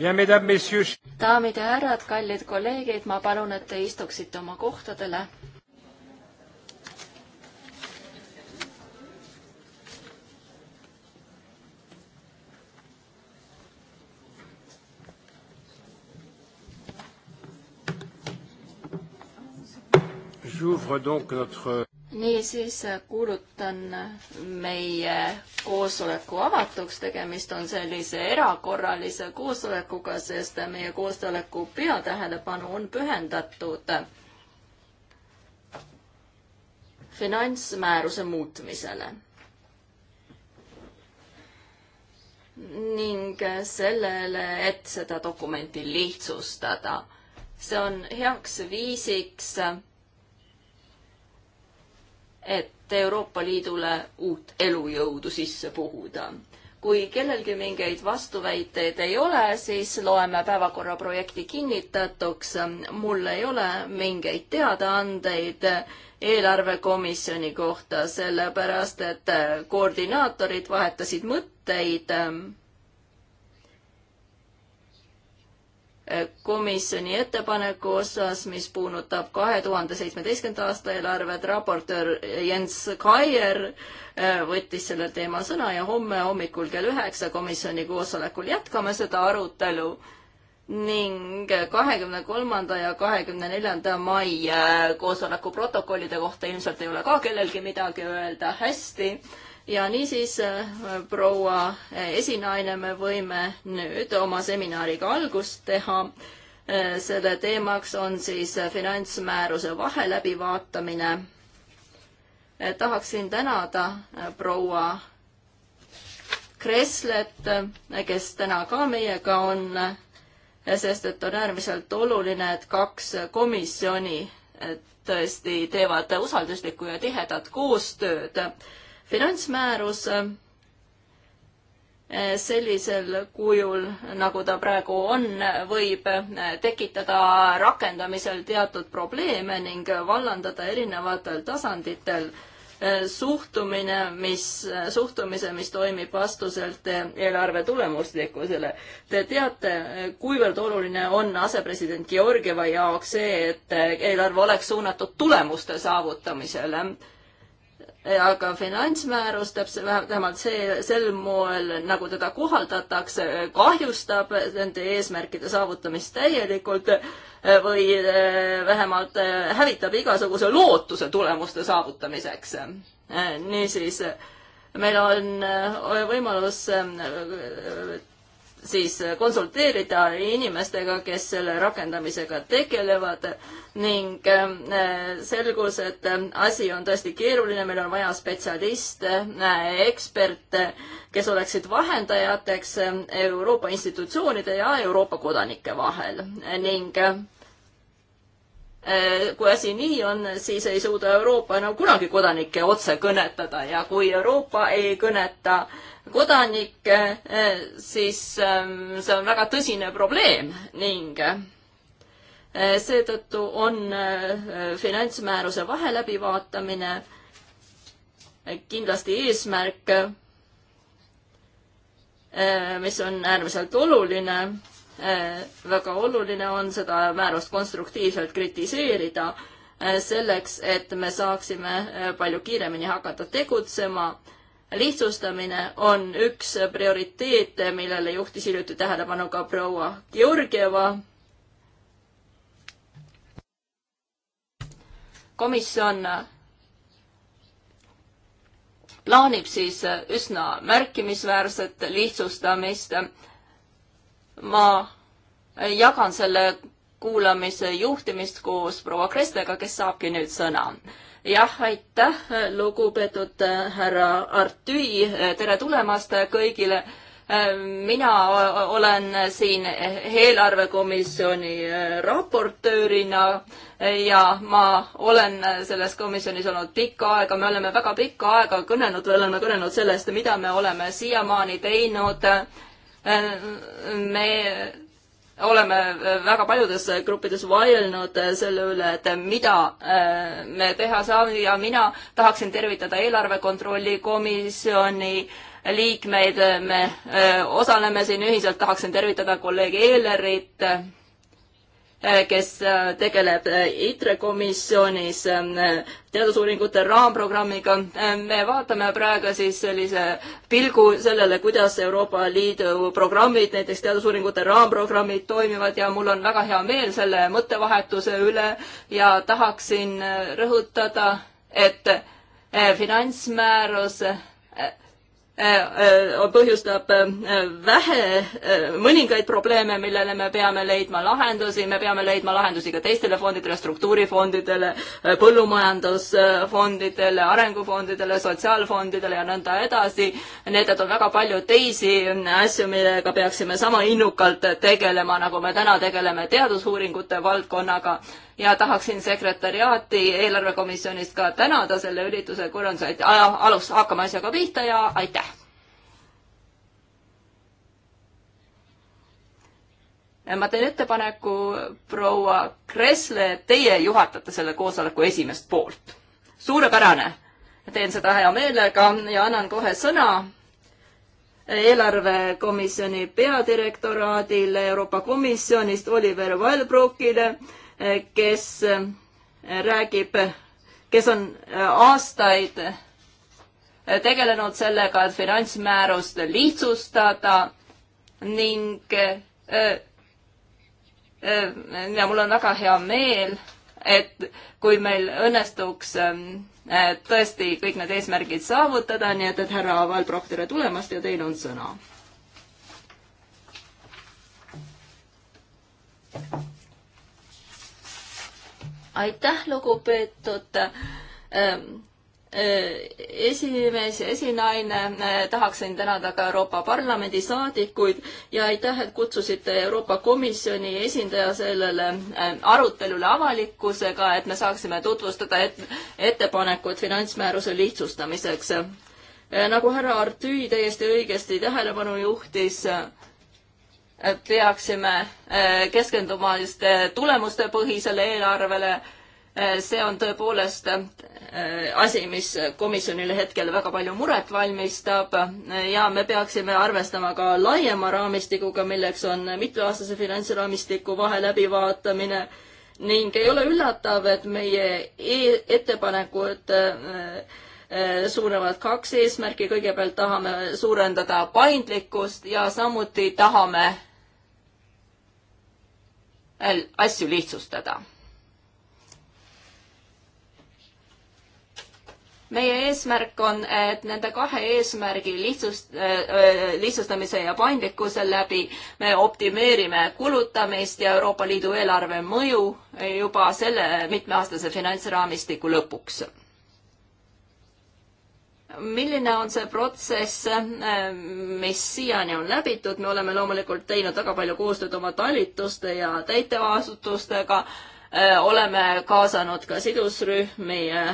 daamid ja härrad, kallid kolleegid, ma palun, et te istuksite oma kohtadele. J'ouvre donc notre niisiis kuulutan meie koosoleku avatuks, tegemist on sellise erakorralise koosolekuga, sest meie koosoleku peatähelepanu on pühendatud finantsmääruse muutmisele. ning sellele, et seda dokumenti lihtsustada. see on heaks viisiks et Euroopa Liidule uut elujõudu sisse puhuda. kui kellelgi mingeid vastuväiteid ei ole, siis loeme päevakorra projekti kinnitatuks. mul ei ole mingeid teadaandeid eelarvekomisjoni kohta, sellepärast et koordinaatorid vahetasid mõtteid komisjoni ettepaneku osas, mis puudutab kahe tuhande seitsmeteistkümnenda aasta eelarvet. raportöör Jens Kaier äh, võttis sellel teemal sõna ja homme hommikul kell üheksa komisjoni koosolekul jätkame seda arutelu ning kahekümne kolmanda ja kahekümne neljanda mai äh, koosoleku protokollide kohta ilmselt ei ole ka kellelgi midagi öelda. hästi ja niisiis, äh, proua äh, esinaine, me võime nüüd oma seminariga algust teha. Äh, selle teemaks on siis finantsmääruse vahe läbivaatamine. tahaksin tänada proua Kreslet, kes täna ka meiega on, sest et on äärmiselt oluline, et kaks komisjoni tõesti teevad usalduslikku ja tihedat koostööd finantsmäärus eh, sellisel kujul, nagu ta praegu on, võib eh, tekitada rakendamisel teatud probleeme ning vallandada erinevatel tasanditel eh, suhtumine, mis, suhtumise, mis toimib vastuselt eelarve tulemuslikkusele. Te teate, kuivõrd oluline on asepresident Georgieva jaoks see, et eelarve oleks suunatud tulemuste saavutamisele Äh, aga finantsmäärus täpselt, vähemalt see, sel moel, nagu teda kohaldatakse, äh, kahjustab nende eesmärkide saavutamist täielikult äh, või vähemalt hävitab igasuguse lootuse tulemuste saavutamiseks. niisiis, meil on võimalus siis konsulteerida inimestega, kes selle rakendamisega tegelevad ning äh, selgus, et äh, asi on tõesti keeruline, meil on vaja spetsialiste, äh, eksperte, kes oleksid vahendajateks Euroopa institutsioonide ja Euroopa kodanike vahel ning kui asi nii on, siis ei suuda Euroopa enam kunagi kodanikke otse kõnetada ja kui Euroopa ei kõneta kodanikke, eh, siis ehm, see on väga tõsine probleem ning eh, seetõttu on eh, finantsmääruse vahe läbivaatamine kindlasti eesmärk, mis on äärmiselt oluline. väga oluline on seda määrust konstruktiivselt kritiseerida selleks, et me saaksime palju kiiremini hakata tegutsema lihtsustamine on üks prioriteete, millele juhtis hiljuti tähelepanu ka proua Georgieva. komisjon plaanib siis üsna märkimisväärset lihtsustamist. ma jagan selle kuulamise juhtimist koos proua Krestega, kes saabki nüüd sõna jah, aitäh, lugupeetud äh, härra Artüi, äh, tere tulemast äh, kõigile. mina olen siin eelarvekomisjoni raportöörina ja ma olen selles komisjonis olnud pikka aega, me oleme väga pikka aega kõnelenud, oleme kõnelenud sellest, mida me oleme siiamaani teinud. me oleme äh, väga paljudes äh, gruppides vaielnud äh, selle üle, et mida me teha saame ja mina tahaksin tervitada eelarve kontrolli komisjoni liikmeid, me osaleme siin ühiselt, tahaksin tervitada kolleeg Eelerit Äh, kes äh, tegeleb äh, ITRE komisjonis ähm, teadusuuringute raamprogrammiga. me vaatame praegu siis sellise pilgu sellele, kuidas Euroopa Liidu programmid, näiteks teadusuuringute raamprogrammid toimivad ja mul on väga hea meel selle mõttevahetuse üle ja tahaksin rõhutada, et finantsmäärus Äh, äh, põhjustab äh, vähe, mõningaid probleeme, millele me peame leidma lahendusi, me peame leidma lahendusi ka teistele fondidele, struktuurifondidele, põllumajandusfondidele, arengufondidele, sotsiaalfondidele ja nõnda edasi. Need on väga palju teisi asju, millega peaksime sama innukalt tegelema, nagu me täna tegeleme teadusuuringute valdkonnaga ja tahaksin sekretäriaati eelarvekomisjonist ka tänada selle ürituse korralduse, et alus, hakkame asjaga pihta ja aitäh! ma teen ettepaneku, proua Kresle, et teie juhatate selle koosoleku esimest poolt. suurepärane, teen seda hea meelega ja annan kohe sõna eelarvekomisjoni peadirektoraadile Euroopa Komisjonist Oliver Valbrokile, kes räägib, kes on aastaid tegelenud sellega, et finantsmäärust lihtsustada ning Äh, ja mul on väga hea meel, et kui meil õnnestuks ähm, äh, tõesti kõik need eesmärgid saavutada, nii et, et härra Valbrok, tere tulemast ja teil on sõna. aitäh, lugupeetud ähm, Äh, esimees ja esinaine, äh, tahaksin tänada ka Euroopa Parlamendi saadikuid ja aitäh, et kutsusite Euroopa Komisjoni esindaja sellele äh, arutelule avalikkusega, et me saaksime tutvustada et, ettepanekut finantsmääruse lihtsustamiseks. nagu härra Artüi täiesti õigesti tähelepanu juhtis, peaksime keskenduma just tulemustepõhisele eelarvele Äh, see on tõepoolest äh, asi, mis komisjonile hetkel väga palju muret valmistab äh, ja me peaksime arvestama ka laiema raamistikuga, milleks on mitmeaastase finantsraamistiku vahe läbivaatamine ning ei ole üllatav, et meie e ettepanekud suunavad kaks eesmärki, kõigepealt tahame suurendada paindlikkust ja samuti tahame asju lihtsustada meie eesmärk on, et nende kahe eesmärgi lihtsust, äh, äh, lihtsustamise ja paindlikkuse läbi me optimeerime kulutamist ja Euroopa Liidu eelarve mõju juba selle mitmeaastase finantsraamistiku lõpuks. milline on see protsess, äh, mis siiani on läbitud, me oleme loomulikult teinud väga palju koostööd oma talituste ja täitevasutustega Äh, oleme kaasanud ka sidusrühmi äh,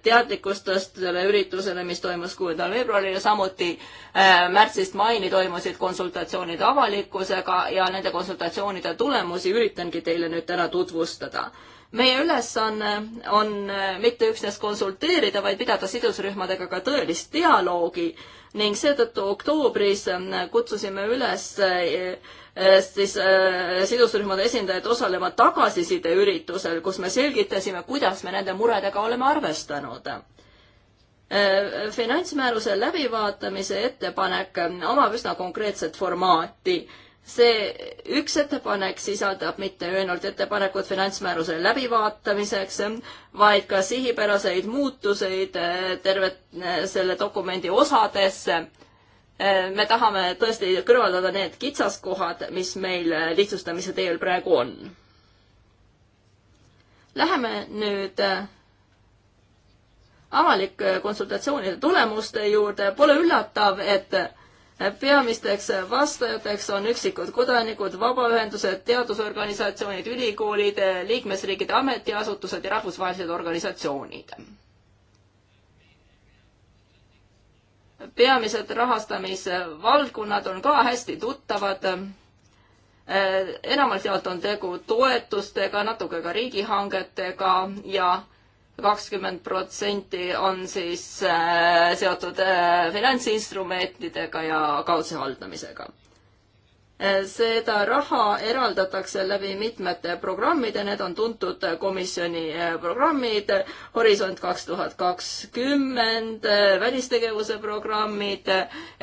teadlikkust tõstele üritusele, mis toimus kuuendal veebruaril ja samuti äh, märtsist maini toimusid konsultatsioonid avalikkusega ja nende konsultatsioonide tulemusi üritangi teile nüüd täna tutvustada meie ülesanne on, on mitte üksnes konsulteerida, vaid pidada sidusrühmadega ka tõelist dialoogi ning seetõttu oktoobris kutsusime üles Äh, siis äh, sidusrühmade esindajad osalema tagasisideüritusel, kus me selgitasime, kuidas me nende muredega oleme arvestanud äh, finantsmääruse läbivaatamise ettepanek omab üsna konkreetset formaati. see üks ettepanek sisaldab mitte ainult ettepanekut finantsmääruse läbivaatamiseks, vaid ka sihipäraseid muutuseid terve selle dokumendi osadesse me tahame tõesti kõrvaldada need kitsaskohad, mis meil lihtsustamise teel praegu on. Läheme nüüd äh, avalike konsultatsioonide tulemuste juurde. Pole üllatav, et peamisteks vastajateks on üksikud kodanikud, vabaühendused, teadusorganisatsioonid, ülikoolid, liikmesriikide ametiasutused ja rahvusvahelised organisatsioonid peamised rahastamisvaldkonnad on ka hästi tuttavad. Äh, enamalt jaolt on tegu toetustega, natuke ka riigihangetega ja kakskümmend protsenti on siis äh, seotud äh, finantsinstrumentidega ja kaudse haldamisega Eh, seda raha eraldatakse läbi mitmete programmide, need on tuntud komisjoni eh, programmid, Horisont kaks tuhat kakskümmend, eh, välistegevuse programmid,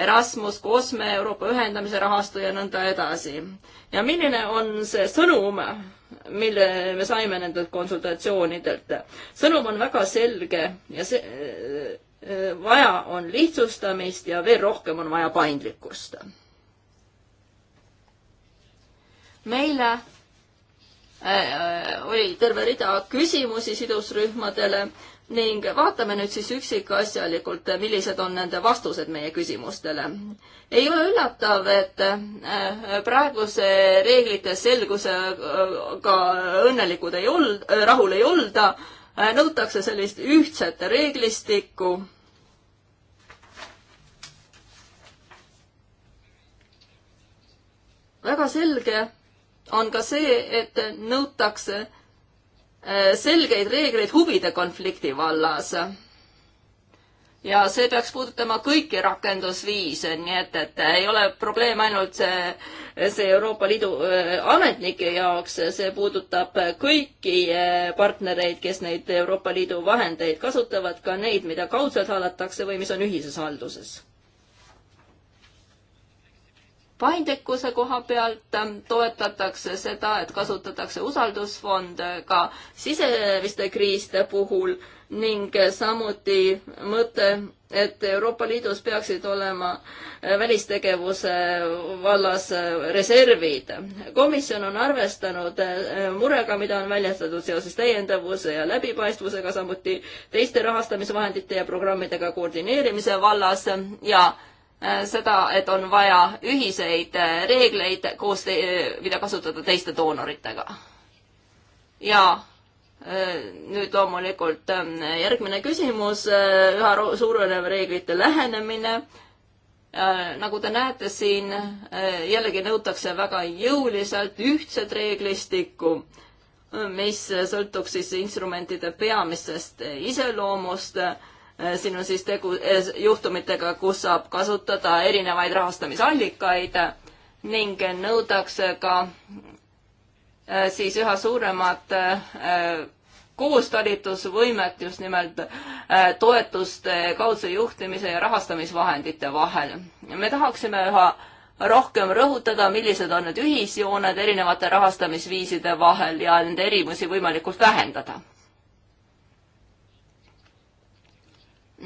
Erasmus, Kosme, Euroopa ühendamise rahastu ja nõnda edasi. ja milline on see sõnum, mille me saime nendelt konsultatsioonidelt? sõnum on väga selge ja see, vaja on lihtsustamist ja veel rohkem on vaja paindlikkust meile äh, oli terve rida küsimusi sidusrühmadele ning vaatame nüüd siis üksikasjalikult, millised on nende vastused meie küsimustele. ei ole üllatav, et äh, praeguse reeglite selgusega äh, õnnelikud ei olnud, rahul ei olda, äh, nõutakse sellist ühtset reeglistikku. väga selge on ka see, et nõutakse äh, selgeid reegleid huvide konflikti vallas. ja see peaks puudutama kõiki rakendusviise, nii et, et ei ole probleem ainult see, see Euroopa Liidu äh, ametnike jaoks, see puudutab kõiki äh, partnereid, kes neid Euroopa Liidu vahendeid kasutavad, ka neid, mida kaudselt hallatakse või mis on ühises halduses paindlikkuse koha pealt toetatakse seda, et kasutatakse usaldusfonde ka sisemiste kriiside puhul ning samuti mõte, et Euroopa Liidus peaksid olema välistegevuse vallas reservid. komisjon on arvestanud murega, mida on väljendatud seoses täiendavuse ja läbipaistvusega, samuti teiste rahastamisvahendite ja programmidega koordineerimise vallas ja Äh, seda, et on vaja ühiseid äh, reegleid koos, mida kasutada teiste doonoritega. ja äh, nüüd loomulikult ähm, järgmine küsimus, üha suurenev reeglite lähenemine. nagu te näete siin, jällegi nõutakse väga jõuliselt ühtset reeglistikku, mis sõltuks siis instrumentide peamistest iseloomust Äh, siin on siis tegu äh, juhtumitega, kus saab kasutada erinevaid rahastamisallikaid ning nõudakse ka äh, siis üha suuremat koostalitusvõimet just nimelt toetuste kaudse juhtimise ja rahastamisvahendite vahel. me tahaksime üha rohkem rõhutada, millised on need ühisjooned erinevate rahastamisviiside vahel ja nende erimusi võimalikult vähendada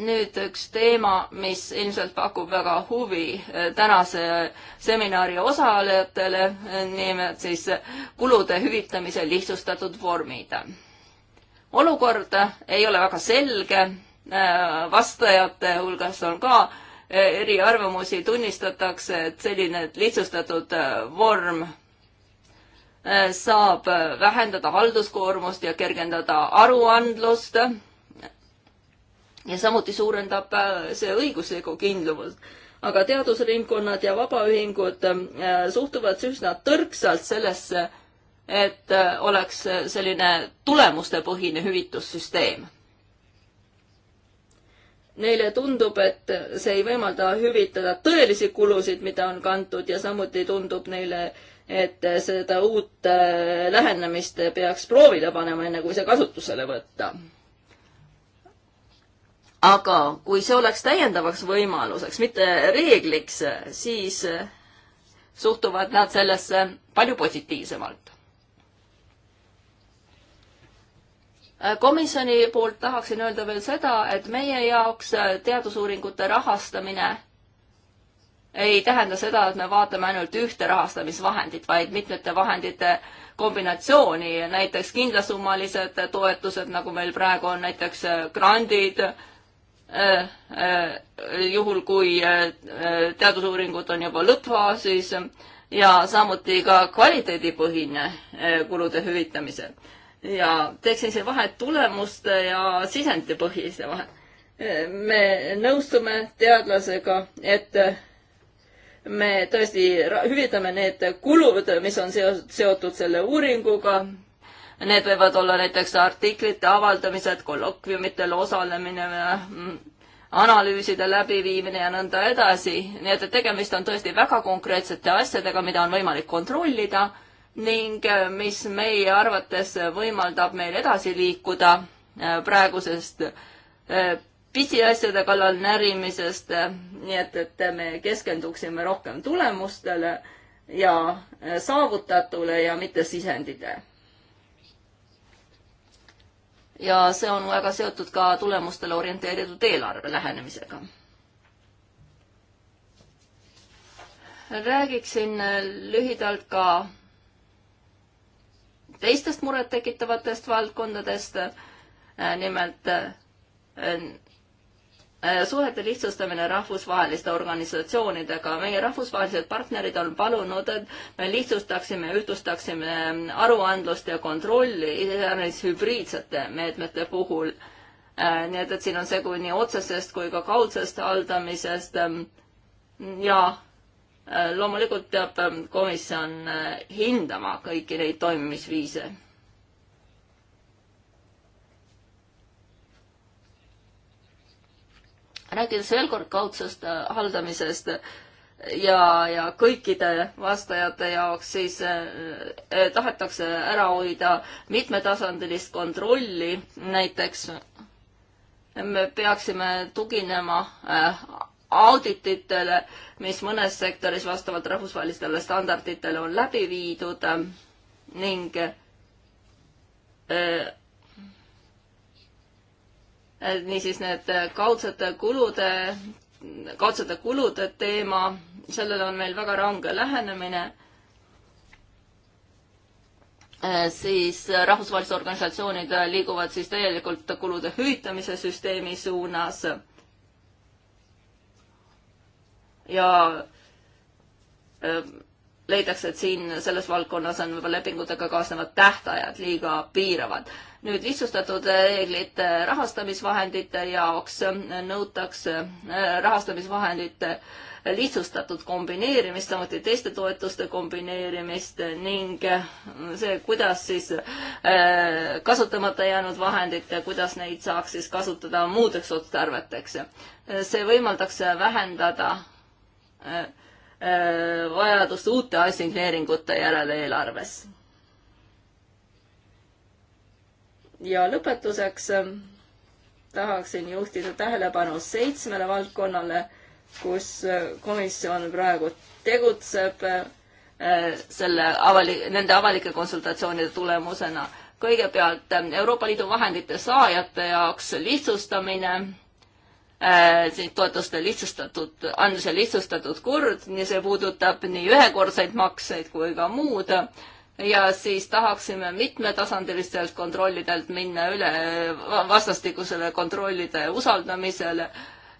nüüd üks teema, mis ilmselt pakub väga huvi äh, tänase seminari osalejatele, äh, nimelt siis kulude hüvitamise lihtsustatud vormid. olukord ei ole väga selge, äh, vastajate hulgas on ka eriarvamusi, tunnistatakse, et selline lihtsustatud vorm saab vähendada halduskoormust ja kergendada aruandlust ja samuti suurendab äh, see õiguslikku kindlust. aga teadusringkonnad ja vabaühingud äh, suhtuvad üsna tõrksalt sellesse, et äh, oleks selline tulemustepõhine hüvitussüsteem. Neile tundub, et see ei võimalda hüvitada tõelisi kulusid, mida on kantud ja samuti tundub neile, et seda uut lähenemist peaks proovile panema, enne kui see kasutusele võtta aga kui see oleks täiendavaks võimaluseks, mitte reegliks, siis eh, suhtuvad nad sellesse palju positiivsemalt. Eh, komisjoni poolt tahaksin öelda veel seda, et meie jaoks eh, teadusuuringute rahastamine ei tähenda seda, et me vaatame ainult ühte rahastamisvahendit, vaid mitmete vahendite kombinatsiooni, näiteks kindlasummalised toetused, nagu meil praegu on näiteks grandid, Äh, äh, juhul, kui äh, teadusuuringud on juba lõppfaasis ja samuti ka kvaliteedipõhine kulude hüvitamise. ja teeksin siin vahet tulemuste ja sisendipõhise vahel. me nõustume teadlasega, et me tõesti hüvitame need kulud, mis on seotud selle uuringuga Need võivad olla näiteks artiklite avaldamised, kollokviumitel osalemine, mm, analüüside läbiviimine ja nõnda edasi. nii et, et tegemist on tõesti väga konkreetsete asjadega, mida on võimalik kontrollida ning eh, mis meie arvates võimaldab meil edasi liikuda eh, praegusest eh, pisiasjade kallal närimisest, nii et, et me keskenduksime rohkem tulemustele ja saavutatule ja mitte sisendile ja see on väga seotud ka tulemustele orienteeritud eelarve lähenemisega. räägiksin lühidalt ka teistest murettekitavatest valdkondadest, nimelt Äh, suhete lihtsustamine rahvusvaheliste organisatsioonidega. meie rahvusvahelised partnerid on palunud, et me lihtsustaksime, ühtlustaksime aruandlust ja kontrolli iseäranis hübriidsete meetmete puhul. Äh, nii et, et siin on segu nii otsesest kui ka kaudsest haldamisest. Ähm, ja äh, loomulikult peab ähm, komisjon hindama kõiki neid toimimisviise rääkides veel kord kaudsest äh, haldamisest äh, ja, ja kõikide vastajate jaoks siis eh, tahetakse ära hoida mitmetasandilist kontrolli, näiteks me peaksime tuginema eh, audititele, mis mõnes sektoris vastavalt rahvusvahelistele standarditele on läbi viidud ning eh, Äh, niisiis need äh, kaudsete kulude, kaudsete kulude teema, sellele on meil väga range lähenemine. Äh, siis rahvusvahelised organisatsioonid liiguvad siis täielikult kulude hüvitamise süsteemi suunas. ja leitakse, et siin selles valdkonnas on võib-olla lepingutega kaasnevad tähtajad liiga piiravad nüüd lihtsustatud reeglid rahastamisvahendite jaoks nõutakse äh, rahastamisvahendite lihtsustatud kombineerimist, samuti teiste toetuste kombineerimist ning äh, see, kuidas siis äh, kasutamata jäänud vahendid, kuidas neid saaks siis kasutada muudeks otstarveteks. see võimaldaks vähendada vajadust uute assigneeringute järele eelarves ja lõpetuseks ähm, tahaksin juhtida tähelepanu seitsmele valdkonnale, kus äh, komisjon praegu tegutseb äh, selle avali-, nende avalike konsultatsioonide tulemusena. kõigepealt ähm, Euroopa Liidu vahendite saajate jaoks lihtsustamine, äh, siis toetuste lihtsustatud, andmise lihtsustatud kord, nii see puudutab nii ühekordseid makseid kui ka muud ja siis tahaksime mitmetasandilistelt kontrollidelt minna üle vastastikusele kontrollide usaldamisele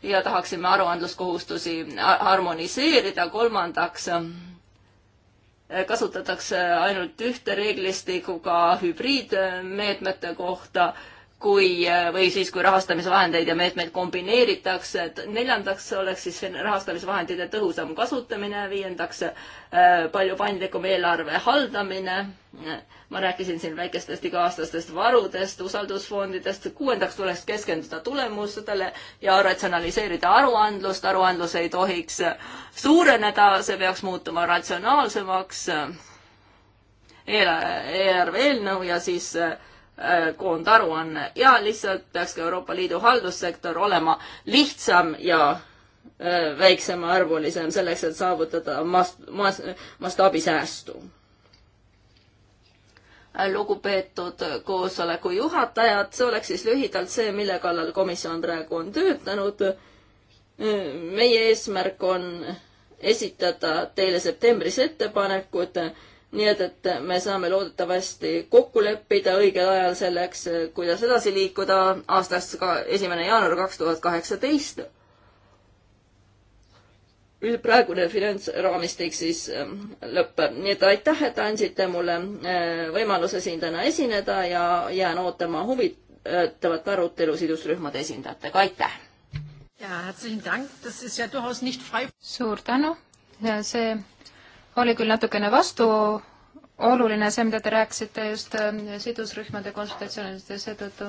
ja tahaksime aruandluskohustusi harmoniseerida. kolmandaks eh, kasutatakse ainult ühte reeglistikuga hübriidmeetmete kohta kui, või siis, kui rahastamisvahendeid ja meetmeid kombineeritakse, et neljandaks oleks siis rahastamisvahendite tõhusam kasutamine, viiendaks äh, palju paindlikum eelarve haldamine, ma rääkisin siin väikestest iga-aastastest varudest, usaldusfondidest, kuuendaks tuleks keskenduda tulemustele ja ratsionaliseerida aruandlust, aruandlus ei tohiks suureneda, see peaks muutuma ratsionaalsemaks, eelarve eelnõu ja siis äh, koondaruanne ja lihtsalt peaks ka Euroopa Liidu haldussektor olema lihtsam ja äh, väiksemaarvulisem selleks, et saavutada mast-, mast-, mastaabisäästu. lugupeetud koosoleku juhatajad, see oleks siis lühidalt see, mille kallal komisjon praegu on töötanud. meie eesmärk on esitada teile septembris ettepanekud et nii et, et me saame loodetavasti kokku leppida õigel ajal selleks, kuidas edasi liikuda aastast ka esimene jaanuar kaks tuhat kaheksateist. praegune finantsraamistik siis ähm, lõpeb, nii et aitäh, et andsite mulle äh, võimaluse siin täna esineda ja jään ootama huvitavat arutelu sidusrühmade esindajatega, aitäh! ja herzlichen Dank, das ist ja durchaus nicht frei. suur tänu ja see oli küll natukene vastuoluline see, mida te rääkisite just ähm, sidusrühmade konsultatsioonidest ja seetõttu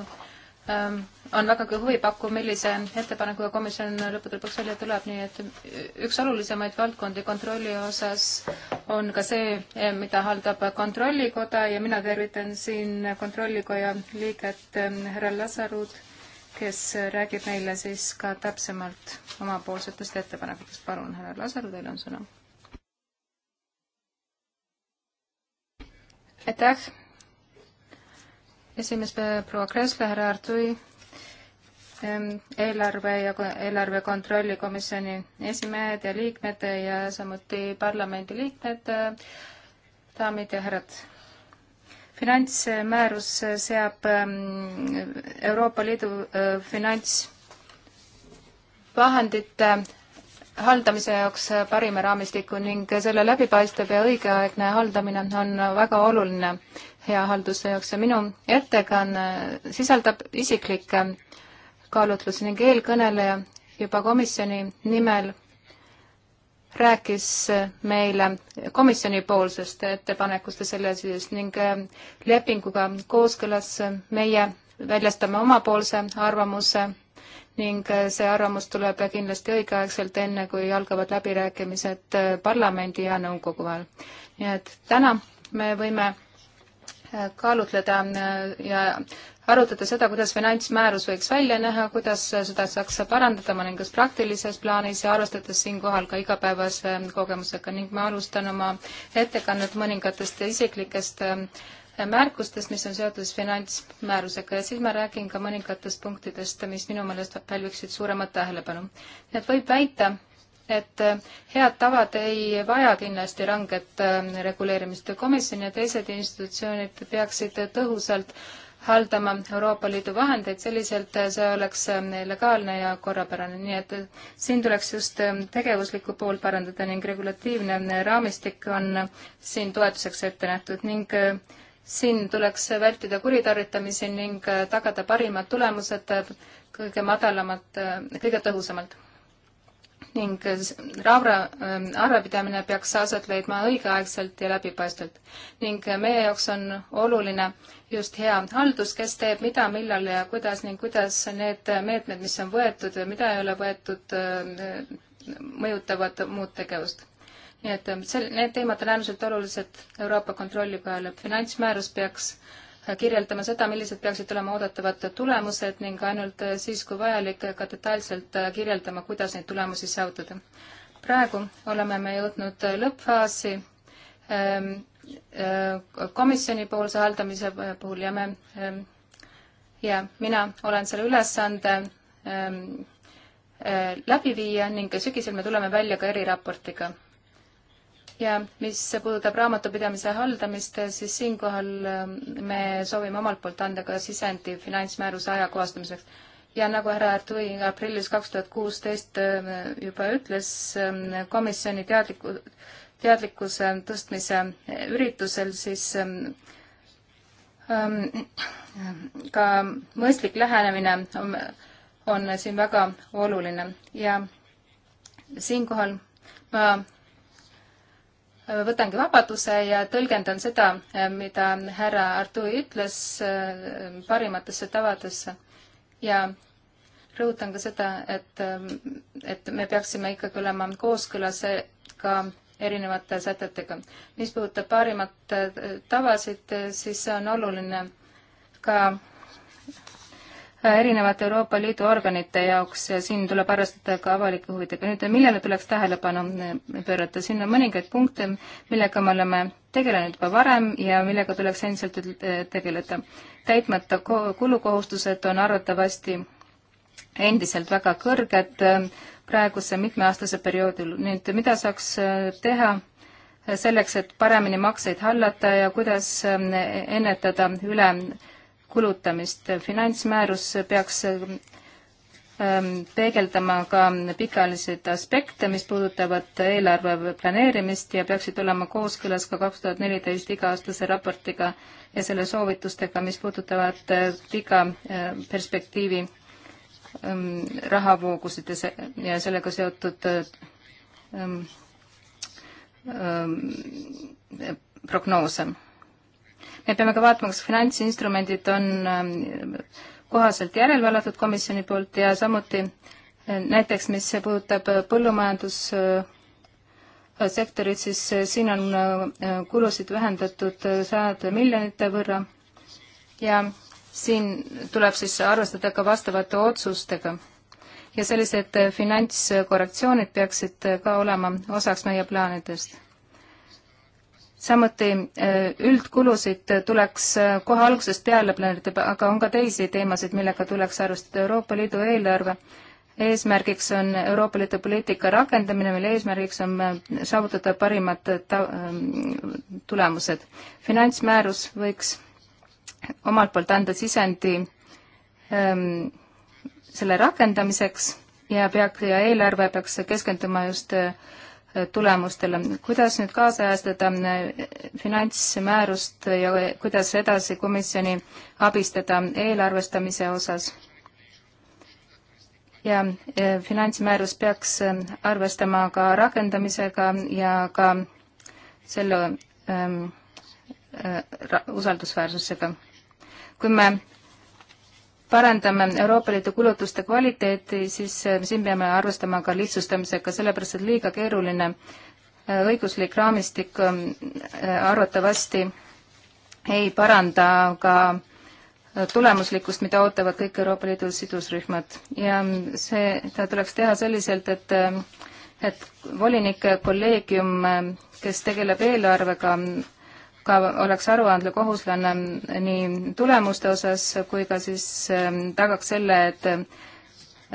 ähm, on vägagi huvipakkuv, millise ettepanekuga komisjon lõppude lõpuks välja tuleb, nii et üks olulisemaid valdkondi kontrolli osas on ka see, eh, mida haldab Kontrollikoda ja mina tervitan siin Kontrollikoja liiget ähm, härra Lazarud, kes räägib meile siis ka täpsemalt omapoolsetest ettepanekutest. palun, härra Lazaru, teil on sõna aitäh, esimees äh, proua Kressle, härra Artui, ähm, eelarve ja eelarve kontrolli komisjoni esimehed ja liikmed ja samuti parlamendi liikmed, äh, daamid ja härrad. finantsmäärus seab ähm, Euroopa Liidu äh, finants vahendite haldamise jaoks parima raamistiku ning selle läbipaistev ja õigeaegne haldamine on väga oluline hea halduse jaoks ja minu ettekanne sisaldab isiklikke kaalutlusi ning eelkõneleja juba komisjoni nimel rääkis meile komisjonipoolsest ettepanekust ja selle sisust ning lepinguga kooskõlas meie väljastame omapoolse arvamuse ning äh, see arvamus tuleb kindlasti õigeaegselt, enne kui algavad läbirääkimised äh, parlamendi ja nõukogu vahel. nii et täna me võime äh, kaalutleda ja arutada seda, kuidas finantsmäärus võiks välja näha, kuidas seda saaks parandada mõningas praktilises plaanis ja arvestades siinkohal ka igapäevase kogemusega ning ma alustan oma ettekannet mõningatest isiklikest äh, märkustest, mis on seotud finantsmäärusega ja siis ma räägin ka mõningatest punktidest, mis minu meelest pälviksid suuremat tähelepanu. nii et võib väita, et äh, head tavad ei vaja kindlasti ranget äh, reguleerimist. komisjon ja teised institutsioonid peaksid tõhusalt haldama Euroopa Liidu vahendeid selliselt, see oleks äh, legaalne ja korrapärane, nii et siin tuleks just tegevuslikku poolt parandada ning regulatiivne raamistik on siin toetuseks ette nähtud ning äh, siin tuleks vältida kuritarvitamisi ning äh, tagada parimad tulemused äh, kõige madalamalt, äh, kõige tõhusamalt. ning raavra ähm, arvepidamine peaks aset leidma õigeaegselt ja läbipaistvalt. ning meie jaoks on oluline just hea haldus, kes teeb mida, millal ja kuidas ning kuidas need meetmed, mis on võetud või mida ei ole võetud, mõjutavad muud tegevust nii et ähm, sel-, need teemad on äärmiselt olulised Euroopa Kontrollikojale. finantsmäärus peaks äh, kirjeldama seda, millised peaksid olema oodatavad tulemused ning ainult äh, siis, kui vajalik, äh, ka detailselt kirjeldama, kuidas neid tulemusi saavutada. praegu oleme me jõudnud lõppfaasi ähm, komisjonipoolse haldamise puhul ja me ähm, ja mina olen selle ülesande läbi viia ning sügisel me tuleme välja ka eriraportiga ja mis puudutab raamatupidamise haldamist, siis siinkohal ähm, me soovime omalt poolt anda ka sisendi finantsmääruse ajakohastamiseks. ja nagu härra Artui aprillis kaks tuhat kuusteist ähm, juba ütles, ähm, komisjoni teadliku, teadlikkuse tõstmise üritusel, siis ka mõistlik lähenemine on, on siin väga oluline ja siinkohal ma võtangi vabaduse ja tõlgendan seda, mida härra Artur ütles äh, parimatesse tavadesse ja rõhutan ka seda, et, äh, et me peaksime ikkagi olema kooskõlas e-, ka erinevate sätetega. mis puudutab parimat äh, tavasid, siis see on oluline ka erinevate Euroopa Liidu organite jaoks ja siin tuleb arvestada ka avalike huvidega. nüüd, millele tuleks tähelepanu pöörata, siin on mõningaid punkte, millega me oleme tegelenud juba varem ja millega tuleks endiselt tegeleda. täitmata kulukohustused on arvatavasti endiselt väga kõrged äh, praeguse mitmeaastase perioodil. nüüd, mida saaks äh, teha selleks, et paremini makseid hallata ja kuidas äh, ennetada üle kulutamist. finantsmäärus peaks ähm, peegeldama ka pikaajaliseid aspekte, mis puudutavad eelarve planeerimist ja peaksid olema kooskõlas ka kaks tuhat neliteist iga-aastase raportiga ja selle soovitustega, mis puudutavad äh, pika äh, perspektiivi ähm, rahavoogusid ja se-, ja sellega seotud äh, ähm, prognoose me peame ka vaatama, kas finantsinstrumendid on ähm, kohaselt järelevalvatud komisjoni poolt ja samuti äh, näiteks, mis puudutab põllumajandussektorit, siis äh, siin on äh, kulusid vähendatud sajade miljonite võrra ja siin tuleb siis arvestada ka vastavate otsustega. ja sellised finantskorrektsioonid peaksid ka olema osaks meie plaanidest samuti äh, üldkulusid tuleks äh, kohe algusest peale planeerida, aga on ka teisi teemasid, millega tuleks arvestada. Euroopa Liidu eelarve eesmärgiks on Euroopa Liidu poliitika rakendamine, mille eesmärgiks on äh, saavutada parimad ta-, tulemused. finantsmäärus võiks omalt poolt anda sisendi ähm, selle rakendamiseks ja peaks, ja eelarve peaks keskenduma just äh, Äh, tulemustele. kuidas nüüd kaasajastada äh, finantsmäärust ja kuidas edasi komisjoni abistada eelarvestamise osas? ja äh, finantsmäärus peaks arvestama ka rakendamisega ja ka selle ähm, äh, usaldusväärsusega. kui me parandame Euroopa Liidu kulutuste kvaliteeti, siis äh, siin peame arvestama ka lihtsustamisega, sellepärast et liiga keeruline äh, õiguslik raamistik ähm, äh, arvatavasti ei paranda ka tulemuslikkust, mida ootavad kõik Euroopa Liidu sidusrühmad ja ähm, see, seda tuleks teha selliselt, et ähm, et volinike kolleegium, kes tegeleb eelarvega, ka oleks aruandekohuslane nii tulemuste osas kui ka siis ähm, tagaks selle, et,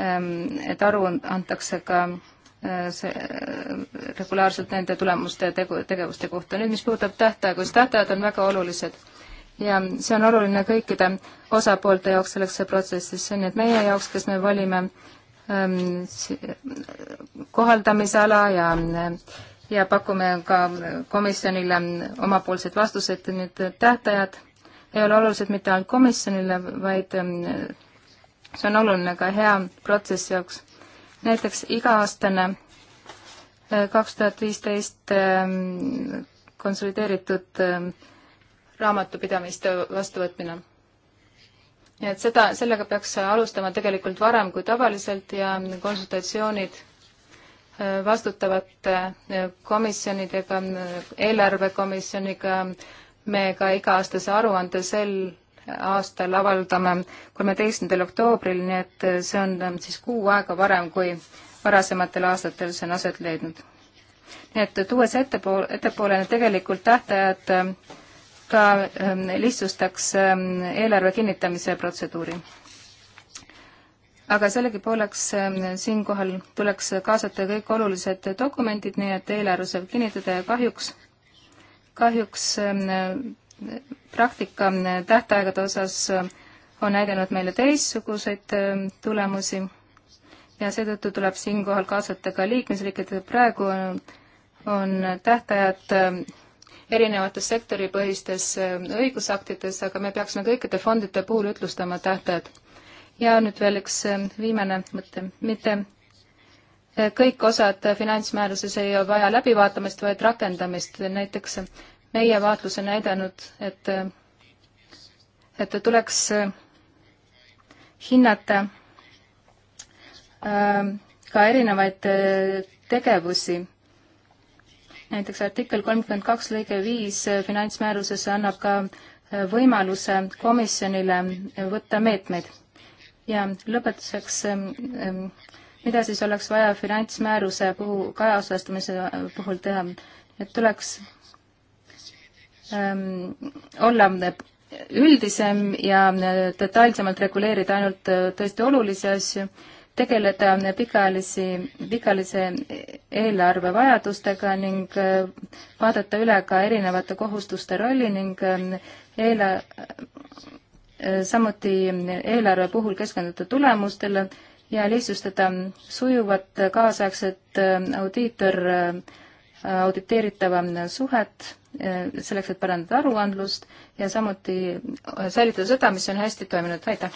ähm, et aru antakse ka äh, see, äh, regulaarselt nende tulemuste tegu, tegevuste kohta. nüüd, mis puudutab tähtaegu, siis tähtajad on väga olulised ja see on oluline kõikide osapoolte jaoks selleks protsessis, nii et meie jaoks, kes me valime ähm, kohaldamisala ja äh, ja pakume ka komisjonile omapoolsed vastused, need tähtajad ei ole olulised mitte ainult komisjonile, vaid ähm, see on oluline ka hea protsessi jaoks. näiteks iga-aastane äh, kaks tuhat viisteist ähm, konsolideeritud ähm, raamatupidamiste vastuvõtmine. nii et seda, sellega peaks alustama tegelikult varem kui tavaliselt ja konsultatsioonid vastutavate äh, komisjonidega, eelarvekomisjoniga, me ka iga-aastase aruande sel aastal avaldame kolmeteistkümnendal oktoobril, nii et äh, see on äh, siis kuu aega varem, kui varasematel aastatel see on aset leidnud. nii et tuues ettepool, ettepoole need tegelikult tähtajad ka ähm, lihtsustaks ähm, eelarve kinnitamise protseduuri aga sellegipooleks ähm, siinkohal tuleks kaasata kõik olulised dokumendid, nii et eelarve saab kinnitada ja kahjuks, kahjuks ähm, praktika ähm, tähtaegade osas on näidanud meile teistsuguseid tulemusi ja seetõttu tuleb siinkohal kaasata ka liikmesriikide praegu on, on tähtajad erinevates sektoripõhistes õigusaktides, aga me peaksime kõikide fondide puhul ütlustama tähtajad ja nüüd veel üks ähm, viimane mõte, mitte äh, kõik osad finantsmääruses ei vaja läbivaatamist, vaid rakendamist, näiteks meie vaatlus on näidanud, et äh, et tuleks äh, hinnata ähm, ka erinevaid tegevusi. näiteks artikkel kolmkümmend kaks lõige viis finantsmääruses annab ka võimaluse komisjonile võtta meetmeid ja lõpetuseks, ähm, ähm, mida siis oleks vaja finantsmääruse puhul, kaasajastamise äh, puhul teha, et tuleks ähm, olla üldisem ja äh, detailsemalt reguleerida ainult äh, tõesti olulisi asju, tegeleda pikaajalisi, pikaajalise eelarve vajadustega ning vaadata üle ka erinevate kohustuste rolli ning ähm, eela-, Äh, samuti eelarve puhul keskenduda tulemustele ja lihtsustada sujuvat kaasaegset äh, audiitor äh, auditeeritava suhet, selleks, et parandada aruandlust ja samuti säilitada seda, mis on hästi toiminud, aitäh!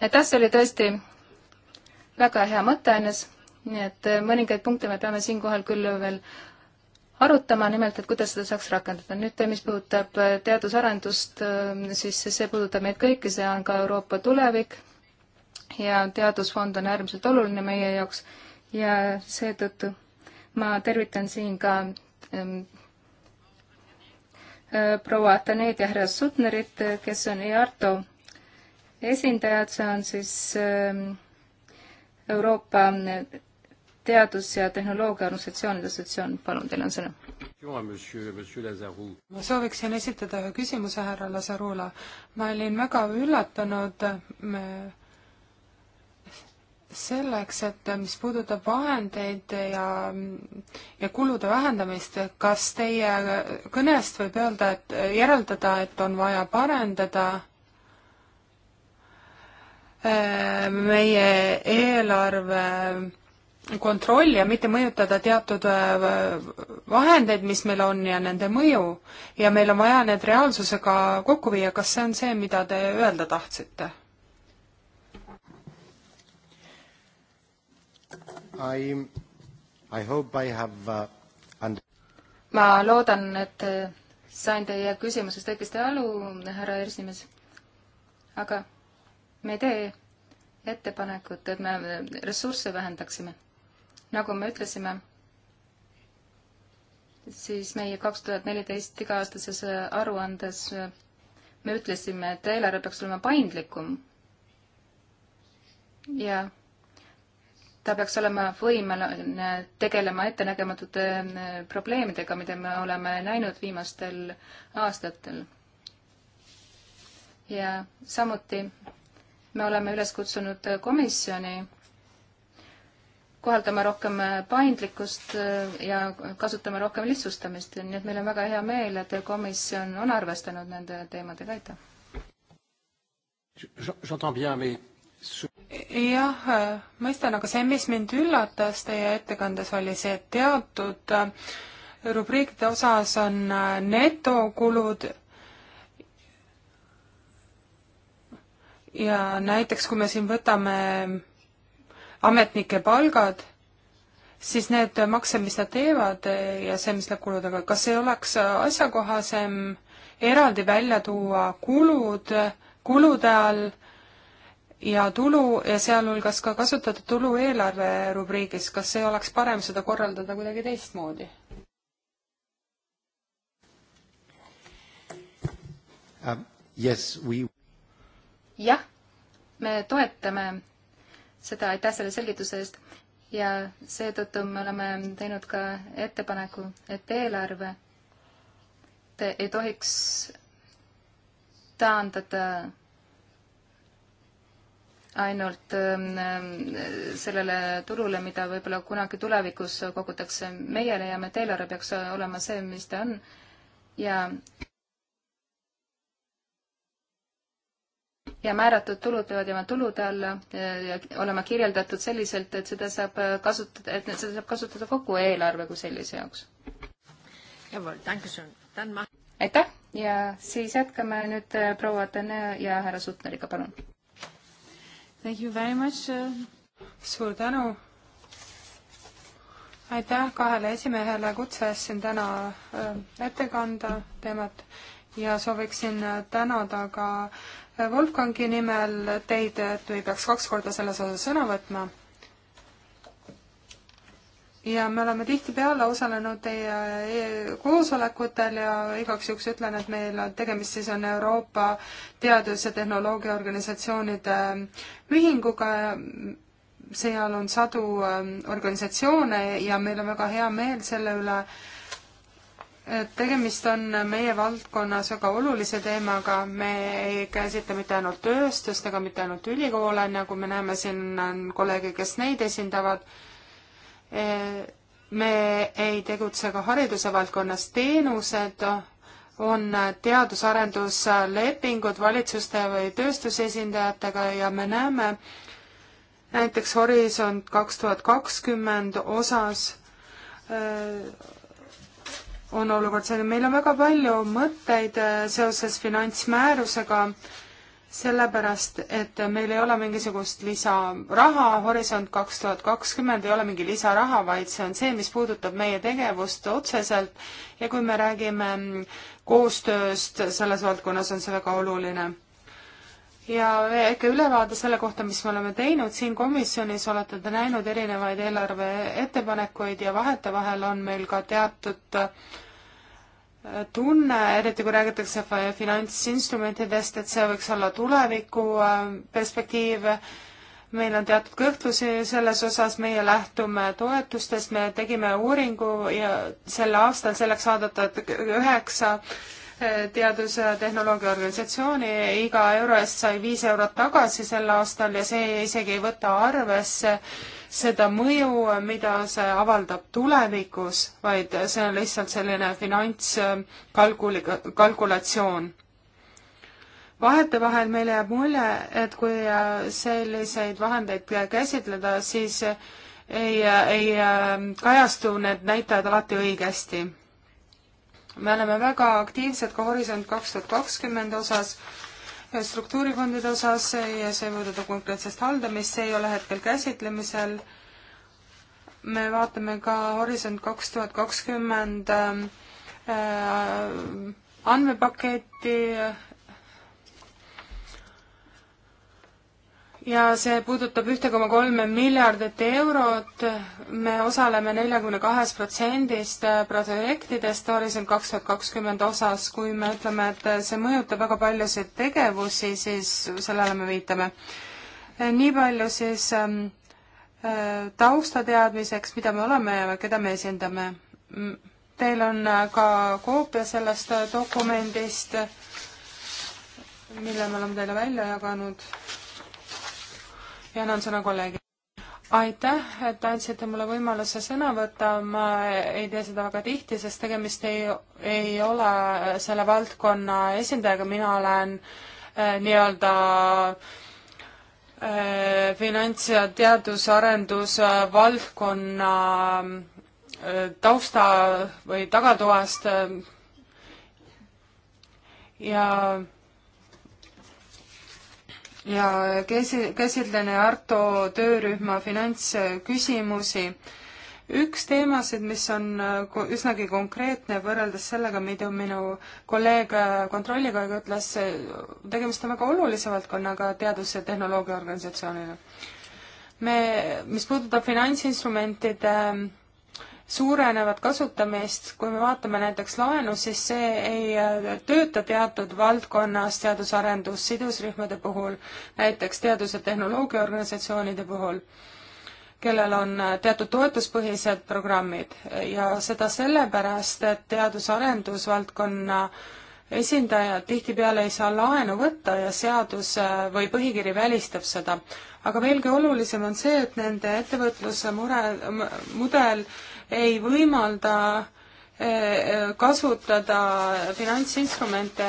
aitäh, see oli tõesti väga hea mõtteaines, nii et mõningaid punkte me peame siinkohal küll veel arutama, nimelt, et kuidas seda saaks rakendada. nüüd, mis puudutab äh, teadusarendust, ähm, siis see puudutab meid kõiki, see on ka Euroopa tulevik ja teadusfond on äärmiselt oluline meie jaoks ja seetõttu ma tervitan siin ka ähm, äh, proua Ataneed ja härra Sutnerit, kes on EARTO esindajad, see on siis ähm, Euroopa teadus- ja tehnoloogiaorganisatsioonide assotsiatsioon, palun, teil on sõna. ma sooviksin esitada ühe küsimuse härra Lazarula. ma olin väga üllatunud me selleks, et mis puudutab vahendeid ja, ja kulude vähendamist, kas teie kõnest võib öelda, et järeldada, et on vaja parendada eh, meie eelarve kontrolli ja mitte mõjutada teatud äh, vahendeid, mis meil on ja nende mõju. ja meil on vaja need reaalsusega kokku viia, kas see on see, mida te öelda tahtsite? I, I hope I have uh, under-. ma loodan, et äh, sain teie küsimusest õigesti aru, härra Ersimees. aga me ei tee ettepanekut, et me äh, ressursse vähendaksime nagu me ütlesime, siis meie kaks tuhat neliteist iga-aastases äh, aruandes äh, me ütlesime, et eelarve peaks olema paindlikum ja ta peaks olema võimeline tegelema ettenägematute äh, probleemidega, mida me oleme näinud viimastel aastatel. ja samuti me oleme üles kutsunud komisjoni kohaldama rohkem äh, paindlikkust äh, ja kasutama rohkem lihtsustamist, nii et meil on väga hea meel, et komisjon on arvestanud nende teemadega, aitäh! jah, äh, mõistan, aga see, mis mind üllatas teie ettekandes, oli see, et teatud rubriikide osas on netokulud ja näiteks, kui me siin võtame ametnike palgad, siis need maksed, mis nad teevad ja see, mis nad kuludega, kas ei oleks asjakohasem eraldi välja tuua kulud, kulude all ja tulu ja sealhulgas ka kasutatud tulu eelarve rubriigis, kas ei oleks parem seda korraldada kuidagi teistmoodi? Um, yes, we... jah, me toetame seda, aitäh selle selgituse eest ja seetõttu me oleme teinud ka ettepaneku, et eelarve te ei tohiks taandada ainult ähm, äh, sellele turule, mida võib-olla kunagi tulevikus kogutakse. meie leiame, et eelarve peaks olema see, mis ta on ja ja määratud tulud peavad jääma tulude alla ja olema kirjeldatud selliselt, et seda saab äh, kasutada, et seda saab kasutada kogu eelarve kui sellise jaoks. aitäh ja siis jätkame nüüd äh, proua Tanne ja härra Sutneriga, palun. Äh. suur tänu. aitäh kahele esimehele kutse eest siin täna ette kanda teemat ja sooviksin tänada ka Wolfgangi nimel teid, et me ei peaks kaks korda selles osas sõna võtma. ja me oleme tihtipeale osalenud teie e, koosolekutel ja igaks juhuks ütlen, et meil on tegemist siis on Euroopa Teadus- ja Tehnoloogiaorganisatsioonide Ühinguga. seal on sadu e, organisatsioone ja meil on väga hea meel selle üle, tegemist on meie valdkonnas väga olulise teemaga, me ei käsitle mitte ainult tööstust ega mitte ainult ülikoole, nagu me näeme, siin on kolleege, kes neid esindavad. E, me ei tegutse ka hariduse valdkonnas, teenused on teadus-arenduslepingud valitsuste või tööstusesindajatega ja me näeme näiteks Horisont kaks tuhat kakskümmend osas e, on olukord selline, meil on väga palju mõtteid äh, seoses finantsmäärusega, sellepärast et meil ei ole mingisugust lisaraha, Horisont kaks tuhat kakskümmend ei ole mingi lisaraha, vaid see on see, mis puudutab meie tegevust otseselt ja kui me räägime koostööst selles valdkonnas, on see väga oluline ja väike ülevaade selle kohta, mis me oleme teinud, siin komisjonis olete te näinud erinevaid eelarve ettepanekuid ja vahetevahel on meil ka teatud äh, tunne, eriti kui räägitakse finantsinstrumentidest, et see võiks olla tuleviku äh, perspektiiv, meil on teatud kõhklusi selles osas, meie lähtume toetustest, me tegime uuringu ja sel aastal selleks vaadata, et üheksa teadus- ja tehnoloogiaorganisatsiooni, iga euro eest sai viis eurot tagasi sel aastal ja see isegi ei võta arvesse seda mõju, mida see avaldab tulevikus, vaid see on lihtsalt selline finantskalkuli-, kalkulatsioon. vahetevahel meile jääb mulje, et kui selliseid vahendeid käsitleda, siis ei, ei äh, kajastu need näitajad alati õigesti me oleme väga aktiivsed ka Horisont kaks tuhat kakskümmend osas, struktuurifondide osas ja see puudutab konkreetsest haldamist, see ei ole hetkel käsitlemisel. me vaatame ka Horisont kaks tuhat kakskümmend ähm, äh, andmepaketti ja see puudutab ühte koma kolme miljardit eurot, me osaleme neljakümne kahest protsendist äh, projektidest Horisont kaks tuhat kakskümmend osas, kui me ütleme, et äh, see mõjutab väga paljusid tegevusi, siis sellele me viitame. Äh, nii palju siis ähm, taustateadmiseks, mida me oleme ja keda me esindame. Mm, teil on ka koopia sellest dokumendist, mille me oleme teile välja jaganud ja annan sõna kolleegile. aitäh, et andsite mulle võimaluse sõna võtta, ma ei tee seda väga tihti, sest tegemist ei, ei ole selle valdkonna esindajaga, mina olen äh, nii-öelda äh, finants- ja teadus-arendusvaldkonna äh, tausta või tagatoast äh, ja äh, ja kesi-, käsitlen Arto töörühma finantsküsimusi. üks teemasid, mis on üsnagi konkreetne võrreldes sellega, mida minu kolleeg kontrolliga ütles, tegemist on väga olulise valdkonnaga teadus- ja tehnoloogiaorganisatsioonile. me, mis puudutab finantsinstrumentide suurenevat kasutamist, kui me vaatame näiteks laenu, siis see ei äh, tööta teatud valdkonnas teadusarendus sidusrühmade puhul, näiteks teadus- ja tehnoloogiaorganisatsioonide puhul, kellel on äh, teatud toetuspõhised programmid ja seda sellepärast, et teadus-arendusvaldkonna esindajad tihtipeale ei saa laenu võtta ja seadus äh, või põhikiri välistab seda. aga veelgi olulisem on see, et nende ettevõtluse mure, mudel ei võimalda eh, eh, kasutada finantsinstrumente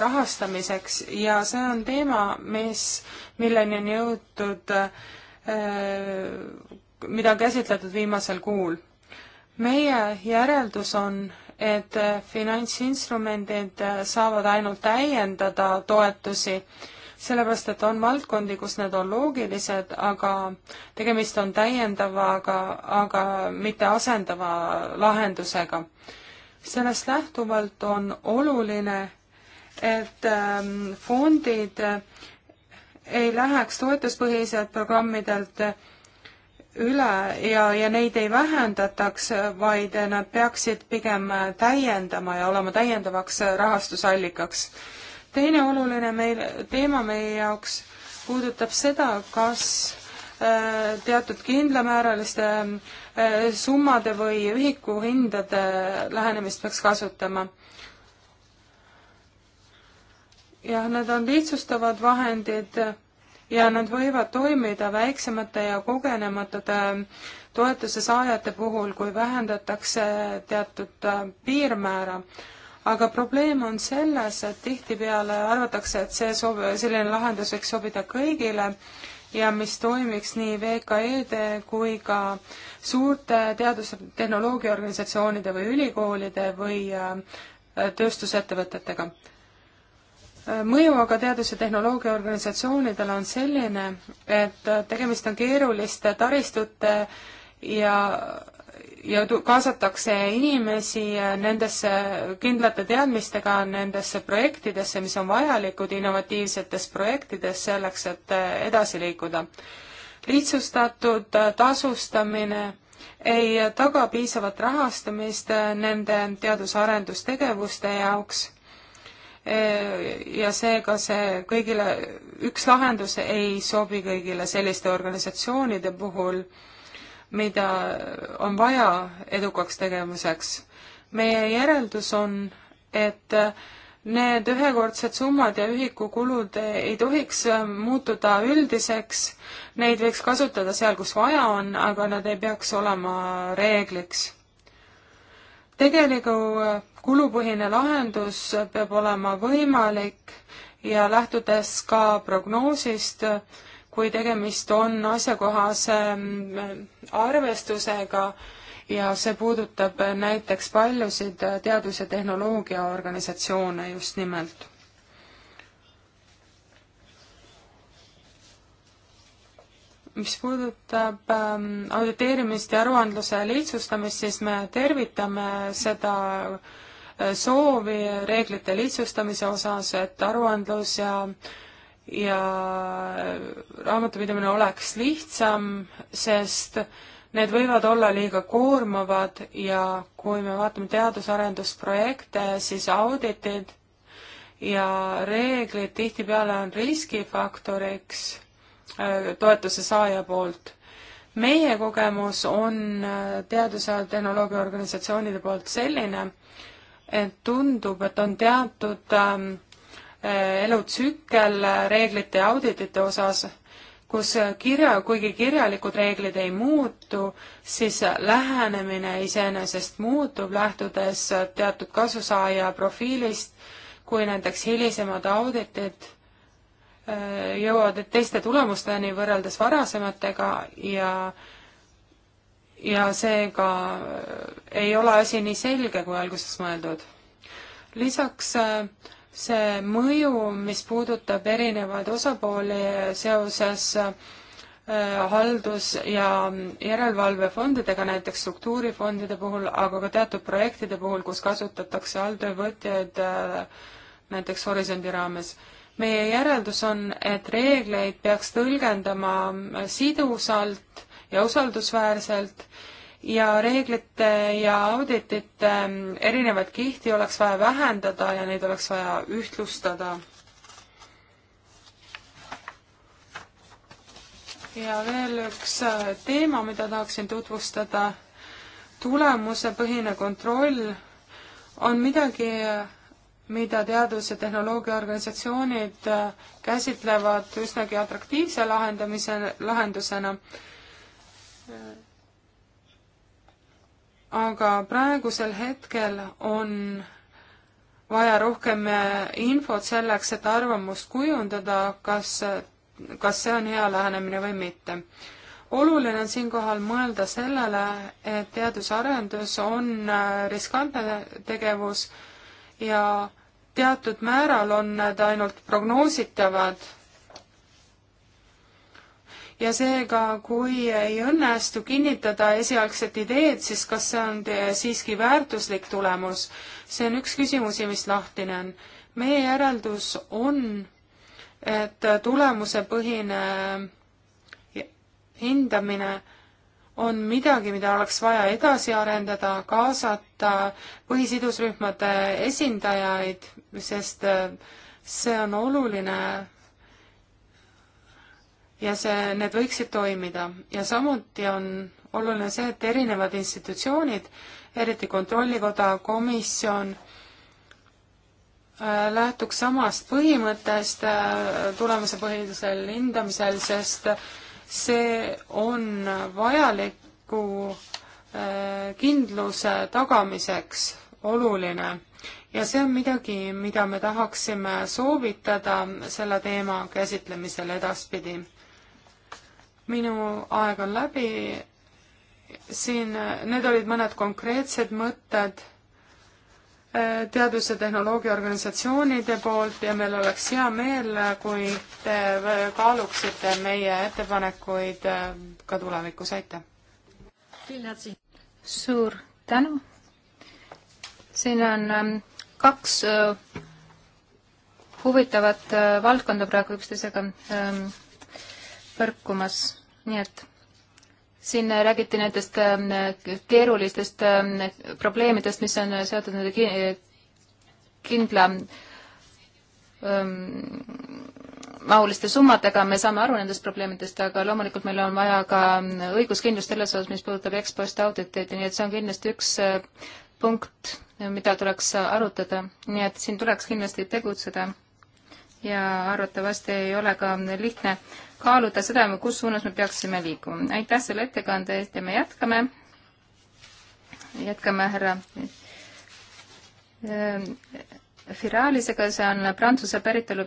rahastamiseks ja see on teema, mis, milleni on jõutud, eh, mida on käsitletud viimasel kuul. meie järeldus on, et finantsinstrumendid saavad ainult täiendada toetusi sellepärast et on valdkondi, kus need on loogilised, aga tegemist on täiendava, aga, aga mitte asendava lahendusega. sellest lähtuvalt on oluline, et ähm, fondid ei läheks toetuspõhiselt programmidelt üle ja, ja neid ei vähendataks, vaid nad peaksid pigem täiendama ja olema täiendavaks rahastusallikaks teine oluline meil, teema meie jaoks puudutab seda, kas äh, teatud kindlamääraliste äh, summade või ühikuhindade lähenemist peaks kasutama. jah, need on lihtsustavad vahendid ja nad võivad toimida väiksemate ja kogenematute äh, toetuse saajate puhul, kui vähendatakse teatud piirmäära aga probleem on selles, et tihtipeale arvatakse, et see soov, selline lahendus võiks sobida kõigile ja mis toimiks nii VKE-de kui ka suurte teadus- ja tehnoloogiaorganisatsioonide või ülikoolide või äh, tööstusettevõtetega. Äh, mõju aga teadus- ja tehnoloogiaorganisatsioonidel on selline, et äh, tegemist on keeruliste taristute ja ja kaasatakse inimesi äh, nendesse kindlate teadmistega, nendesse projektidesse, mis on vajalikud innovatiivsetes projektides selleks, et äh, edasi liikuda. lihtsustatud äh, tasustamine ei taga piisavat rahastamist nende teadus-arendustegevuste jaoks ja seega see kõigile, üks lahendus ei sobi kõigile selliste organisatsioonide puhul mida on vaja edukaks tegevuseks. meie järeldus on, et need ühekordsed summad ja ühikukulud ei tohiks muutuda üldiseks, neid võiks kasutada seal, kus vaja on, aga nad ei peaks olema reegliks. tegeliku kulupõhine lahendus peab olema võimalik ja lähtudes ka prognoosist, kui tegemist on asjakohase mm, arvestusega ja see puudutab näiteks paljusid teadus- ja tehnoloogiaorganisatsioone just nimelt. mis puudutab mm, auditeerimist ja aruandluse lihtsustamist, siis me tervitame seda eh, soovi reeglite lihtsustamise osas, et aruandlus ja äh, ja raamatupidamine oleks lihtsam, sest need võivad olla liiga koormavad ja kui me vaatame teadus-arendusprojekte, siis auditid ja reeglid tihtipeale on riskifaktoriks äh, toetuse saaja poolt. meie kogemus on äh, teadus- ja tehnoloogiaorganisatsioonide poolt selline, et tundub, et on teatud ähm, Äh, elutsükkel reeglite ja auditite osas, kus kirja, kuigi kirjalikud reeglid ei muutu, siis lähenemine iseenesest muutub, lähtudes teatud kasusaaja profiilist, kui näiteks hilisemad auditid äh, jõuavad teiste tulemusteni võrreldes varasematega ja ja seega ei ole asi nii selge, kui alguses mõeldud. lisaks äh, see mõju, mis puudutab erinevaid osapooli seoses äh, haldus- ja järelevalvefondidega, näiteks struktuurifondide puhul, aga ka teatud projektide puhul, kus kasutatakse alltöövõtjaid äh, näiteks Horisondi raames. meie järeldus on, et reegleid peaks tõlgendama sidusalt ja usaldusväärselt ja reeglite ja auditite ähm, erinevaid kihti oleks vaja vähendada ja neid oleks vaja ühtlustada. ja veel üks äh, teema, mida tahaksin tutvustada. tulemusepõhine kontroll on midagi, mida teadus- ja tehnoloogiaorganisatsioonid äh, käsitlevad üsnagi atraktiivse lahendamise, lahendusena aga praegusel hetkel on vaja rohkem äh, infot selleks, et arvamust kujundada, kas, kas see on hea lähenemine või mitte. oluline on siinkohal mõelda sellele, et teadusarendus on äh, riskantne tegevus ja teatud määral on need ainult prognoositavad ja seega, kui ei õnnestu kinnitada esialgset ideed, siis kas see on siiski väärtuslik tulemus? see on üks küsimusi, mis lahtine on. meie järeldus on, et tulemusepõhine hindamine on midagi, mida oleks vaja edasi arendada, kaasata põhisidusrühmade esindajaid, sest see on oluline ja see, need võiksid toimida. ja samuti on oluline see, et erinevad institutsioonid, eriti Kontrollikoda, komisjon, äh, lähtuks samast põhimõttest äh, tulemusepõhisel hindamisel, sest see on vajaliku äh, kindluse tagamiseks oluline ja see on midagi, mida me tahaksime soovitada selle teema käsitlemisel edaspidi minu aeg on läbi. siin, need olid mõned konkreetsed mõtted äh, teadus- ja tehnoloogiaorganisatsioonide poolt ja meil oleks hea meel, kui te äh, kaaluksite meie ettepanekuid äh, ka tulevikus, aitäh! suur tänu! siin on ähm, kaks huvitavat valdkonda praegu üksteisega ähm, põrkumas, nii et siin räägiti nendest äh, keerulistest äh, probleemidest, mis on seotud nende kindla ähm, mahuliste summadega, me saame aru nendest probleemidest, aga loomulikult meil on vaja ka äh, õiguskindlust selles osas, mis puudutab ekspost auditeid, nii et see on kindlasti üks punkt, mida tuleks arutada, nii et siin tuleks kindlasti tegutseda ja arvatavasti ei ole ka lihtne kaaluda seda, kus suunas me peaksime liikuma. aitäh selle ettekande eest ja me jätkame, jätkame härra äh, Firaalisega, see on Prantsuse päritolu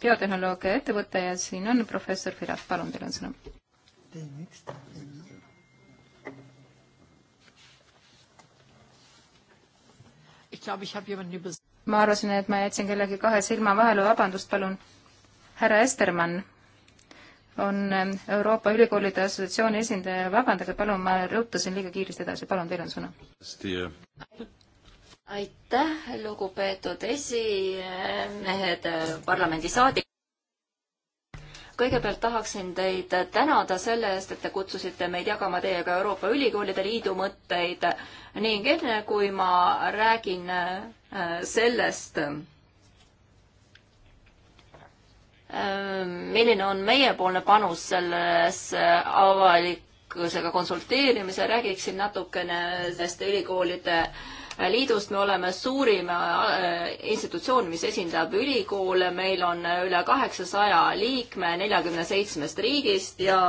biotehnoloogia ettevõte ja siin on professor Firal, palun, teil on sõna. ma arvasin, et ma jätsin kellegi kahe silma vahele, vabandust, palun härra Estermann on Euroopa Ülikoolide Assotsiatsiooni esindaja, vabandage palun, ma rõhutasin liiga kiiresti edasi, palun, teil on sõna. aitäh, lugupeetud esimehed, parlamendisaadik. kõigepealt tahaksin teid tänada selle eest, et te kutsusite meid jagama teiega Euroopa Ülikoolide Liidu mõtteid ning enne, kui ma räägin sellest, Äh, milline on meiepoolne panus selles äh, avalikkusega konsulteerimise, räägiksin natukene sellest ülikoolide liidust, me oleme suurim äh, institutsioon, mis esindab ülikoole, meil on üle kaheksasaja liikme neljakümne seitsmest riigist ja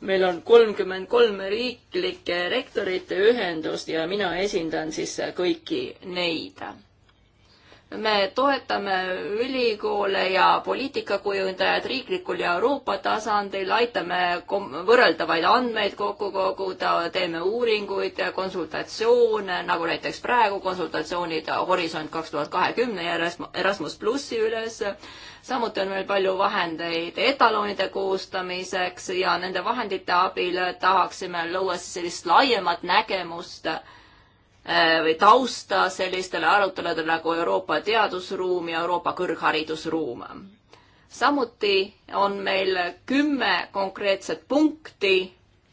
meil on kolmkümmend kolm riiklike rektorite ühendust ja mina esindan siis kõiki neid me toetame ülikoole ja poliitikakujundajaid riiklikul ja Euroopa tasandil, aitame võrreldavaid andmeid kokku koguda, teeme uuringuid, konsultatsioone, nagu näiteks praegu konsultatsioonid Horisont kaks tuhat kahekümne ja Erasmus plussi üles. samuti on meil palju vahendeid etalonide koostamiseks ja nende vahendite abil tahaksime luua siis sellist laiemat nägemust äh, Äh, või tausta sellistele aruteludele nagu Euroopa teadusruum ja Euroopa kõrgharidusruum. samuti on meil kümme konkreetset punkti,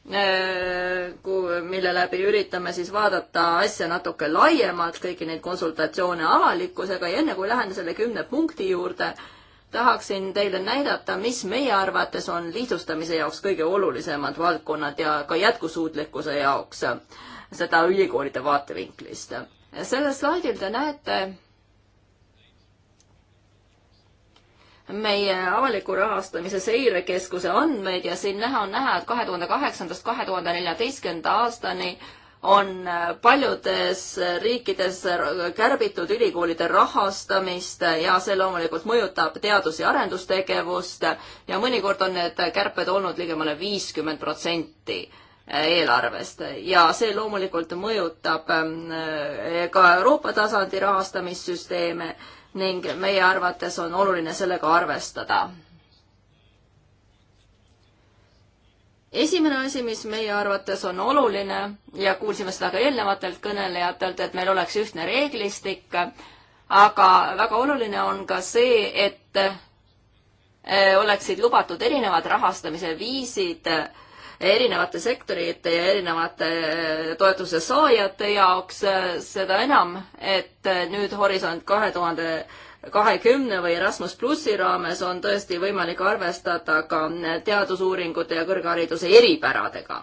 äh, mille läbi üritame siis vaadata asja natuke laiemalt, kõiki neid konsultatsioone avalikkusega ja enne kui lähen selle kümne punkti juurde, tahaksin teile näidata, mis meie arvates on lihtsustamise jaoks kõige olulisemad valdkonnad ja ka jätkusuutlikkuse jaoks seda ülikoolide vaatevinklist. sellel slaidil te näete meie avaliku rahastamise seirekeskuse andmeid ja siin näha on näha, et kahe tuhande kaheksandast kahe tuhande neljateistkümnenda aastani on paljudes riikides kärbitud ülikoolide rahastamist ja see loomulikult mõjutab teadus- ja arendustegevust ja mõnikord on need kärped olnud ligemale viiskümmend protsenti eelarvest ja see loomulikult mõjutab ähm, ka Euroopa tasandi rahastamissüsteeme ning meie arvates on oluline sellega arvestada. esimene asi, mis meie arvates on oluline ja kuulsime seda ka eelnevatelt kõnelejatelt, et meil oleks ühtne reeglistik, aga väga oluline on ka see, et äh, oleksid lubatud erinevad rahastamise viisid erinevate sektorite ja erinevate toetuse saajate jaoks, äh, seda enam, et äh, nüüd Horisont kahe tuhande kahekümne või Erasmus plussi raames on tõesti võimalik arvestada ka äh, teadusuuringute ja kõrghariduse eripäradega.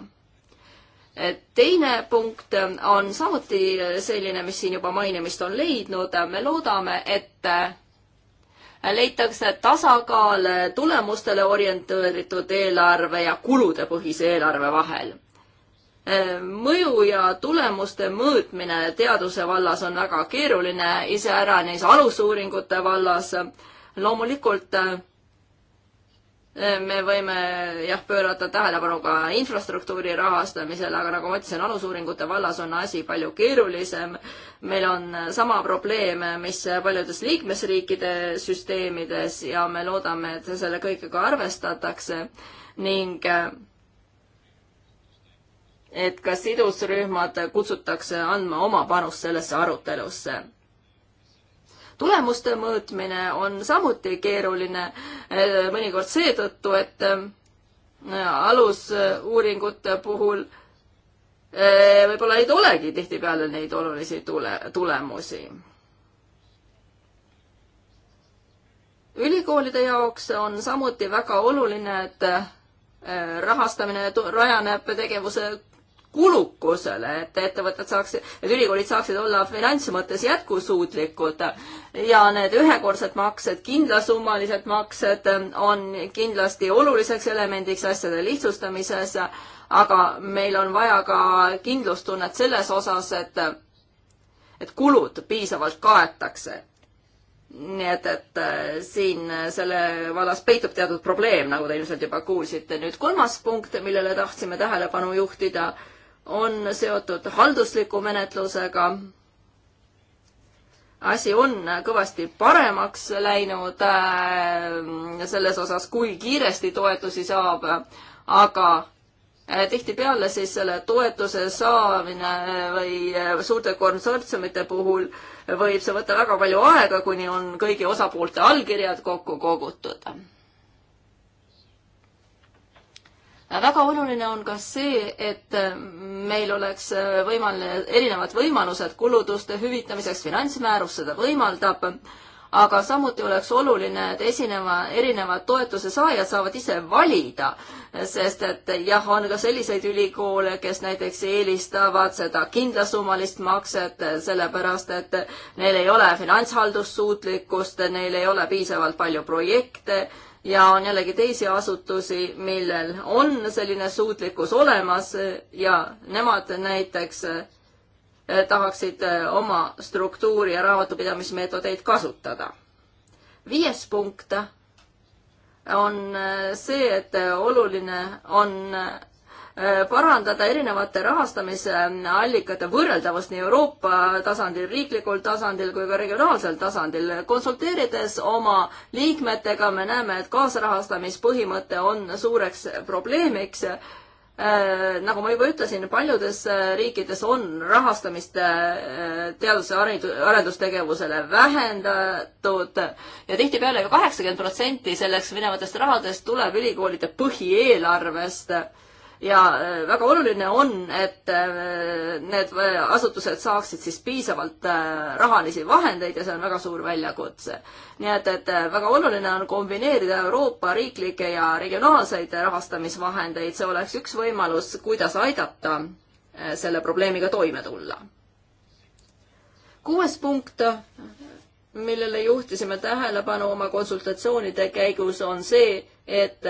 teine punkt on samuti selline, mis siin juba mainimist on leidnud, me loodame, et leitakse tasakaal tulemustele orienteeritud eelarve ja kuludepõhise eelarve vahel. mõju ja tulemuste mõõtmine teaduse vallas on väga keeruline, iseäranis alusuuringute vallas. loomulikult me võime jah, pöörata tähelepanu ka infrastruktuuri rahastamisele, aga nagu ma ütlesin, alusuuringute vallas on asi palju keerulisem. meil on sama probleem, mis paljudes liikmesriikide süsteemides ja me loodame, et selle kõigega arvestatakse ning et ka sidusrühmad kutsutakse andma oma panust sellesse arutelusse tulemuste mõõtmine on samuti keeruline, eh, mõnikord seetõttu, et eh, alusuuringute puhul eh, võib-olla ei olegi tihtipeale neid olulisi tule, tulemusi. ülikoolide jaoks on samuti väga oluline, et rahastamine rajaneb tegevuse kulukusele, et ettevõtted saaksid, et ülikoolid saaksid olla finantsmõttes jätkusuutlikud ja need ühekordsed maksed, kindlasummalised maksed on kindlasti oluliseks elemendiks asjade lihtsustamises, aga meil on vaja ka kindlustunnet selles osas, et, et kulud piisavalt kaetakse. nii et, et äh, siin selle vallas peitub teatud probleem, nagu te ilmselt juba kuulsite. nüüd kolmas punkt, millele tahtsime tähelepanu juhtida on seotud haldusliku menetlusega. asi on kõvasti paremaks läinud äh, selles osas, kui kiiresti toetusi saab, aga äh, tihtipeale siis selle toetuse saamine äh, või suurte konsortsiumite puhul võib see võtta väga palju aega, kuni on kõigi osapoolte allkirjad kokku kogutud väga oluline on ka see, et meil oleks võimaline, erinevad võimalused kulutuste hüvitamiseks, finantsmäärus seda võimaldab, aga samuti oleks oluline, et esineva, erinevad toetuse saajad saavad ise valida, sest et jah, on ka selliseid ülikoole, kes näiteks eelistavad seda kindlasummalist makset, sellepärast et neil ei ole finantshaldussuutlikkust, neil ei ole piisavalt palju projekte ja on jällegi teisi asutusi, millel on selline suutlikkus olemas ja nemad näiteks eh, tahaksid eh, oma struktuuri ja raamatupidamismeetodeid kasutada. viies punkt on eh, see, et oluline on Äh, parandada erinevate rahastamisallikate võrreldavust nii Euroopa tasandil, riiklikul tasandil kui ka regionaalsel tasandil. konsulteerides oma liikmetega me näeme, et kaasrahastamispõhimõte on suureks probleemiks äh, nagu ma juba ütlesin, paljudes riikides on rahastamist äh, teadus- ja arendustegevusele vähendatud ja tihtipeale ka kaheksakümmend protsenti selleks minevatest rahadest tuleb ülikoolide põhieelarvest ja äh, väga oluline on, et äh, need äh, asutused saaksid siis piisavalt rahalisi vahendeid ja see on väga suur väljakutse. nii et, et väga oluline on kombineerida Euroopa riiklikke ja regionaalseid rahastamisvahendeid, see oleks üks võimalus, kuidas aidata selle probleemiga toime tulla. kuues punkt, millele juhtisime tähelepanu oma konsultatsioonide käigus, on see, et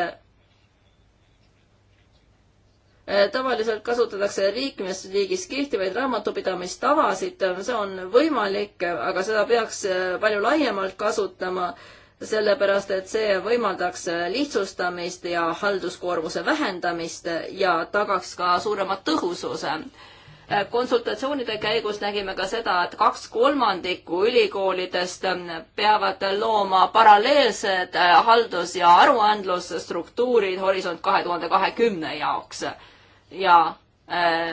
Äh, tavaliselt kasutatakse liikmesriigis kehtivaid raamatupidamistavasid, äh, see on võimalik, äh, aga seda peaks palju laiemalt kasutama, sellepärast et see võimaldaks lihtsustamist ja halduskoormuse vähendamist ja tagaks ka suurema tõhususe konsultatsioonide käigus nägime ka seda, et kaks kolmandikku ülikoolidest peavad looma paralleelsed haldus- ja aruandlusstruktuurid Horisont kahe tuhande kahekümne jaoks ja äh,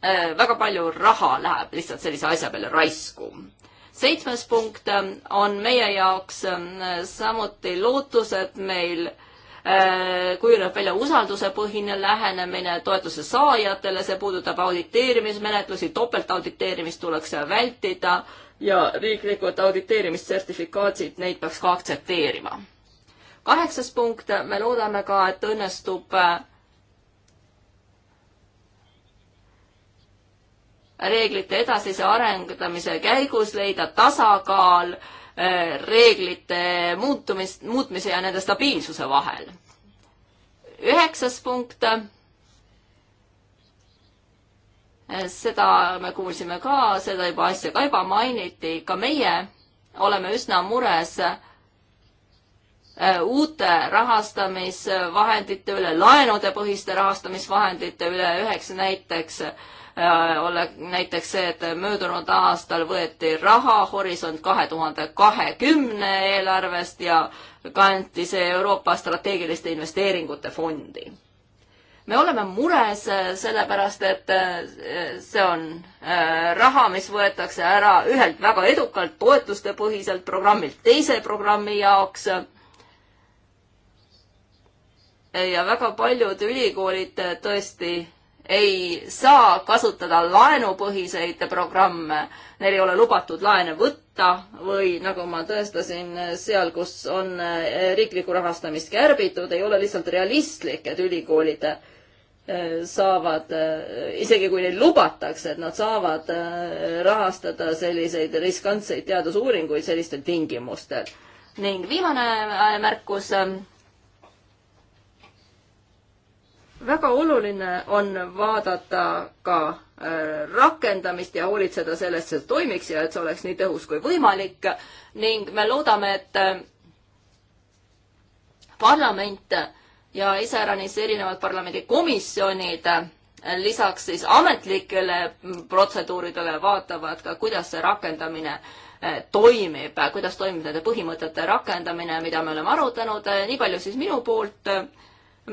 äh, väga palju raha läheb lihtsalt sellise asja peale raisku. seitsmes punkt äh, on meie jaoks äh, samuti lootus, et meil äh, kujuneb välja usaldusepõhine lähenemine toetuse saajatele, see puudutab auditeerimismenetlusi, topeltauditeerimist tuleks vältida ja riiklikud auditeerimissertifikaatsid, neid peaks ka aktsepteerima. kaheksas punkt, me loodame ka, et õnnestub äh, reeglite edasise arendamise käigus leida tasakaal äh, reeglite muutumist, muutmise ja nende stabiilsuse vahel. üheksas punkt. Äh, seda me kuulsime ka, seda juba asja ka juba mainiti, ka meie oleme üsna mures äh, uute rahastamisvahendite üle, laenudepõhiste rahastamisvahendite üle, üheks näiteks äh, Äh, ole näiteks see, et möödunud aastal võeti raha Horisont kahe tuhande kahekümne eelarvest ja kanti see Euroopa strateegiliste investeeringute fondi. me oleme mures äh, sellepärast, et äh, see on raha, mis võetakse ära ühelt väga edukalt toetustepõhiselt programmilt teise programmi jaoks ja väga paljud ülikoolid tõesti ei saa kasutada laenupõhiseid programme, neil ei ole lubatud laene võtta või nagu ma tõestasin, seal, kus on eh, riiklikku rahastamist kärbitud, ei ole lihtsalt realistlik, et ülikoolid eh, saavad, eh, isegi kui neil lubatakse, et nad saavad rahastada selliseid riskantseid teadusuuringuid sellistel tingimustel. ning viimane märkus väga oluline on vaadata ka äh, rakendamist ja hoolitseda sellest, et see toimiks ja et see oleks nii tõhus kui võimalik ning me loodame, et äh, parlament ja iseäranis erinevad parlamendikomisjonid äh, lisaks siis ametlikele mm, protseduuridele vaatavad ka, kuidas see rakendamine toimib, kuidas toimib nende põhimõtete rakendamine, mida me oleme arutanud. nii palju siis minu poolt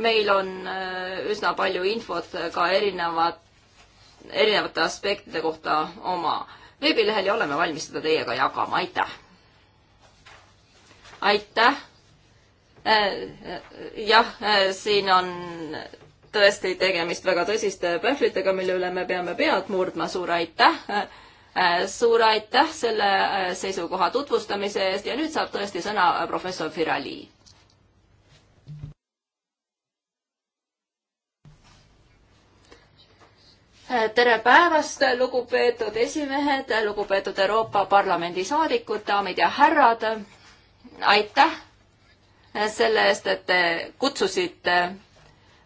meil on äh, üsna palju infot ka erinevad, erinevate aspektide kohta oma veebilehel ja oleme valmis seda teiega jagama, aitäh! aitäh! Äh, jah, äh, siin on tõesti tegemist väga tõsiste pähvlitega, mille üle me peame pead murdma, suur aitäh! suur aitäh selle seisukoha tutvustamise eest ja nüüd saab tõesti sõna professor Firali tere päevast, lugupeetud esimehed, lugupeetud Euroopa Parlamendi saadikud, daamid ja härrad. aitäh selle eest, et te kutsusite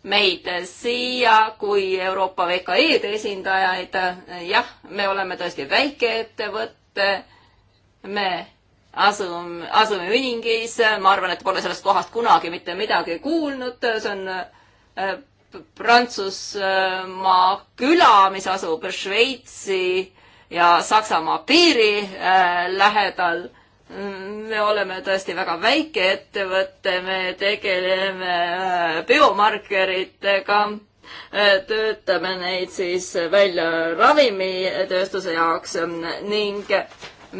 meid siia kui Euroopa VKE-de esindajaid. jah, me oleme tõesti väikeettevõte. me asume, asume Üningis, ma arvan, et pole sellest kohast kunagi mitte midagi kuulnud, see on äh, Prantsusmaa küla, mis asub Šveitsi ja Saksamaa piiri äh, lähedal. me oleme tõesti väga väike ettevõte, me tegeleme äh, biomarkeritega, äh, töötame neid siis välja ravimitööstuse jaoks ning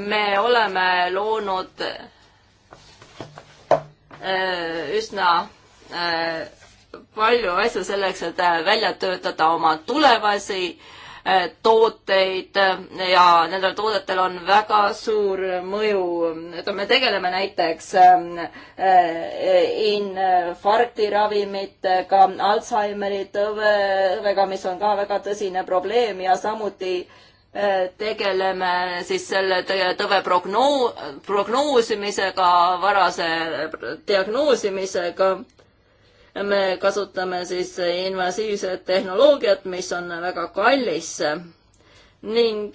me oleme loonud üsna palju asju selleks, et äh, välja töötada oma tulevasi äh, tooteid äh, ja nendel toodetel on väga suur mõju. et me tegeleme näiteks ähm, infarktiravimitega, Alžeimeri tõvega, mis on ka väga tõsine probleem ja samuti tegeleme siis selle tõve prognoo-, prognoosimisega, varase diagnoosimisega me kasutame siis invasiivset tehnoloogiat, mis on väga kallis ning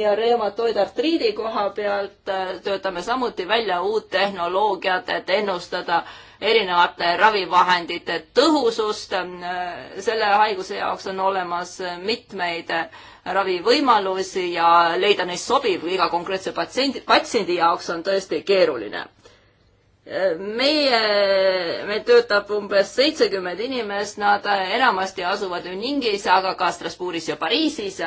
ja reumatoidartriidi koha pealt äh, töötame samuti välja uut tehnoloogiat, et ennustada erinevate ravivahendite tõhusust. Äh, selle haiguse jaoks on olemas mitmeid äh, ravivõimalusi ja leida neist sobiv iga konkreetse patsiendi, patsiendi jaoks on tõesti keeruline meie, meil töötab umbes seitsekümmend inimest, nad enamasti asuvad Ningis, aga ka Strasbourgis ja Pariisis.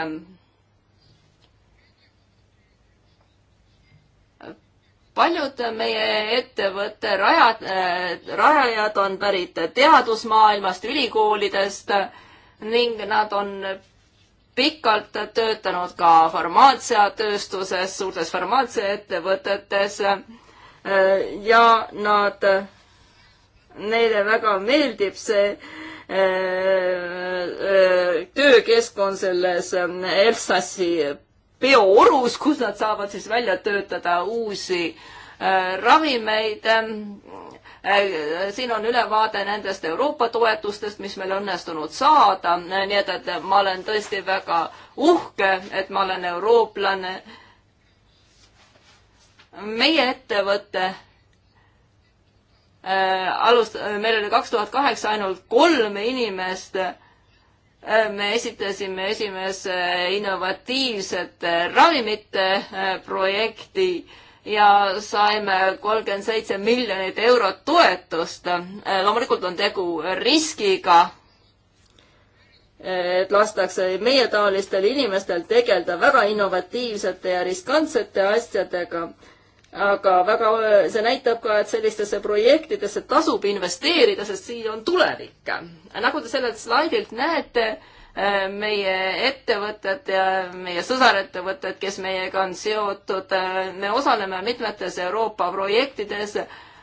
paljud meie ettevõtte rajad, rajajad on pärit teadusmaailmast, ülikoolidest ning nad on pikalt töötanud ka farmaatsiatööstuses, suurtes farmaatsiaettevõtetes Äh, ja nad, neile väga meeldib see äh, äh, töökeskkond selles ähm, Elsassi peoorus, kus nad saavad siis välja töötada uusi ravimeid. Ähm, siin on ülevaade nendest Euroopa toetustest, mis meil õnnestunud saada, nii et, et ma olen tõesti väga uhke, et ma olen eurooplane meie ettevõte äh, alust-, meil oli kaks tuhat kaheksa ainult kolm inimest. Äh, me esitasime esimese innovatiivsete ravimite äh, projekti ja saime kolmkümmend seitse miljonit eurot toetust. loomulikult on tegu riskiga, et lastakse meietaolistel inimestel tegeleda väga innovatiivsete ja riskantsete asjadega aga väga, see näitab ka, et sellistesse projektidesse tasub investeerida, sest siin on tulevik. nagu te sellelt slaidilt näete, eh, meie ettevõtted ja meie sõsarettevõtted, kes meiega on seotud, eh, me osaleme mitmetes Euroopa projektides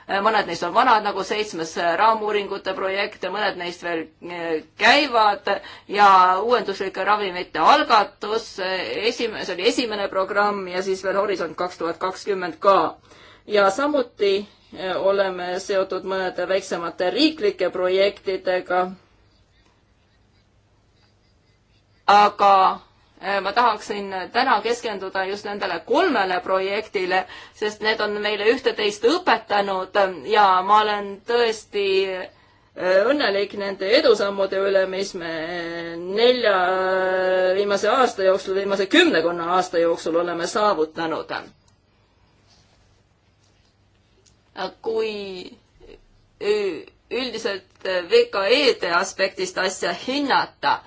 Äh, mõned neist on vanad, nagu seitsmes äh, raamuuringute projekt ja mõned neist veel äh, käivad ja uuenduslike ravimite algatus, esimene, see oli esimene programm ja siis veel Horisont kaks tuhat kakskümmend ka. ja samuti oleme seotud mõnede väiksemate riiklike projektidega. aga Äh, ma tahaksin täna keskenduda just nendele kolmele projektile, sest need on meile ühte-teist õpetanud ja ma olen tõesti äh, õnnelik nende edusammude üle, mis me nelja viimase aasta jooksul, viimase kümnekonna aasta jooksul oleme saavutanud. kui äh, üldiselt VKE-de aspektist asja hinnata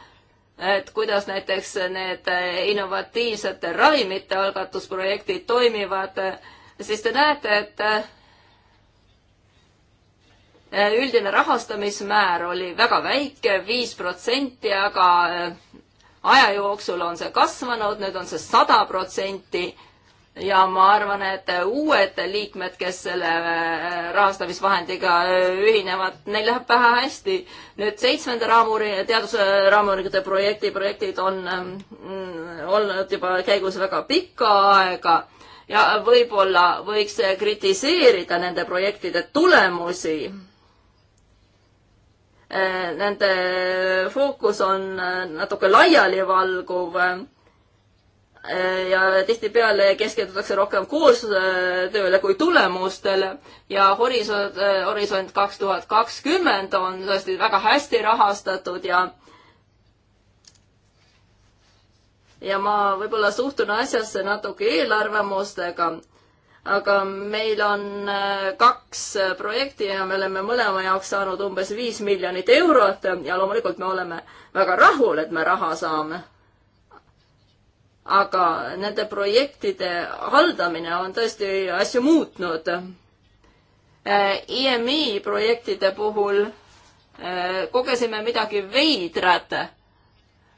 et kuidas näiteks need innovatiivsete ravimite algatusprojektid toimivad, siis te näete, et üldine rahastamismäär oli väga väike, viis protsenti, aga aja jooksul on see kasvanud, nüüd on see sada protsenti ja ma arvan, et uued liikmed, kes selle äh, rahastamisvahendiga äh, ühinevad, neil läheb pähe hästi. nüüd seitsmenda raamuri, teadusraamurite äh, projekti, projektid on ähm, mm, olnud juba käigus väga pikka aega ja võib-olla võiks kritiseerida nende projektide tulemusi nende fookus on natuke laialivalguv. Äh, ja tihtipeale keskendutakse rohkem koostööle kui tulemustele ja Horisont, äh, Horisont kaks tuhat kakskümmend on tõesti väga hästi rahastatud ja ja ma võib-olla suhtun asjasse natuke eelarvamustega, aga meil on äh, kaks projekti ja me oleme mõlema jaoks saanud umbes viis miljonit eurot ja loomulikult me oleme väga rahul, et me raha saame aga nende projektide haldamine on tõesti asju muutnud. IMI e projektide puhul eh, kogesime midagi veidrat.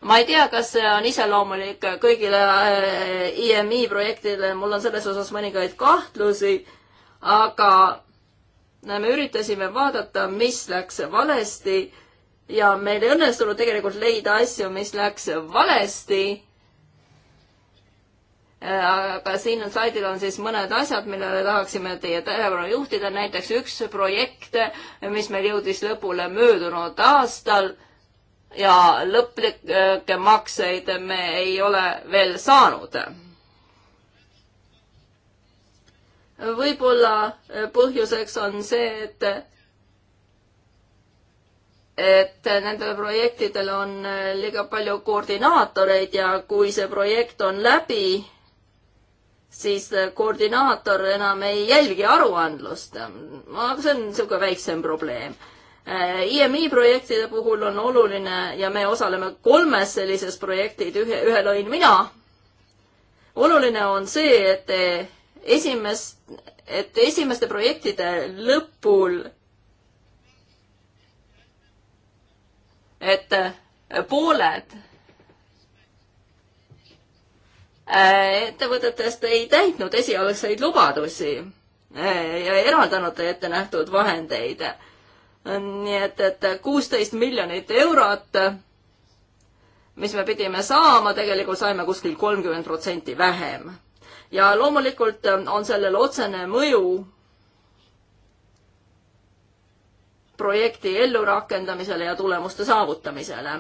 ma ei tea, kas see on iseloomulik kõigile IMI eh, e projektidele, mul on selles osas mõningaid kahtlusi, aga me üritasime vaadata, mis läks valesti ja meil ei õnnestunud tegelikult leida asju, mis läks valesti Äh, aga siin on slaidil on siis mõned asjad, millele tahaksime teie tähelepanu juhtida, näiteks üks projekt, mis meil jõudis lõpule möödunud aastal ja lõplikke makseid me ei ole veel saanud. võib-olla põhjuseks on see, et et nendel projektidel on liiga palju koordinaatoreid ja kui see projekt on läbi, siis äh, koordinaator enam ei jälgi aruandlust. aga see on niisugune väiksem probleem. IMI äh, projektide puhul on oluline ja me osaleme kolmes sellises projektid, ühe, ühel olin mina. oluline on see, et esimest, et esimeste projektide lõpul, et äh, pooled Äh, ettevõtetest ei täitnud esialgseid lubadusi äh, ja eraldanud ette nähtud vahendeid. nii et, et kuusteist miljonit eurot, mis me pidime saama, tegelikult saime kuskil kolmkümmend protsenti vähem. ja loomulikult on sellel otsene mõju projekti ellurakendamisele ja tulemuste saavutamisele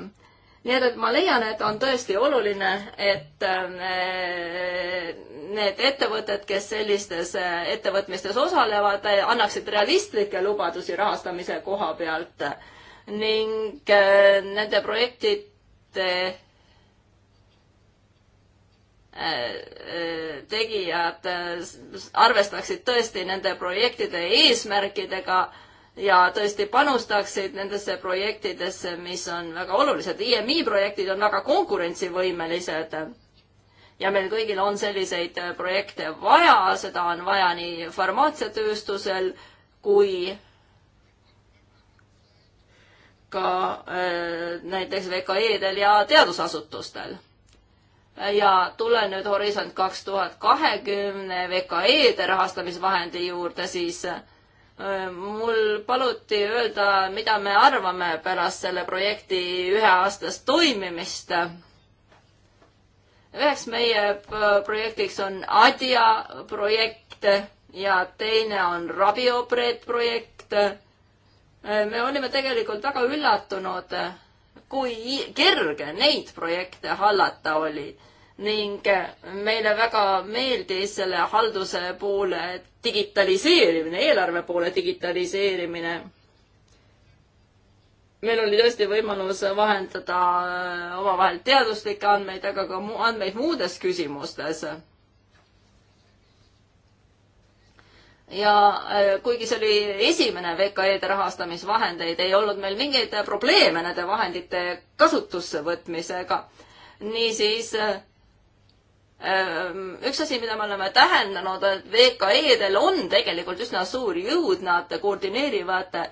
nii et, et ma leian, et on tõesti oluline, et äh, need ettevõtted, kes sellistes äh, ettevõtmistes osalevad, äh, annaksid realistlikke lubadusi rahastamise koha pealt ning nende projektide tegijad arvestaksid tõesti nende projektide eesmärkidega ja tõesti panustaksid nendesse projektidesse, mis on väga olulised. IMI projektid on väga konkurentsivõimelised ja meil kõigil on selliseid projekte vaja, seda on vaja nii farmaatsiatööstusel kui ka äh, näiteks VKE-del ja teadusasutustel. ja tulen nüüd Horisont kaks tuhat kahekümne VKE-de rahastamisvahendi juurde, siis äh, mul paluti öelda, mida me arvame pärast selle projekti üheaastast toimimist. üheks meie projektiks on Adja projekt ja teine on Rabiopred projekt. me olime tegelikult väga üllatunud, kui kerge neid projekte hallata oli ning meile väga meeldis selle halduse poole digitaliseerimine, eelarve poole digitaliseerimine. meil oli tõesti võimalus vahendada äh, omavahel teaduslikke andmeid, aga ka mu andmeid muudes küsimustes. ja äh, kuigi see oli esimene VKE-de rahastamisvahendeid, ei olnud meil mingeid probleeme nende vahendite kasutusse võtmisega. niisiis äh, Ehm, üks asi, mida me oleme täheldanud, et VKE-del on tegelikult üsna suur jõud, nad koordineerivad eh,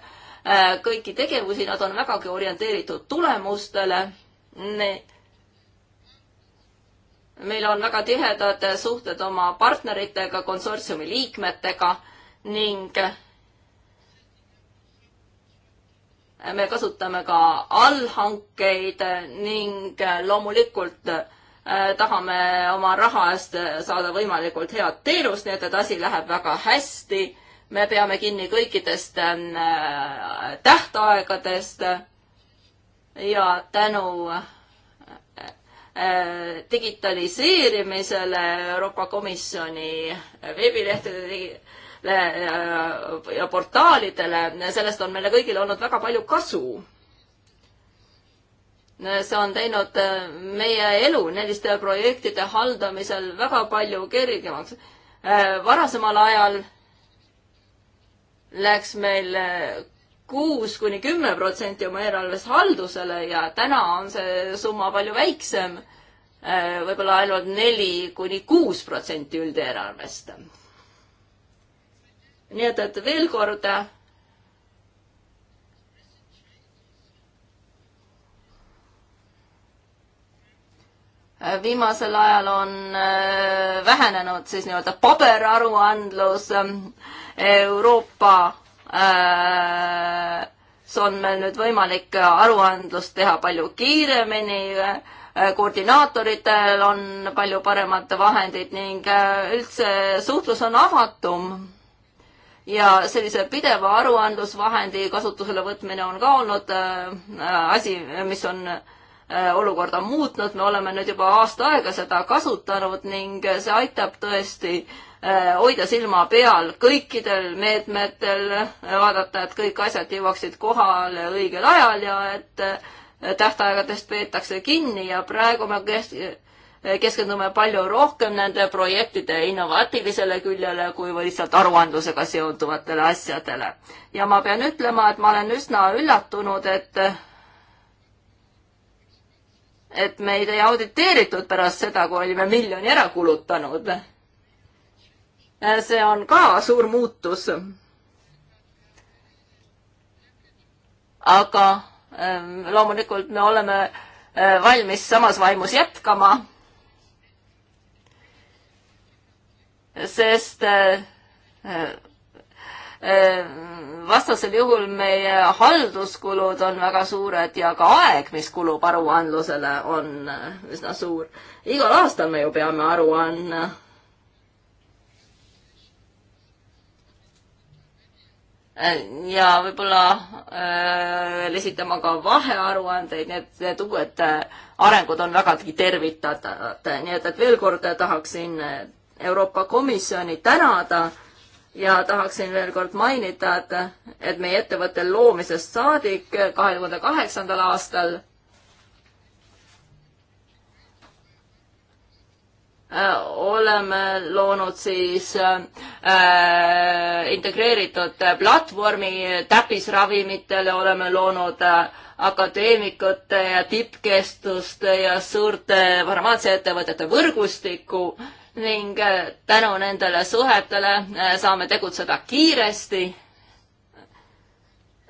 kõiki tegevusi, nad on vägagi orienteeritud tulemustele. meil on väga tihedad suhted oma partneritega, konsortsiumi liikmetega ning eh, me kasutame ka allhankeid ning eh, loomulikult Äh, tahame oma raha eest saada võimalikult head teenust, nii et, et asi läheb väga hästi. me peame kinni kõikidest ähm, äh, tähtaegadest ja tänu äh, digitaliseerimisele Euroopa Komisjoni veebilehtedele ja portaalidele, sellest on meile kõigile olnud väga palju kasu see on teinud äh, meie elu selliste projektide haldamisel väga palju kergemaks. Äh, varasemal ajal läks meil äh, kuus kuni kümme protsenti oma eelarvest haldusele ja täna on see summa palju väiksem võib. võib-olla ainult neli kuni kuus protsenti üldeelarvest. nii et, et veel kord viimasel ajal on äh, vähenenud siis nii-öelda paberaruandlus Euroopa siis äh, on meil nüüd võimalik aruandlust teha palju kiiremini, koordinaatoritel on palju paremad vahendid ning äh, üldse suhtlus on avatum. ja sellise pideva aruandlusvahendi kasutusele võtmine on ka olnud asi, mis on äh, Äh, olukord on muutnud, me oleme nüüd juba aasta aega seda kasutanud ning see aitab tõesti äh, hoida silma peal kõikidel meetmetel, vaadata, et kõik asjad jõuaksid kohale õigel ajal ja et äh, tähtaegadest peetakse kinni ja praegu me kes-, keskendume palju rohkem nende projektide innovatiivilisele küljele kui lihtsalt aruandlusega seonduvatele asjadele. ja ma pean ütlema, et ma olen üsna üllatunud, et et meid ei auditeeritud pärast seda, kui olime miljoni ära kulutanud. see on ka suur muutus. aga ähm, loomulikult me oleme äh, valmis samas vaimus jätkama. sest äh, äh, Äh, vastasel juhul meie halduskulud on väga suured ja ka aeg, mis kulub aruandlusele, on äh, üsna suur. igal aastal me ju peame aru andma äh, ja võib-olla veel esitama ka vahearuandeid, need, need uued arengud on vägagi tervitatavad, nii et, et veel kord tahaksin Euroopa Komisjoni tänada äh, ja tahaksin veel kord mainida, et, et meie ettevõtte loomisest saadik kahe tuhande kaheksandal aastal äh, oleme loonud siis äh, integreeritud platvormi täppisravimitele, oleme loonud äh, akadeemikute ja tippkestuste ja suurte farmaatsiaettevõtete võrgustiku äh, ning äh, tänu nendele suhetele äh, saame tegutseda kiiresti.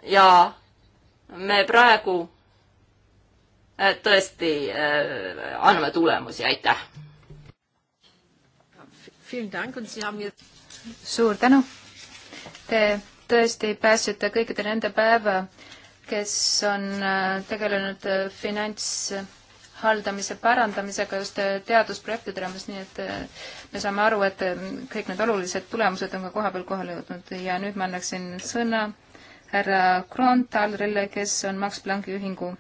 ja me praegu äh, tõesti anname tulemusi, aitäh. suur tänu. Te tõesti pääsite kõikide nende päeva, kes on tegelenud finants haldamise parandamisega just äh, teadusprojektide raames, nii et äh, me saame aru, et äh, kõik need olulised tulemused on ka kohapeal kohale jõudnud ja nüüd ma annaksin sõna härra Kroontalrile, kes on Max Plancki ühingu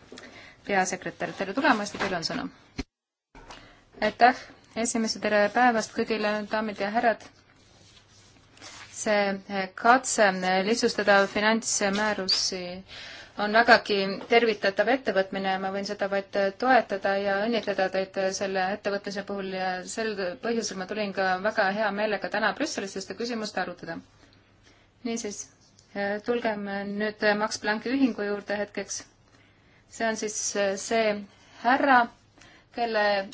peasekretär. tere tulemast ja teil on sõna. aitäh, esimese tere päevast kõigile, daamid ja härrad. see katse lihtsustada finantsmäärusi on vägagi tervitatav ettevõtmine ja ma võin seda vaid toetada ja õnnitleda teid selle ettevõtmise puhul ja sel põhjusel ma tulin ka väga hea meelega täna Brüsselisse seda küsimust arutada. niisiis, tulgem nüüd Max Plancki ühingu juurde hetkeks. see on siis see härra, kelle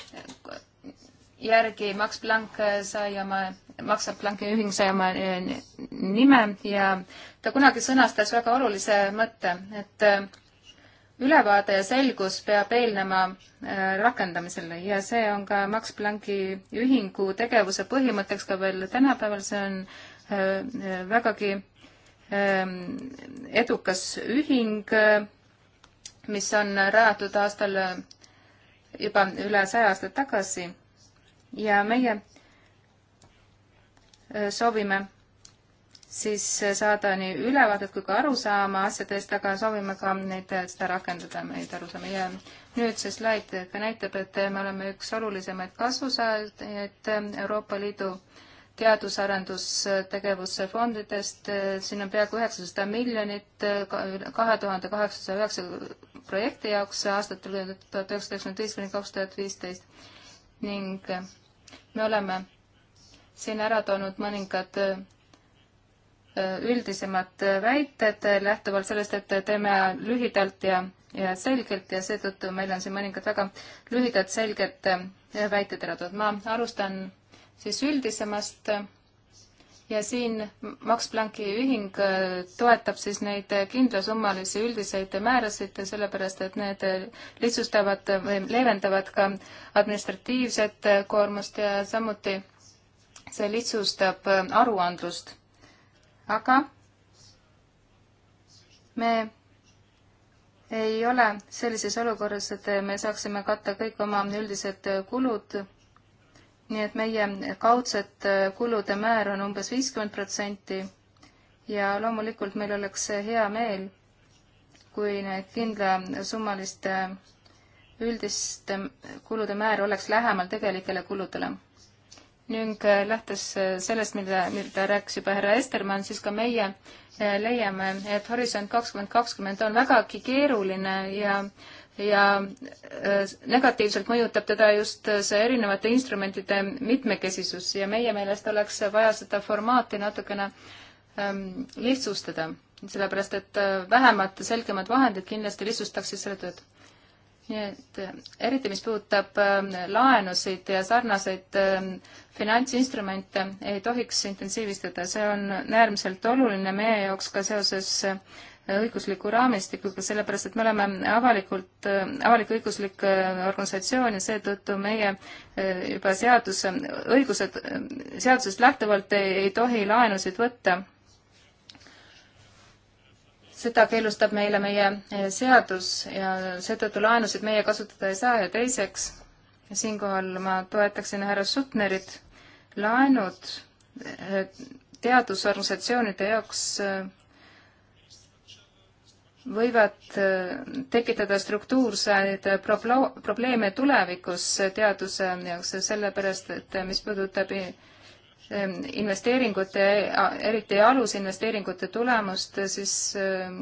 järgi Max Planck sai oma, Max Plancki ühing sai oma nime ja ta kunagi sõnastas väga olulise mõtte, et äh, ülevaade ja selgus peab eelnema äh, rakendamisele ja see on ka Max Plancki ühingu tegevuse põhimõtteks ka veel tänapäeval, see on äh, vägagi ähm, edukas ühing, mis on rajatud aastal juba üle saja aasta tagasi ja meie soovime siis saada nii ülevaadet kui ka arusaama asjadest, aga soovime ka neid, seda rakendada, neid arusaama ja nüüd see slaid ka näitab, et me oleme üks olulisemaid kasusaajaid Euroopa Liidu teadus-arendustegevuse fondidest, siin on peaaegu üheksasada miljonit kahe tuhande kaheksasaja üheksa projekti jaoks aastatel tuhat üheksasada üheksakümmend viis kuni kaks tuhat viisteist ning me oleme siin ära toonud mõningad üldisemad väited lähtuvalt sellest, et teeme lühidalt ja, ja selgelt ja seetõttu meil on siin mõningad väga lühidad, selged väited ära toodud. ma alustan siis üldisemast ja siin Max Plancki ühing toetab siis neid kindlasummalisi üldiseid määrasid, sellepärast et need lihtsustavad või leevendavad ka administratiivset koormust ja samuti see lihtsustab aruandlust aga me ei ole sellises olukorras, et me saaksime katta kõik oma üldised kulud. nii et meie kaudsete kulude määr on umbes viiskümmend protsenti ja loomulikult meil oleks hea meel, kui need kindlasummaliste üldiste kulude määr oleks lähemal tegelikele kuludele ning äh, lähtes äh, sellest, mida, mida rääkis juba härra Estermann, siis ka meie äh, leiame, et Horisont kakskümmend kakskümmend on vägagi keeruline ja ja negatiivselt mõjutab teda just see erinevate instrumentide mitmekesisus ja meie meelest oleks vaja seda formaati natukene ähm, lihtsustada, sellepärast et vähemad, selgemad vahendid kindlasti lihtsustaksid selle tööd nii et äh, eriti, mis puudutab ähm, laenusid ja sarnaseid ähm, finantsinstrumente, ei tohiks intensiivistada, see on äärmiselt oluline meie jaoks ka seoses äh, õigusliku raamistikuga, sellepärast et me oleme avalikult, äh, avalik-õiguslik organisatsioon ja seetõttu meie juba seaduse, õigused, seadusest lähtuvalt ei, ei tohi laenusid võtta seda keelustab meile meie eh, seadus ja seetõttu laenusid meie kasutada ei saa ja teiseks, siinkohal ma toetaksin härra Sutnerit, laenud eh, teadusorganisatsioonide jaoks eh, võivad tekitada struktuurseid probleeme tulevikus teaduse jaoks, sellepärast et mis puudutab Ehm, investeeringute, eriti alusinvesteeringute tulemust, siis ehm,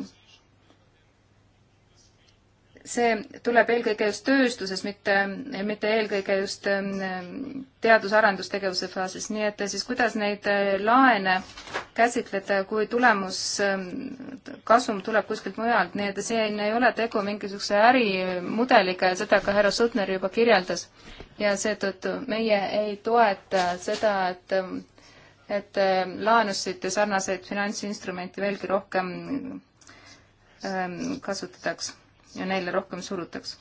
see tuleb eelkõige just tööstuses, mitte, mitte eelkõige just ähm, teadus-arendustegevuse faasis, nii et siis kuidas neid äh, laene käsitleda, kui tulemuskasum ähm, tuleb kuskilt mujalt, nii et siin ei ole tegu mingisuguse ärimudeliga ja seda ka härra Sutner juba kirjeldas. ja seetõttu meie ei toeta seda, et, ähm, et laenusid ja sarnaseid finantsinstrumente veelgi rohkem ähm, kasutataks neile rohkem surutaks.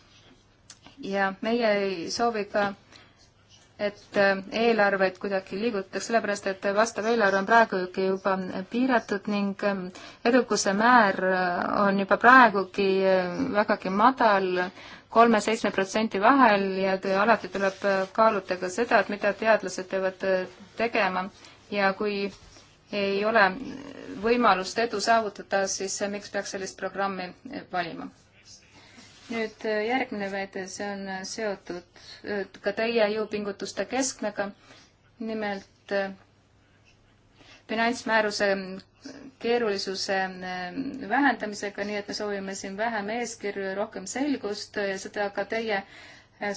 ja meie ei soovi ka, et äh, eelarveid kuidagi liigutatakse, sellepärast et vastav eelarve on praegugi juba piiratud ning ähm, edukuse määr äh, on juba praegugi äh, vägagi madal, kolme-seitsme protsendi vahel ja alati tuleb kaaluda ka seda, et mida teadlased peavad tegema ja kui ei ole võimalust edu saavutada, siis miks peaks sellist programmi valima nüüd äh, järgmine väide, see on äh, seotud äh, ka teie jõupingutuste keskmega, nimelt finantsmääruse mm, keerulisuse mm, vähendamisega, nii et me soovime siin vähem eeskirju ja rohkem selgust ja seda ka teie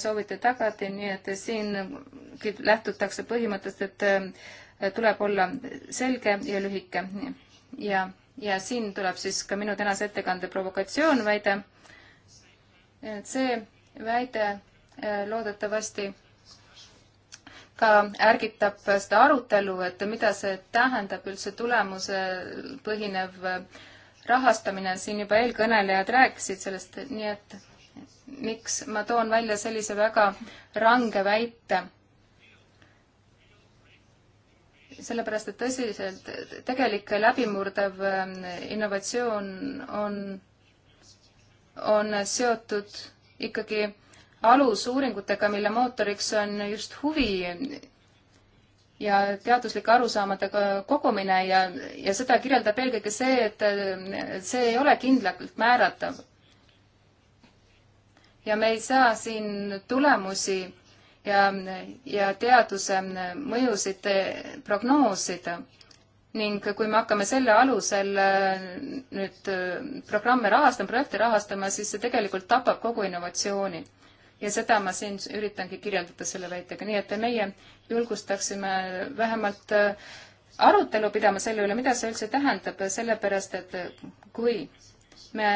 soovite tagada, nii et siin lähtutakse põhimõttest, et tuleb olla selge ja lühike. ja, ja siin tuleb siis ka minu tänase ettekande provokatsioon väide et see väide eh, loodetavasti ka ärgitab seda arutelu, et mida see tähendab üldse tulemusel põhinev eh, rahastamine, siin juba eelkõnelejad rääkisid sellest, nii et miks ma toon välja sellise väga range väite. sellepärast, et tõsiselt tegelik läbimurdev eh, innovatsioon on on seotud ikkagi alusuuringutega, mille mootoriks on just huvi ja teaduslike arusaamadega kogumine ja, ja seda kirjeldab eelkõige see, et see ei ole kindlalt määratav. ja me ei saa siin tulemusi ja, ja teaduse mõjusid prognoosida ning kui me hakkame selle alusel äh, nüüd äh, programme rahastama, projekte rahastama, siis see tegelikult tapab kogu innovatsiooni. ja seda ma siin üritangi kirjeldada selle väitega, nii et meie julgustaksime vähemalt äh, arutelu pidama selle üle, mida see üldse tähendab, sellepärast et kui me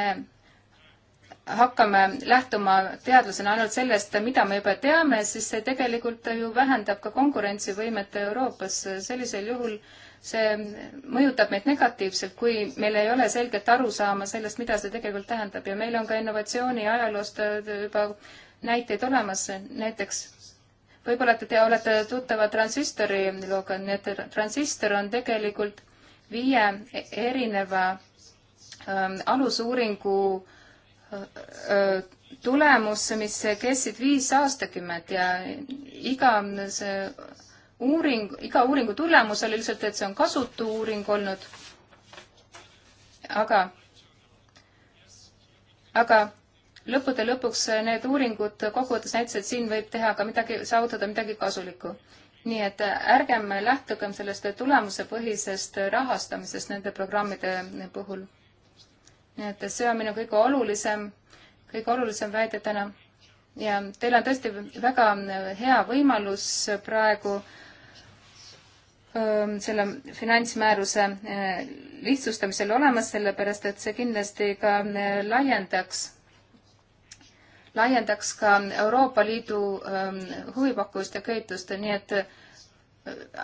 hakkame lähtuma teadlasena ainult sellest, mida me juba teame, siis see tegelikult ju vähendab ka konkurentsivõimet Euroopas. sellisel juhul äh, see mõjutab meid negatiivselt, kui meil ei ole selget arusaama sellest, mida see tegelikult tähendab ja meil on ka innovatsiooni ajaloost äh, juba näiteid olemas, näiteks võib-olla te tea, olete tuttava transistori looga, nii et transistor on tegelikult viie erineva ähm, alusuuringu äh, äh tulemus, mis kestsid viis aastakümmet ja iga see uuring, iga uuringu tulemus oli lihtsalt, et see on kasutu uuring olnud. aga, aga lõppude lõpuks need uuringud kokkuvõttes näitasid, siin võib teha ka midagi, saavutada midagi kasulikku. nii et ärgem lähtugem sellest tulemusepõhisest rahastamisest nende programmide puhul. nii et see on minu kõige olulisem, kõige olulisem väide täna ja teil on tõesti väga hea võimalus praegu äh, selle finantsmääruse lihtsustamisel olemas, sellepärast et see kindlasti ka laiendaks, laiendaks ka Euroopa Liidu huvipakkuvust ja köitust, nii et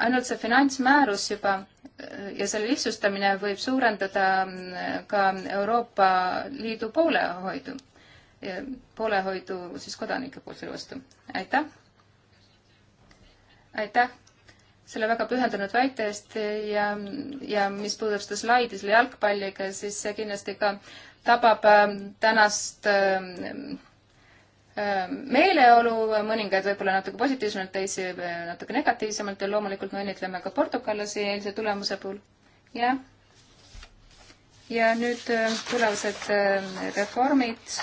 ainult see finantsmäärus juba ja selle lihtsustamine võib suurendada ka Euroopa Liidu poolehoidu, poolehoidu siis kodanike poolt selle vastu. aitäh! aitäh selle väga pühendunud väite eest ja, ja mis puudutab seda slaidi selle jalgpalliga, siis see kindlasti ka tabab ähm, tänast ähm, ähm, meeleolu, mõningaid võib-olla natuke positiivsemalt, teisi natuke negatiivsemalt ja loomulikult me õnnitleme ka portugalasi eilse tulemuse puhul. jah. ja nüüd äh, tulevased äh, reformid.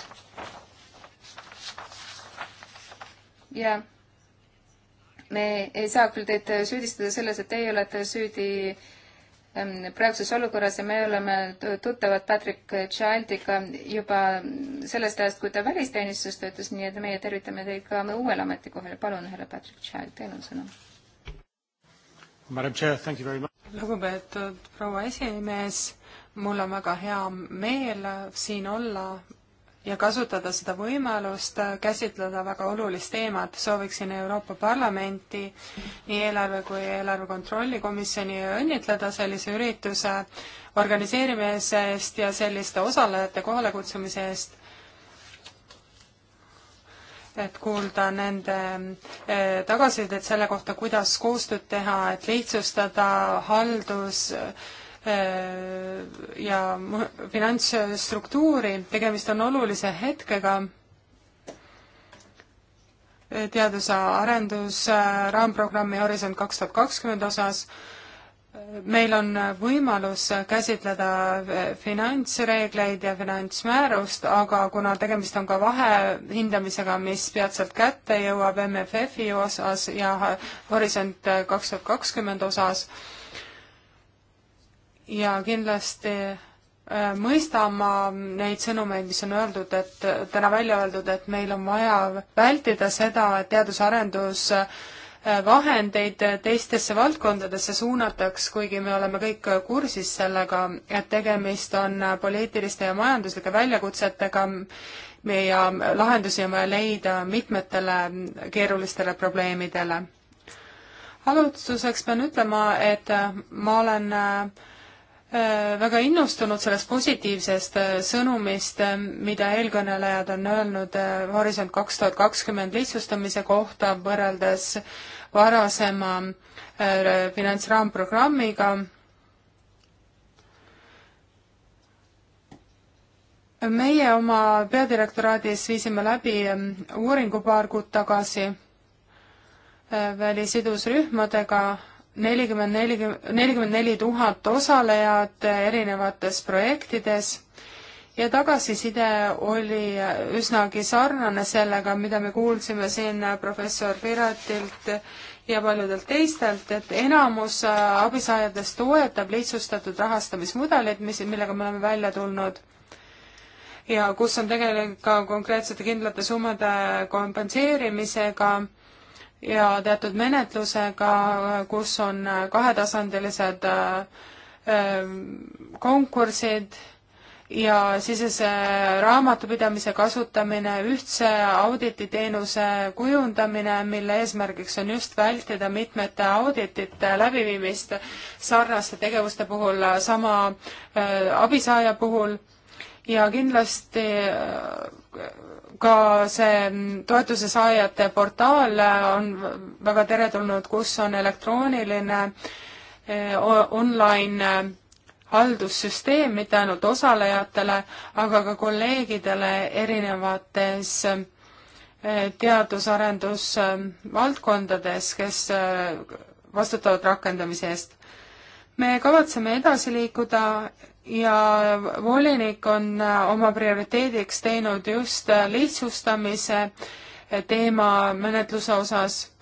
jah me ei saa küll teid süüdistada selles, et teie olete süüdi ähm, praeguses olukorras ja me oleme tuttavad Patrick Childiga juba sellest ajast, kui ta välisteenistuses töötas, nii et meie tervitame teid ka uuel ametikohal. palun, härra Patrick Child, teil on sõna. lugupeetud proua esimees, mul on väga hea meel siin olla ja kasutada seda võimalust äh, käsitleda väga olulist teemat. sooviksin Euroopa Parlamenti, nii eelarve kui eelarve kontrolli komisjoni õnnitleda sellise ürituse organiseerimise eest ja selliste osalejate kohalekutsumise eest, et kuulda nende äh, tagasisidet selle kohta, kuidas koostööd teha, et lihtsustada haldus- Äh, ja finantsstruktuuri, tegemist on olulise hetkega äh, teaduse arendus äh, raamprogrammi Horisont kaks tuhat kakskümmend osas. meil on võimalus käsitleda finantsreegleid ja finantsmäärust, aga kuna tegemist on ka vahehindamisega, mis peatselt kätte jõuab MFF-i osas ja Horisont kaks tuhat kakskümmend osas, ja kindlasti äh, mõistama neid sõnumeid, mis on öeldud, et täna välja öeldud, et meil on vaja vältida seda, et teadus-arendus äh, vahendeid teistesse valdkondadesse suunataks, kuigi me oleme kõik kursis sellega, et tegemist on poliitiliste ja majanduslike väljakutsetega ja lahendusi on vaja leida mitmetele keerulistele probleemidele. alustuseks pean ütlema, et ma olen äh, Äh, väga innustunud sellest positiivsest äh, sõnumist, äh, mida eelkõnelejad on öelnud Horisont kaks tuhat kakskümmend lihtsustamise kohta võrreldes varasema finantsraamprogrammiga. meie oma peadirektoraadis viisime läbi uuringu paar kuud tagasi välisidusrühmadega nelikümmend, nelikümmend, nelikümmend neli tuhat osalejat erinevates projektides ja tagasiside oli üsnagi sarnane sellega, mida me kuulsime siin professor Piratilt ja paljudelt teistelt, et enamus abisaajatest toetab lihtsustatud rahastamismudelit, mis, millega me oleme välja tulnud ja kus on tegelikult ka konkreetsete kindlate summade kompenseerimisega ja teatud menetlusega, kus on kahetasandilised äh, äh, konkursid ja sisese raamatupidamise kasutamine, ühtse audititeenuse kujundamine, mille eesmärgiks on just vältida mitmete auditite läbiviimist sarnaste tegevuste puhul sama äh, abisaaja puhul ja kindlasti ka see toetuse saajate portaal on väga teretulnud, kus on elektrooniline eh, online eh, haldussüsteem mitte ainult osalejatele, aga ka kolleegidele erinevates eh, teadus-arendusvaldkondades, kes vastutavad rakendamise eest. me kavatseme edasi liikuda ja volinik on äh, oma prioriteediks teinud just äh, lihtsustamise äh, teema menetluse osas.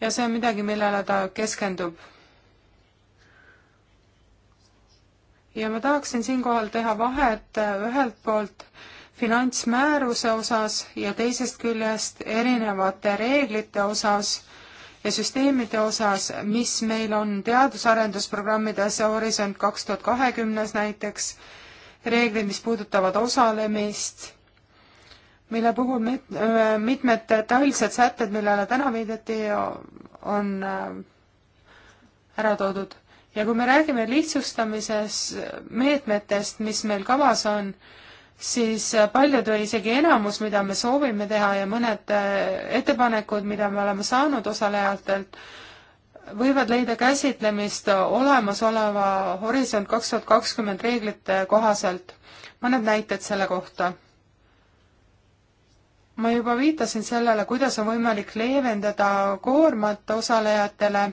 ja see on midagi, millele ta keskendub. ja ma tahaksin siinkohal teha vahet ühelt poolt finantsmääruse osas ja teisest küljest erinevate reeglite osas ja süsteemide osas, mis meil on teadus-arendusprogrammides Horisont kaks tuhat kahekümnes näiteks, reeglid, mis puudutavad osalemist, mille puhul mit-, mitmed detailsed sätted, millele täna viidati, on äh, ära toodud. ja kui me räägime lihtsustamises meetmetest, mis meil kavas on, siis äh, paljud või isegi enamus, mida me soovime teha ja mõned äh, ettepanekud, mida me oleme saanud osalejatelt, võivad leida käsitlemist olemasoleva Horisont kaks tuhat kakskümmend reeglite kohaselt. mõned näited selle kohta. ma juba viitasin sellele, kuidas on võimalik leevendada koormat osalejatele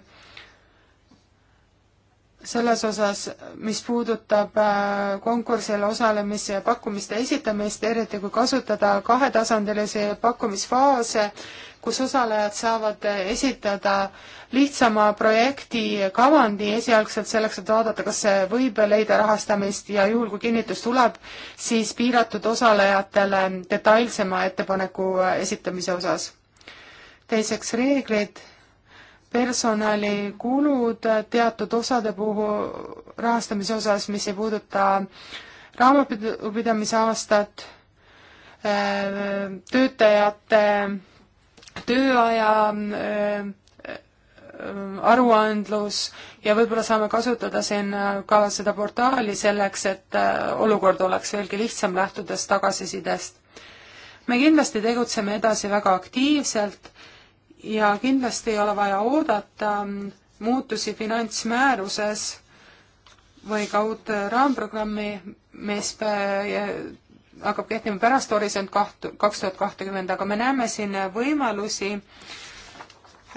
selles osas, mis puudutab äh, konkursil osalemise ja pakkumiste esitamist, eriti kui kasutada kahetasandilisi pakkumisfaase, kus osalejad saavad esitada lihtsama projekti kavandi esialgselt selleks, et vaadata, kas see võib leida rahastamist ja juhul, kui kinnitus tuleb, siis piiratud osalejatele detailsema ettepaneku esitamise osas. teiseks, reeglid personalikulud teatud osade puhul rahastamise osas, mis ei puuduta raamatupidamise aastat, äh, töötajate tööaja äh, aruandlus ja võib-olla saame kasutada siin ka seda portaali selleks, et äh, olukord oleks veelgi lihtsam, lähtudes tagasisidest. me kindlasti tegutseme edasi väga aktiivselt ja kindlasti ei ole vaja oodata muutusi finantsmääruses või ka uut raamprogrammi, mis eh, hakkab kehtima pärast Horisont kaht-, kaks tuhat kahtekümmend, aga me näeme siin võimalusi,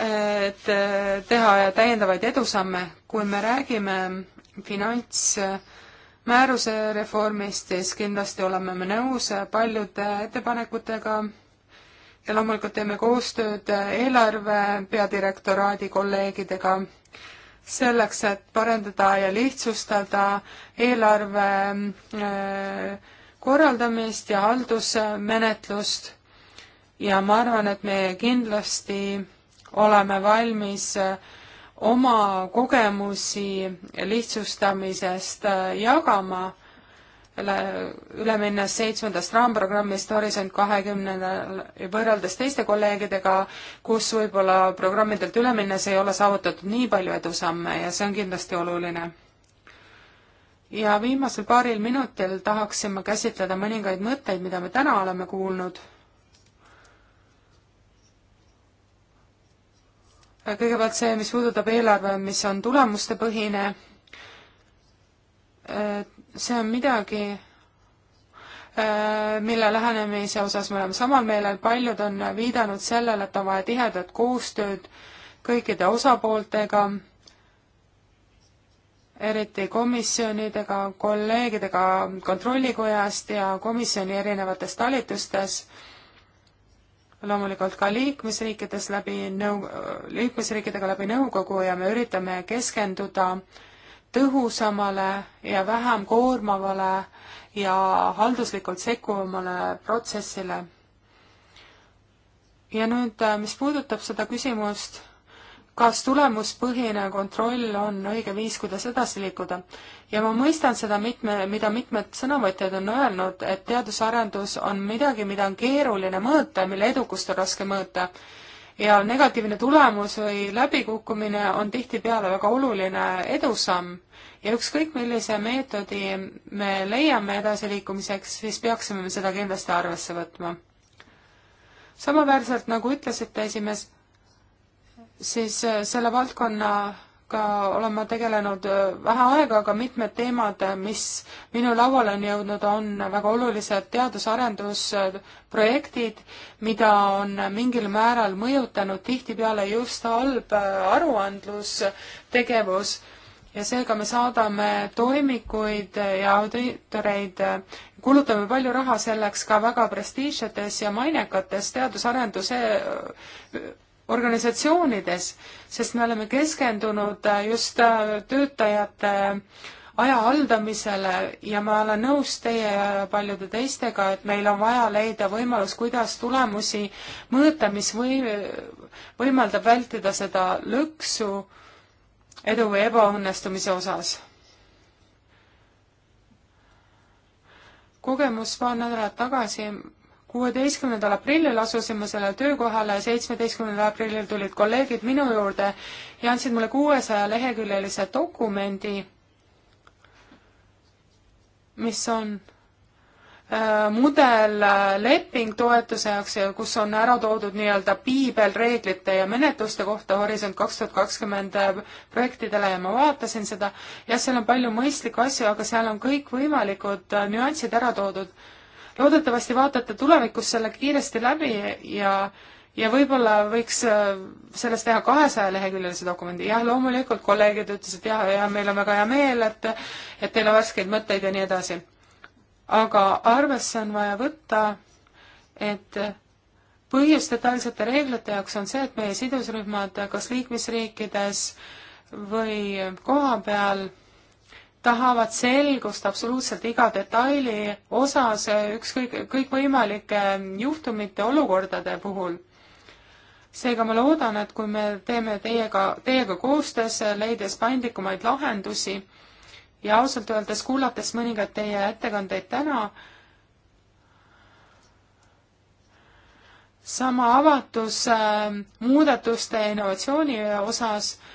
et eh, teha täiendavaid edusamme. kui me räägime finantsmääruse reformist, siis kindlasti oleme me nõus paljude ettepanekutega, ja loomulikult teeme koostööd eelarve peadirektoraadi kolleegidega selleks, et parendada ja lihtsustada eelarve äh, korraldamist ja haldusmenetlust. ja ma arvan, et me kindlasti oleme valmis äh, oma kogemusi lihtsustamisest äh, jagama üle minnes seitsmendast raamprogrammist Horisont kahekümnendal võrreldes teiste kolleegidega, kus võib-olla programmidelt üle minnes ei ole saavutatud nii palju edusamme ja see on kindlasti oluline. ja viimasel paaril minutil tahaksin ma käsitleda mõningaid mõtteid, mida me täna oleme kuulnud. kõigepealt see, mis puudutab eelarve, mis on tulemustepõhine, et äh, see on midagi, äh, mille lähenemise osas me oleme samal meelel, paljud on viidanud sellele, et on vaja tihedat koostööd kõikide osapooltega, eriti komisjonidega, kolleegidega Kontrollikojast ja komisjoni erinevates talitustes, loomulikult ka liikmesriikides läbi nõu-, liikmesriikidega läbi nõukogu ja me üritame keskenduda äh, tõhusamale ja vähem koormavale ja halduslikult sekkuvamale protsessile. ja nüüd, äh, mis puudutab seda küsimust, kas tulemuspõhine kontroll on õige viis, kuidas edasi liikuda. ja ma mõistan seda mitme, mida mitmed sõnavõtjad on öelnud, et teadusarendus on midagi, mida on keeruline mõõta, mille edukust on raske mõõta ja negatiivne tulemus või läbikukkumine on tihtipeale väga oluline edusamm ja ükskõik, millise meetodi me leiame edasiliikumiseks, siis peaksime me seda kindlasti arvesse võtma. samaväärselt, nagu ütlesite, esimees, siis äh, selle valdkonna ka olema tegelenud äh, vähe aega, aga mitmed teemad, äh, mis minu lauale on jõudnud, on väga olulised teadus-arendusprojektid, mida on mingil määral mõjutanud tihtipeale just halb äh, aruandlustegevus ja seega me saadame toimikuid ja audiitoreid, kulutame palju raha selleks ka väga prestiižsetes ja mainekates teadus-arenduse organisatsioonides, sest me oleme keskendunud äh, just äh, töötajate äh, aja haldamisele ja ma olen nõus teie ja paljude teistega, et meil on vaja leida võimalus, kuidas tulemusi mõõta, mis või, võimaldab vältida seda lõksu edu või ebaõnnestumise osas. kogemus paar nädalat tagasi kuueteistkümnendal aprillil asusime sellele töökohale, seitsmeteistkümnendal aprillil tulid kolleegid minu juurde ja andsid mulle kuuesaja leheküljelise dokumendi, mis on äh, mudelleping toetuse jaoks, kus on ära toodud nii-öelda piibel reeglite ja menetluste kohta Horisont kaks tuhat kakskümmend äh, projektidele ja ma vaatasin seda, jah, seal on palju mõistlikke asju, aga seal on kõikvõimalikud äh, nüansid ära toodud loodetavasti vaatate tulevikus selle kiiresti läbi ja ja võib-olla võiks äh, sellest teha kahesaja leheküljelise dokumendi, jah, loomulikult kolleegid ütlesid jah, ja meil on väga hea meel, et et teil on värskeid mõtteid ja nii edasi. aga arvesse on vaja võtta, et põhjus detailsete reeglite jaoks on see, et meie sidusrühmad kas liikmesriikides või koha peal tahavad selgust absoluutselt iga detaili osas, ükskõik, kõikvõimalike juhtumite, olukordade puhul. seega ma loodan, et kui me teeme teiega, teiega koostöös, leides paindlikumaid lahendusi ja ausalt öeldes kuulates mõningaid teie ettekandeid täna, sama avatus äh, muudatuste ja innovatsiooni osas äh,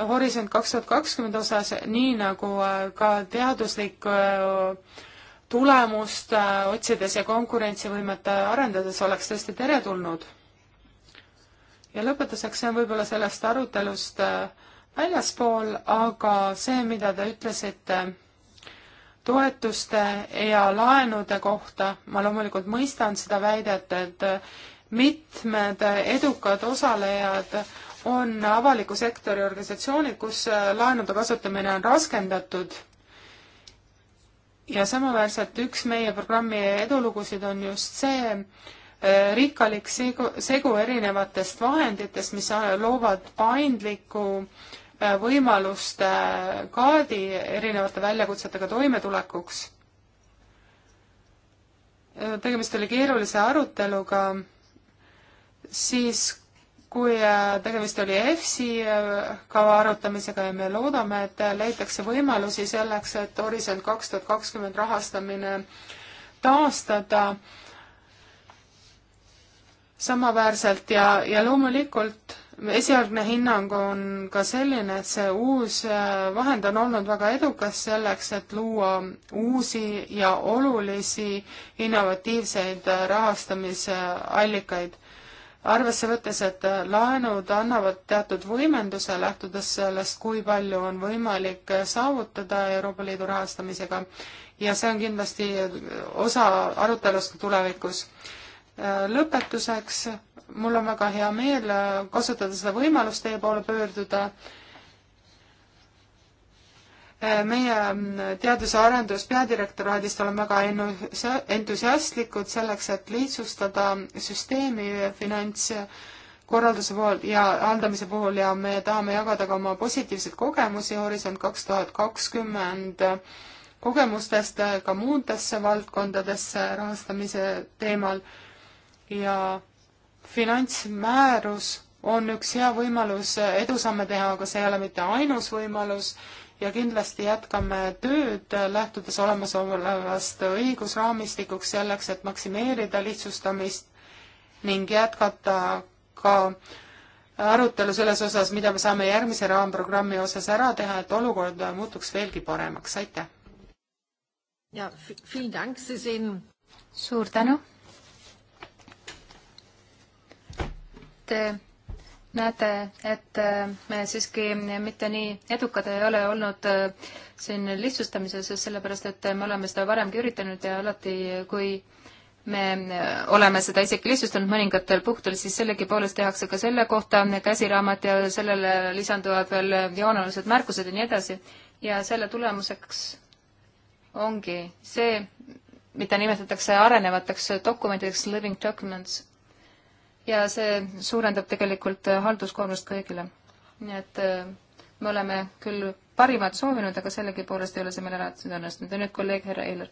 Horisont kaks tuhat kakskümmend osas, nii nagu äh, ka teaduslik äh, tulemust äh, otsides ja konkurentsivõimet arendades oleks tõesti teretulnud. ja lõpetuseks, see on võib-olla sellest arutelust väljaspool, aga see, mida te ütlesite toetuste ja laenude kohta, ma loomulikult mõistan seda väidet, et mitmed edukad osalejad on avaliku sektori organisatsioonid, kus äh, laenude kasutamine on raskendatud ja samaväärselt üks meie programmi edulugusid on just see äh, rikkalik segu, segu erinevatest vahenditest, mis äh, loovad paindliku võimaluste kaardi erinevate väljakutsetega toimetulekuks. tegemist oli keerulise aruteluga, siis kui äh, tegemist oli EFSI äh, kava arutamisega ja me loodame, et äh, leitakse võimalusi selleks, et Horisont kaks tuhat kakskümmend rahastamine taastada samaväärselt ja, ja loomulikult esialgne hinnang on ka selline, et see uus vahend on olnud väga edukas selleks, et luua uusi ja olulisi innovatiivseid rahastamisallikaid arvesse võttes, et laenud annavad teatud võimenduse, lähtudes sellest, kui palju on võimalik saavutada Euroopa Liidu rahastamisega ja see on kindlasti osa arutelust tulevikus. lõpetuseks, mul on väga hea meel kasutada seda võimalust teie poole pöörduda Äh, meie mm, teadus- ja arenduspeadirektoraadist oleme väga entusiastlikud selleks, et lihtsustada süsteemi finantskorralduse pool ja haldamise puhul ja me tahame jagada ka oma positiivseid kogemusi Horisont kaks tuhat kakskümmend kogemustest äh, ka muudesse valdkondadesse rahastamise teemal ja finantsmäärus on üks hea võimalus edusamme teha, aga see ei ole mitte ainus võimalus ja kindlasti jätkame tööd, lähtudes olemasolevast õigusraamistikuks selleks, et maksimeerida lihtsustamist ning jätkata ka arutelu selles osas, mida me saame järgmise raamprogrammi osas ära teha, et olukord muutuks veelgi paremaks, aitäh! ja, suur tänu! Te näete, et äh, me siiski mitte nii edukad ei ole olnud äh, siin lihtsustamises, sellepärast et me oleme seda varemgi üritanud ja alati, kui me äh, oleme seda isegi lihtsustanud mõningatel puhtudel, siis sellegipoolest tehakse ka selle kohta käsiraamat ja sellele lisanduvad veel joonelised märkused ja nii edasi. ja selle tulemuseks ongi see, mida nimetatakse arenevateks dokumentideks, living documents ja see suurendab tegelikult äh, halduskoormust kõigile. nii et äh, me oleme küll parimat soovinud, aga sellegipoolest ei ole see meil alati õnnestunud ja nüüd kolleeg härra Eiler.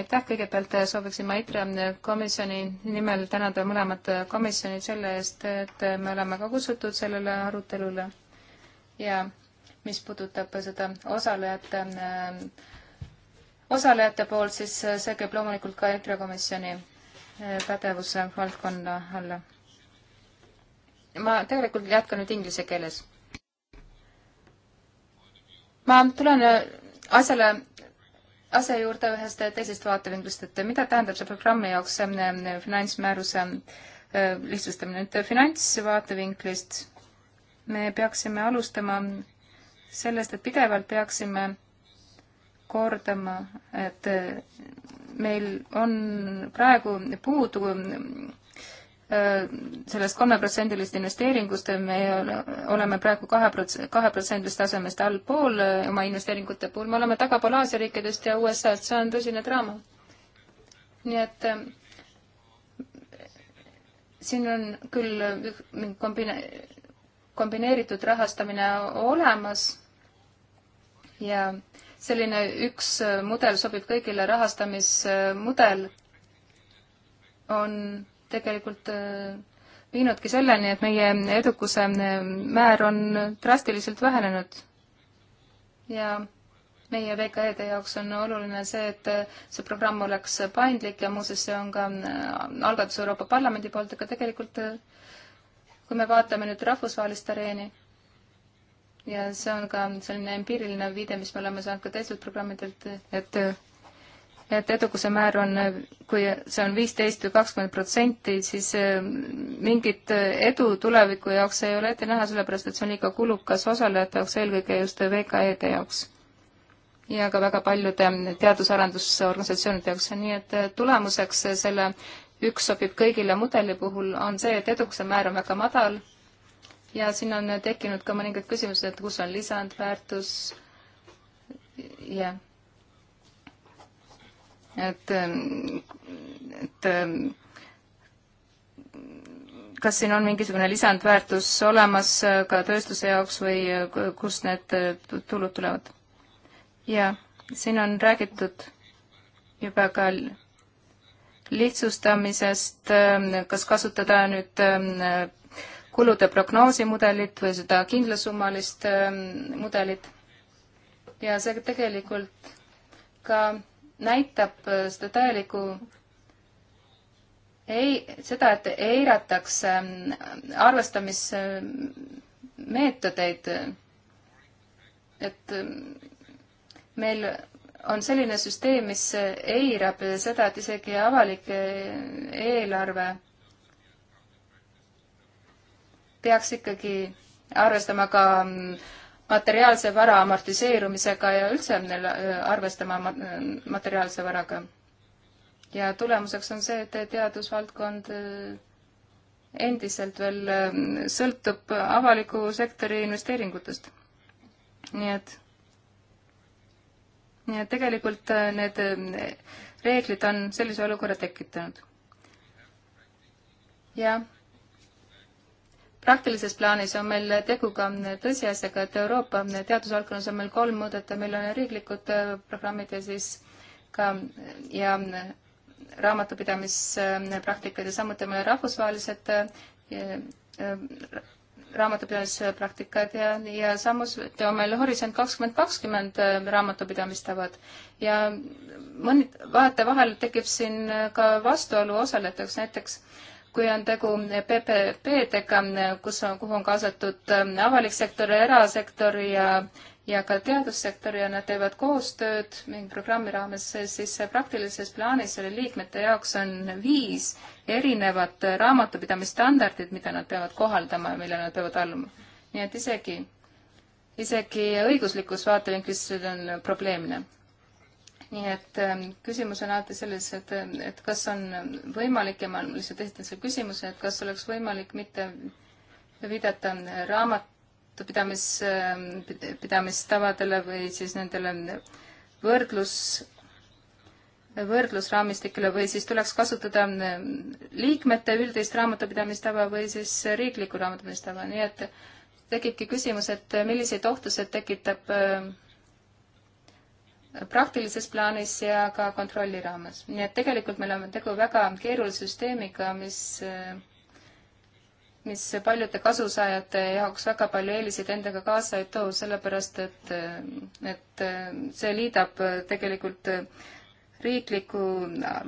aitäh, kõigepealt äh, sooviksin ma EKRE komisjoni nimel tänada mõlemat komisjonid selle eest, et me oleme ka kutsutud sellele arutelule ja mis puudutab seda osalejate osalejate poolt, siis see käib loomulikult ka EKRE komisjoni pädevuse valdkonna alla ma tegelikult jätkan nüüd inglise keeles. ma tulen äh, asjale, asja juurde ühest äh, teisest vaatevinklist, et äh, mida tähendab see programmi jaoks finantsmääruse lihtsustamine, et finantsvaatevinklist me peaksime alustama sellest, et pidevalt peaksime kordama, et meil on praegu puudu Äh, sellest kolmeprotsendilist investeeringust me oleme praegu kahe prots-, kaheprotsendilist tasemest allpool äh, oma investeeringute puhul, me oleme tagapool Aasia riikidest ja USA-st, see on tõsine draama. nii et äh, siin on küll kombine-, kombineeritud rahastamine olemas ja selline üks mudel sobib kõigile, rahastamismudel on tegelikult äh, viinudki selleni, et meie edukuse äh, määr on drastiliselt vähenenud. ja meie VKE-de jaoks on oluline see, et äh, see programm oleks paindlik ja muuseas, see on ka algatus Euroopa Parlamendi poolt, aga tegelikult kui me vaatame nüüd rahvusvahelist areeni, ja see on ka selline empiiriline viide, mis me oleme saanud ka teistelt programmidelt, et et edukuse määr on, kui see on viisteist või kakskümmend protsenti, siis ähm, mingit äh, edu tuleviku jaoks ei ole ette näha, sellepärast et see on liiga kulukas osalejate jaoks, eelkõige just VKE-de jaoks. ja ka väga paljude ähm, teadus-arendusorganisatsioonide jaoks, nii et äh, tulemuseks selle üks sobib kõigile mudeli puhul on see, et edukuse määr on väga madal ja siin on tekkinud ka mõningad küsimused, et kus on lisandväärtus, jah yeah et, et kas siin on mingisugune lisandväärtus olemas ka tööstuse jaoks või kust need tulud tulevad? jaa, siin on räägitud juba ka lihtsustamisest, kas kasutada nüüd kulude prognoosimudelit või seda kindlasummalist mudelit ja see tegelikult ka näitab äh, seda täielikku ei, seda, et eiratakse ähm, arvestamismeetodeid, et ähm, meil on selline süsteem, mis eirab seda, et isegi avalik äh, eelarve peaks ikkagi arvestama ka ähm, materiaalse vara amortiseerumisega ja üldse äh, arvestama äh, materiaalse varaga. ja tulemuseks on see, et teadusvaldkond äh, endiselt veel sõltub avaliku sektori investeeringutest. nii et, nii et tegelikult need reeglid on sellise olukorra tekitanud. jah praktilises plaanis on meil tegu ka tõsiasjaga, et Euroopa teadusvaldkonnas on meil kolm mõõdet, meil on riiklikud äh, programmid ja siis ka ja äh, raamatupidamispraktikad äh, ja samuti meil on rahvusvahelised raamatupidamispraktikad ja, ja samuti on meil Horisont kakskümmend kakskümmend raamatupidamistavad ja mõni, vahetevahel tekib siin ka vastuolu osalejateks, näiteks kui on tegu PPP-dega, kus on, kuhu on kaasatud ähm, avalik sektor ja erasektor ja ja ka teadussektor ja nad teevad koostööd mingi programmi raames, siis praktilises plaanis selle liikmete jaoks on viis erinevat raamatupidamisstandardit, mida nad peavad kohaldama ja millele nad peavad alluma. nii et isegi, isegi õiguslikus vaatevinklis see on probleemne nii et ähm, küsimus on alati selles, et, ähm, et kas on ähm, võimalik ja ma lihtsalt esitan selle küsimuse, et kas oleks võimalik mitte viidata raamatupidamis, pidamistavadele või siis nendele võrdlus, võrdlusraamistikele või siis tuleks kasutada liikmete üldist raamatupidamistava või siis riiklikku raamatupidamistava, nii et tekibki küsimus, et äh, milliseid ohtusid tekitab äh, praktilises plaanis ja ka kontrolli raames. nii et tegelikult meil on tegu väga keerulise süsteemiga, mis, mis paljude kasusaajate jaoks väga palju eeliseid endaga kaasa ei too, sellepärast et, et see liidab tegelikult riikliku äh,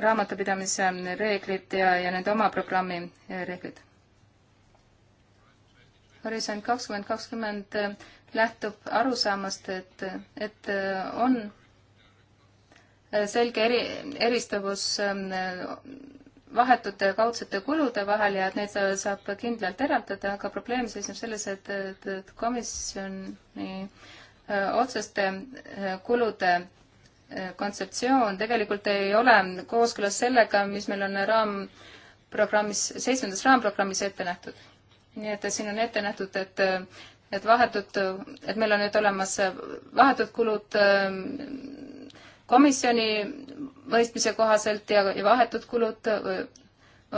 raamatupidamise reeglid ja, ja nende oma programmi reeglid. Horisont kakskümmend kakskümmend lähtub arusaamast, et, et äh, on äh, selge eri, eristavus ähm, äh, vahetute kaudsete kulude vahel ja et neid saab kindlalt eraldada, aga probleem seisneb selles, et, et, et komisjoni otseste kulude kontseptsioon tegelikult ei ole kooskõlas sellega, mis meil on raamprogrammis, seitsmendas raamprogrammis ette nähtud. nii et siin on ette nähtud, et et vahetud, et meil on nüüd olemas vahetud kulud ähm, komisjoni mõistmise kohaselt ja, ja vahetud kulud,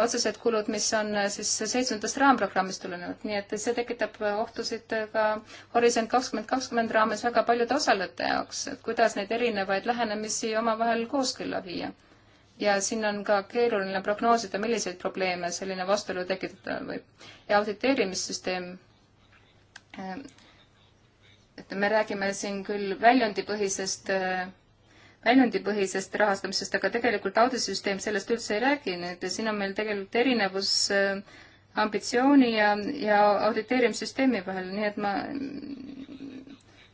otsesed kulud, mis on äh, siis seitsmendast raamprogrammist tulenevad, nii et see tekitab ohtusid ka Horisont kakskümmend kakskümmend raames väga paljude osalejate jaoks, et kuidas neid erinevaid lähenemisi omavahel kooskõlla viia. ja siin on ka keeruline prognoosida, milliseid probleeme selline vastuolu tekitada võib. ja auditeerimissüsteem et me räägime siin küll väljundipõhisest, väljundipõhisest rahastamisest, aga tegelikult audisüsteem sellest üldse ei räägi, nii et siin on meil tegelikult erinevus äh, ambitsiooni ja, ja auditeerimissüsteemi vahel, nii et ma,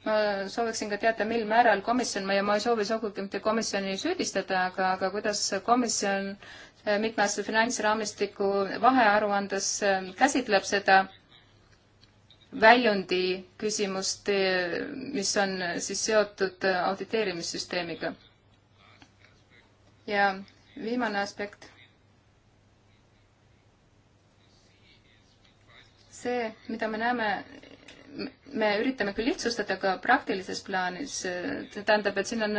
ma sooviksin ka teada, mil määral komisjon, ja ma ei soovi sugugi mitte komisjoni süüdistada, aga, aga kuidas komisjon äh, mitmeaastase finantsraamistiku vahearuandes äh, käsitleb seda väljundi küsimust, mis on siis seotud auditeerimissüsteemiga. ja viimane aspekt. see, mida me näeme, me üritame küll lihtsustada ka praktilises plaanis, tähendab, et siin on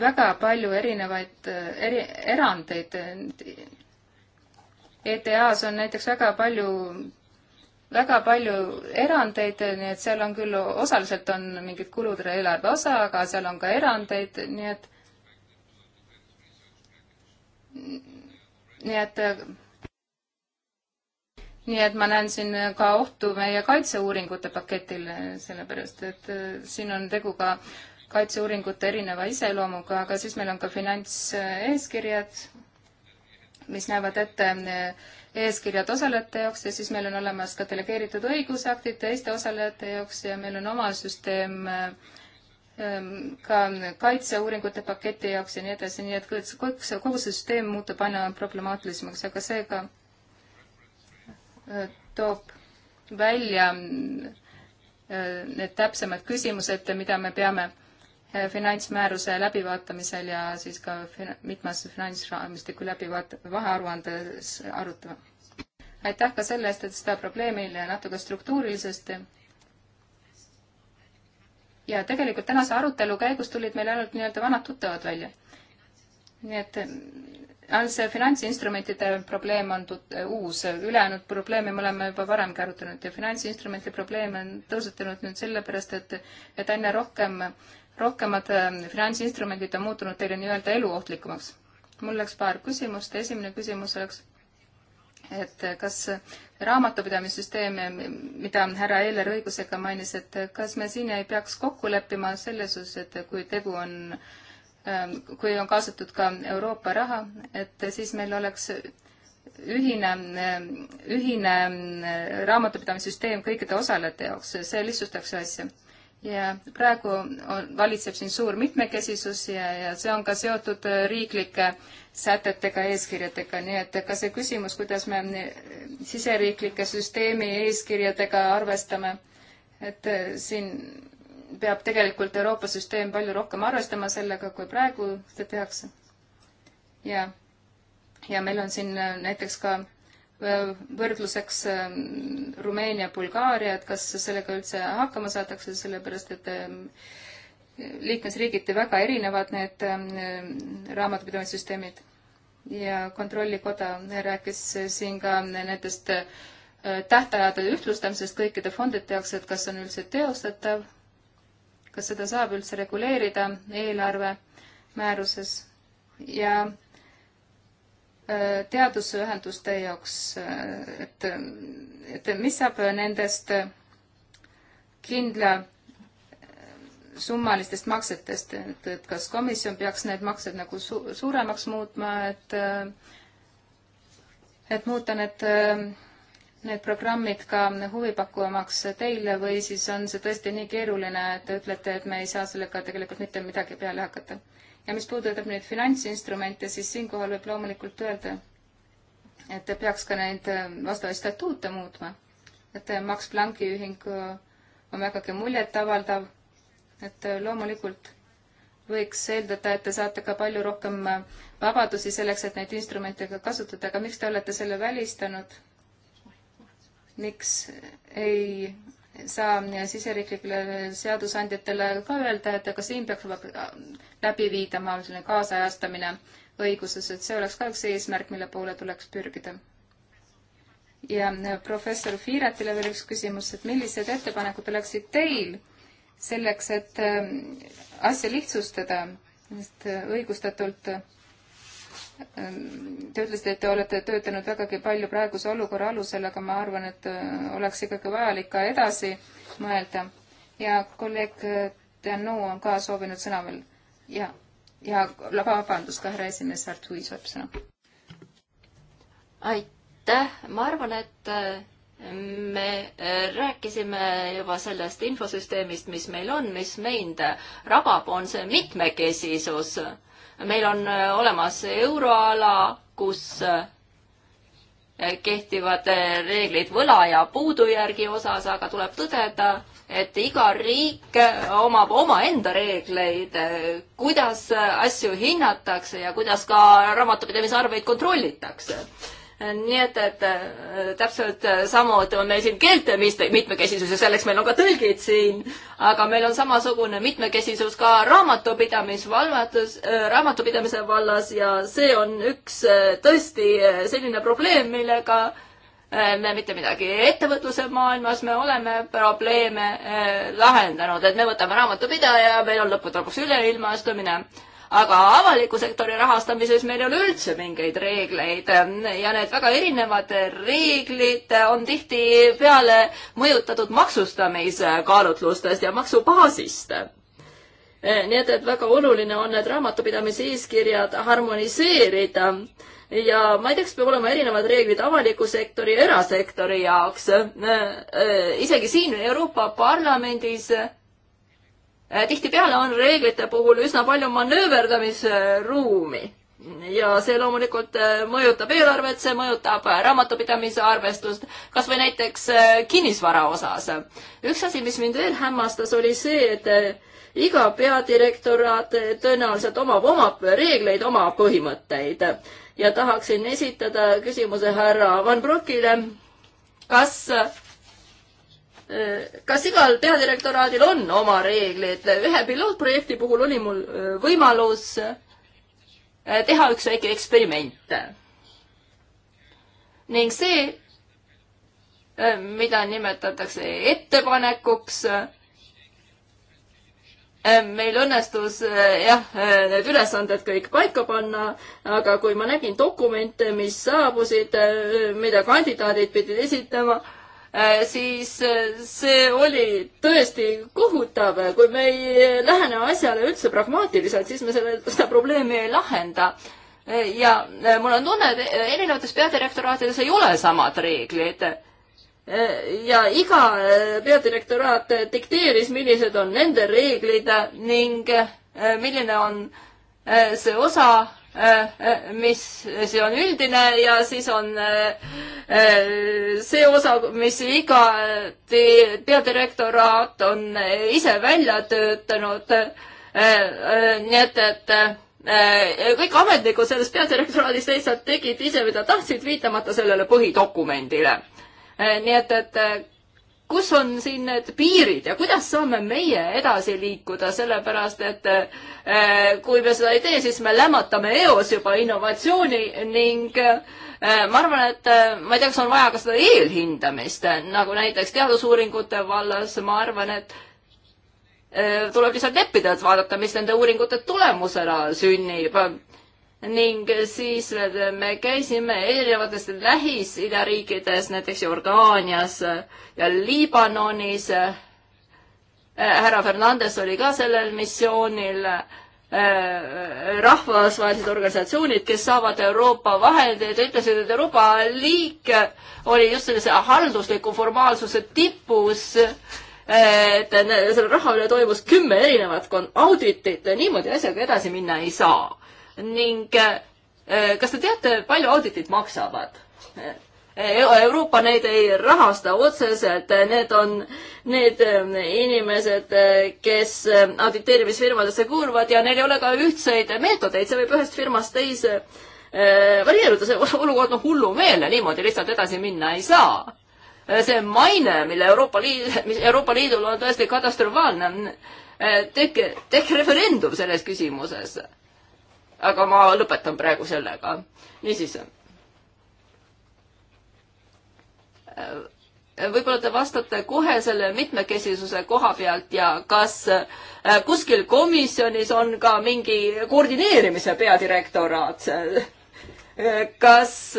väga palju erinevaid eri, erandeid. ETA-s on näiteks väga palju väga palju erandeid, nii et seal on küll, osaliselt on mingid kulud eelarve osa, aga seal on ka erandeid, nii et nii et nii et ma näen siin ka ohtu meie kaitseuuringute paketil, sellepärast et äh, siin on tegu ka kaitseuuringute erineva iseloomuga, aga siis meil on ka finantseeskirjad, mis näevad ette eh, eeskirjad osalejate jaoks ja siis meil on olemas ka delegeeritud õigusaktid teiste osalejate jaoks ja meil on oma süsteem eh, ka kaitseuuringute paketi jaoks ja nii edasi, nii et kõik see, kogu see süsteem muutub aina problemaatilisemaks, aga see ka eh, toob välja need täpsemad küsimused, mida me peame Eh, finantsmääruse läbivaatamisel ja siis ka fina-, mitmes finantsraamistiku läbivaat-, vahearuandes arutama. aitäh ka selle eest, et seda probleemi natuke struktuurilisest ja tegelikult tänase arutelu käigus tulid meil ainult nii-öelda vanad tuttavad välja. nii et eh, ainult see finantsinstrumentide probleem on tut-, eh, uus, ülejäänud probleeme me oleme juba varemgi arutanud ja finantsinstrumentide probleem on tõusetunud nüüd sellepärast, et, et aina rohkem äh, rohkemad äh, finantsinstrumendid on muutunud teile nii-öelda eluohtlikumaks. mul oleks paar küsimust, esimene küsimus oleks, et äh, kas äh, raamatupidamissüsteem, mida härra Eeler õigusega mainis, et kas me siin ei peaks kokku leppima selles osas, et kui tegu on, ähm, kui on kaasatud ka Euroopa raha, et siis meil oleks ühine, ühine raamatupidamissüsteem kõikide osalejate jaoks, see lihtsustaks asja ja praegu on, valitseb siin suur mitmekesisus ja, ja see on ka seotud äh, riiklike sätetega, eeskirjadega, nii et ka see küsimus, kuidas me äh, siseriiklike süsteemi eeskirjadega arvestame, et äh, siin peab tegelikult Euroopa süsteem palju rohkem arvestama sellega, kui praegu seda tehakse. ja, ja meil on siin näiteks ka võrdluseks ähm, Rumeenia, Bulgaaria, et kas sellega üldse hakkama saadakse, sellepärast et ähm, liikmesriigiti väga erinevad need ähm, raamatupidamissüsteemid. ja Kontrollikoda rääkis siin ka nendest äh, tähtajade ühtlustamisest kõikide fondide jaoks, et kas on üldse teostatav, kas seda saab üldse reguleerida eelarve määruses ja teadusühenduste jaoks, et, et mis saab nendest kindla summalistest maksetest, et, et kas komisjon peaks need maksed nagu su suuremaks muutma, et et muuta need, need programmid ka huvipakkuvamaks teile või siis on see tõesti nii keeruline, et te ütlete, et me ei saa sellega tegelikult mitte midagi peale hakata? ja mis puudutab nüüd finantsinstrumente, siis siinkohal võib loomulikult öelda, et peaks ka neid äh, vastavaid statuute muutma. et äh, Max Plancki ühing äh, on vägagi muljetavaldav, et loomulikult võiks eeldada, et te saate ka palju rohkem vabadusi selleks, et neid instrumente ka kasutada, aga miks te olete selle välistanud? miks ei saa siseriiklikele seadusandjatele ka öelda, et aga siin peaks äh, läbi viidama selline kaasajastamine õiguses, et see oleks ka üks eesmärk, mille poole tuleks pürgida. ja äh, professor Fiiratile veel üks küsimus, et millised ettepanekud oleksid teil selleks, et äh, asja lihtsustada, sest õigustatult Ehm, te ütlesite, et te olete töötanud vägagi palju praeguse olukorra alusel, aga ma arvan, et äh, oleks ikkagi vajalik ka edasi mõelda. ja kolleeg äh, Tänu on ka soovinud sõna veel ja, ja vabandust, ka härra esimees Artur soovib sõna. aitäh, ma arvan, et äh, me rääkisime juba sellest infosüsteemist, mis meil on, mis meid rabab, on see mitmekesisus meil on äh, olemas euroala, kus äh, kehtivad äh, reeglid võla ja puudujärgi osas, aga tuleb tõdeda, et iga riik omab omaenda reegleid, kuidas asju hinnatakse ja kuidas ka raamatupidamise arveid kontrollitakse nii et, et äh, täpselt samuti on meil siin keelte mitmekesisus ja selleks meil on ka tõlgid siin, aga meil on samasugune mitmekesisus ka raamatupidamisvalvatus, äh, raamatupidamise vallas ja see on üks äh, tõesti selline probleem, millega me mitte midagi ettevõtluse maailmas, me oleme probleeme lahendanud, et me võtame raamatupidaja, meil on lõppude lõpuks üleilmastumine aga avaliku sektori rahastamises meil ei ole üldse mingeid reegleid ja need väga erinevad reeglid on tihtipeale mõjutatud maksustamise kaalutlustest ja maksubaasist. nii et, et väga oluline on need raamatupidamise eeskirjad harmoniseerida ja ma ei tea, kas peab olema erinevad reeglid avaliku sektori ja erasektori jaoks. isegi siin Euroopa Parlamendis Äh, tihtipeale on reeglite puhul üsna palju manööverdamisruumi ja see loomulikult äh, mõjutab eelarvet, see mõjutab äh, raamatupidamise arvestust, kas või näiteks kinnisvara osas. üks asi, mis mind veel hämmastas, oli see, et iga peadirektoraat tõenäoliselt omab oma reegleid, oma põhimõtteid ja tahaksin esitada küsimuse härra Van Brockile. kas Äh, kas igal peadirektoraadil on oma reeglid? ühe pilootprojekti puhul oli mul äh, võimalus äh, teha üks väike eksperiment. ning see, mida nimetatakse ettepanekuks, meil õnnestus jah, need ülesanded kõik paika panna, aga kui ma nägin dokumente, mis saabusid, mida kandidaadid pidid esitama, Äh, siis äh, see oli tõesti kohutav, äh, kui me ei lähene asjale üldse pragmaatiliselt, siis me selle, seda probleemi ei lahenda. ja mul on tunne, et erinevates peadirektoraatides ei ole samad reeglid ja iga peadirektoraat dikteeris, millised on nende reeglid ning milline on see osa Äh, mis see on üldine ja siis on äh, äh, see osa, mis iga peadirektoraat on ise välja töötanud. nii et, et kõik ametnikud sellest peadirektoraadist lihtsalt tegid ise, mida tahtsid, viitamata sellele põhidokumendile. nii et, et kus on siin need piirid ja kuidas saame meie edasi liikuda, sellepärast et äh, kui me seda ei tee, siis me lämmatame eos juba innovatsiooni ning äh, ma arvan, et äh, ma ei tea, kas on vaja ka seda eelhindamist, nagu näiteks teadusuuringute vallas, ma arvan, et tuleb lihtsalt leppida, et vaadata, mis nende uuringute tulemusena sünnib ning siis me käisime erinevates Lähis-Ida riikides, näiteks Jordaanias ja Liibanonis. härra Fernandes oli ka sellel missioonil rahvusvahelised organisatsioonid, kes saavad Euroopa vahendeid, ütlesid, et Euroopa liik oli just sellise haldusliku formaalsuse tipus. et selle raha üle toimus kümme erinevat auditit, niimoodi asjaga edasi minna ei saa ning eh, kas te teate, palju auditid maksavad? Eh, Euroopa neid ei rahasta otseselt, need on need eh, inimesed, kes auditeerimisfirmadesse kuuluvad ja neil ei ole ka ühtseid meetodeid, see võib ühest firmast teise varieeruda, see olukord on hullumeelne, niimoodi lihtsalt edasi minna ei saa. see maine, mille Euroopa Liit, mis Euroopa Liidul on tõesti katastrofaalne, tehke, tehke referendum selles küsimuses aga ma lõpetan praegu sellega. niisiis. Äh, võib-olla te vastate kohe selle mitmekesisuse koha pealt ja kas äh, kuskil komisjonis on ka mingi koordineerimise peadirektoraat? Äh, kas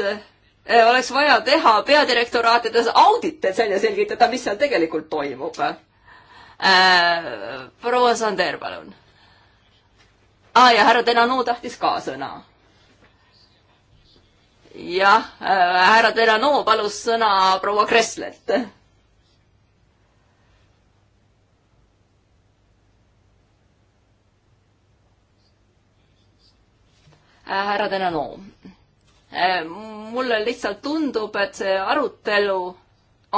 oleks vaja teha peadirektoraatides auditeid välja selgitada, mis seal tegelikult toimub? proua Sander, palun aa ah, ja härra Denano tahtis ka sõna. jah äh,, härra Denano palus sõna proua Kresslelt. Äh, härra Denano, äh, mulle lihtsalt tundub, et see arutelu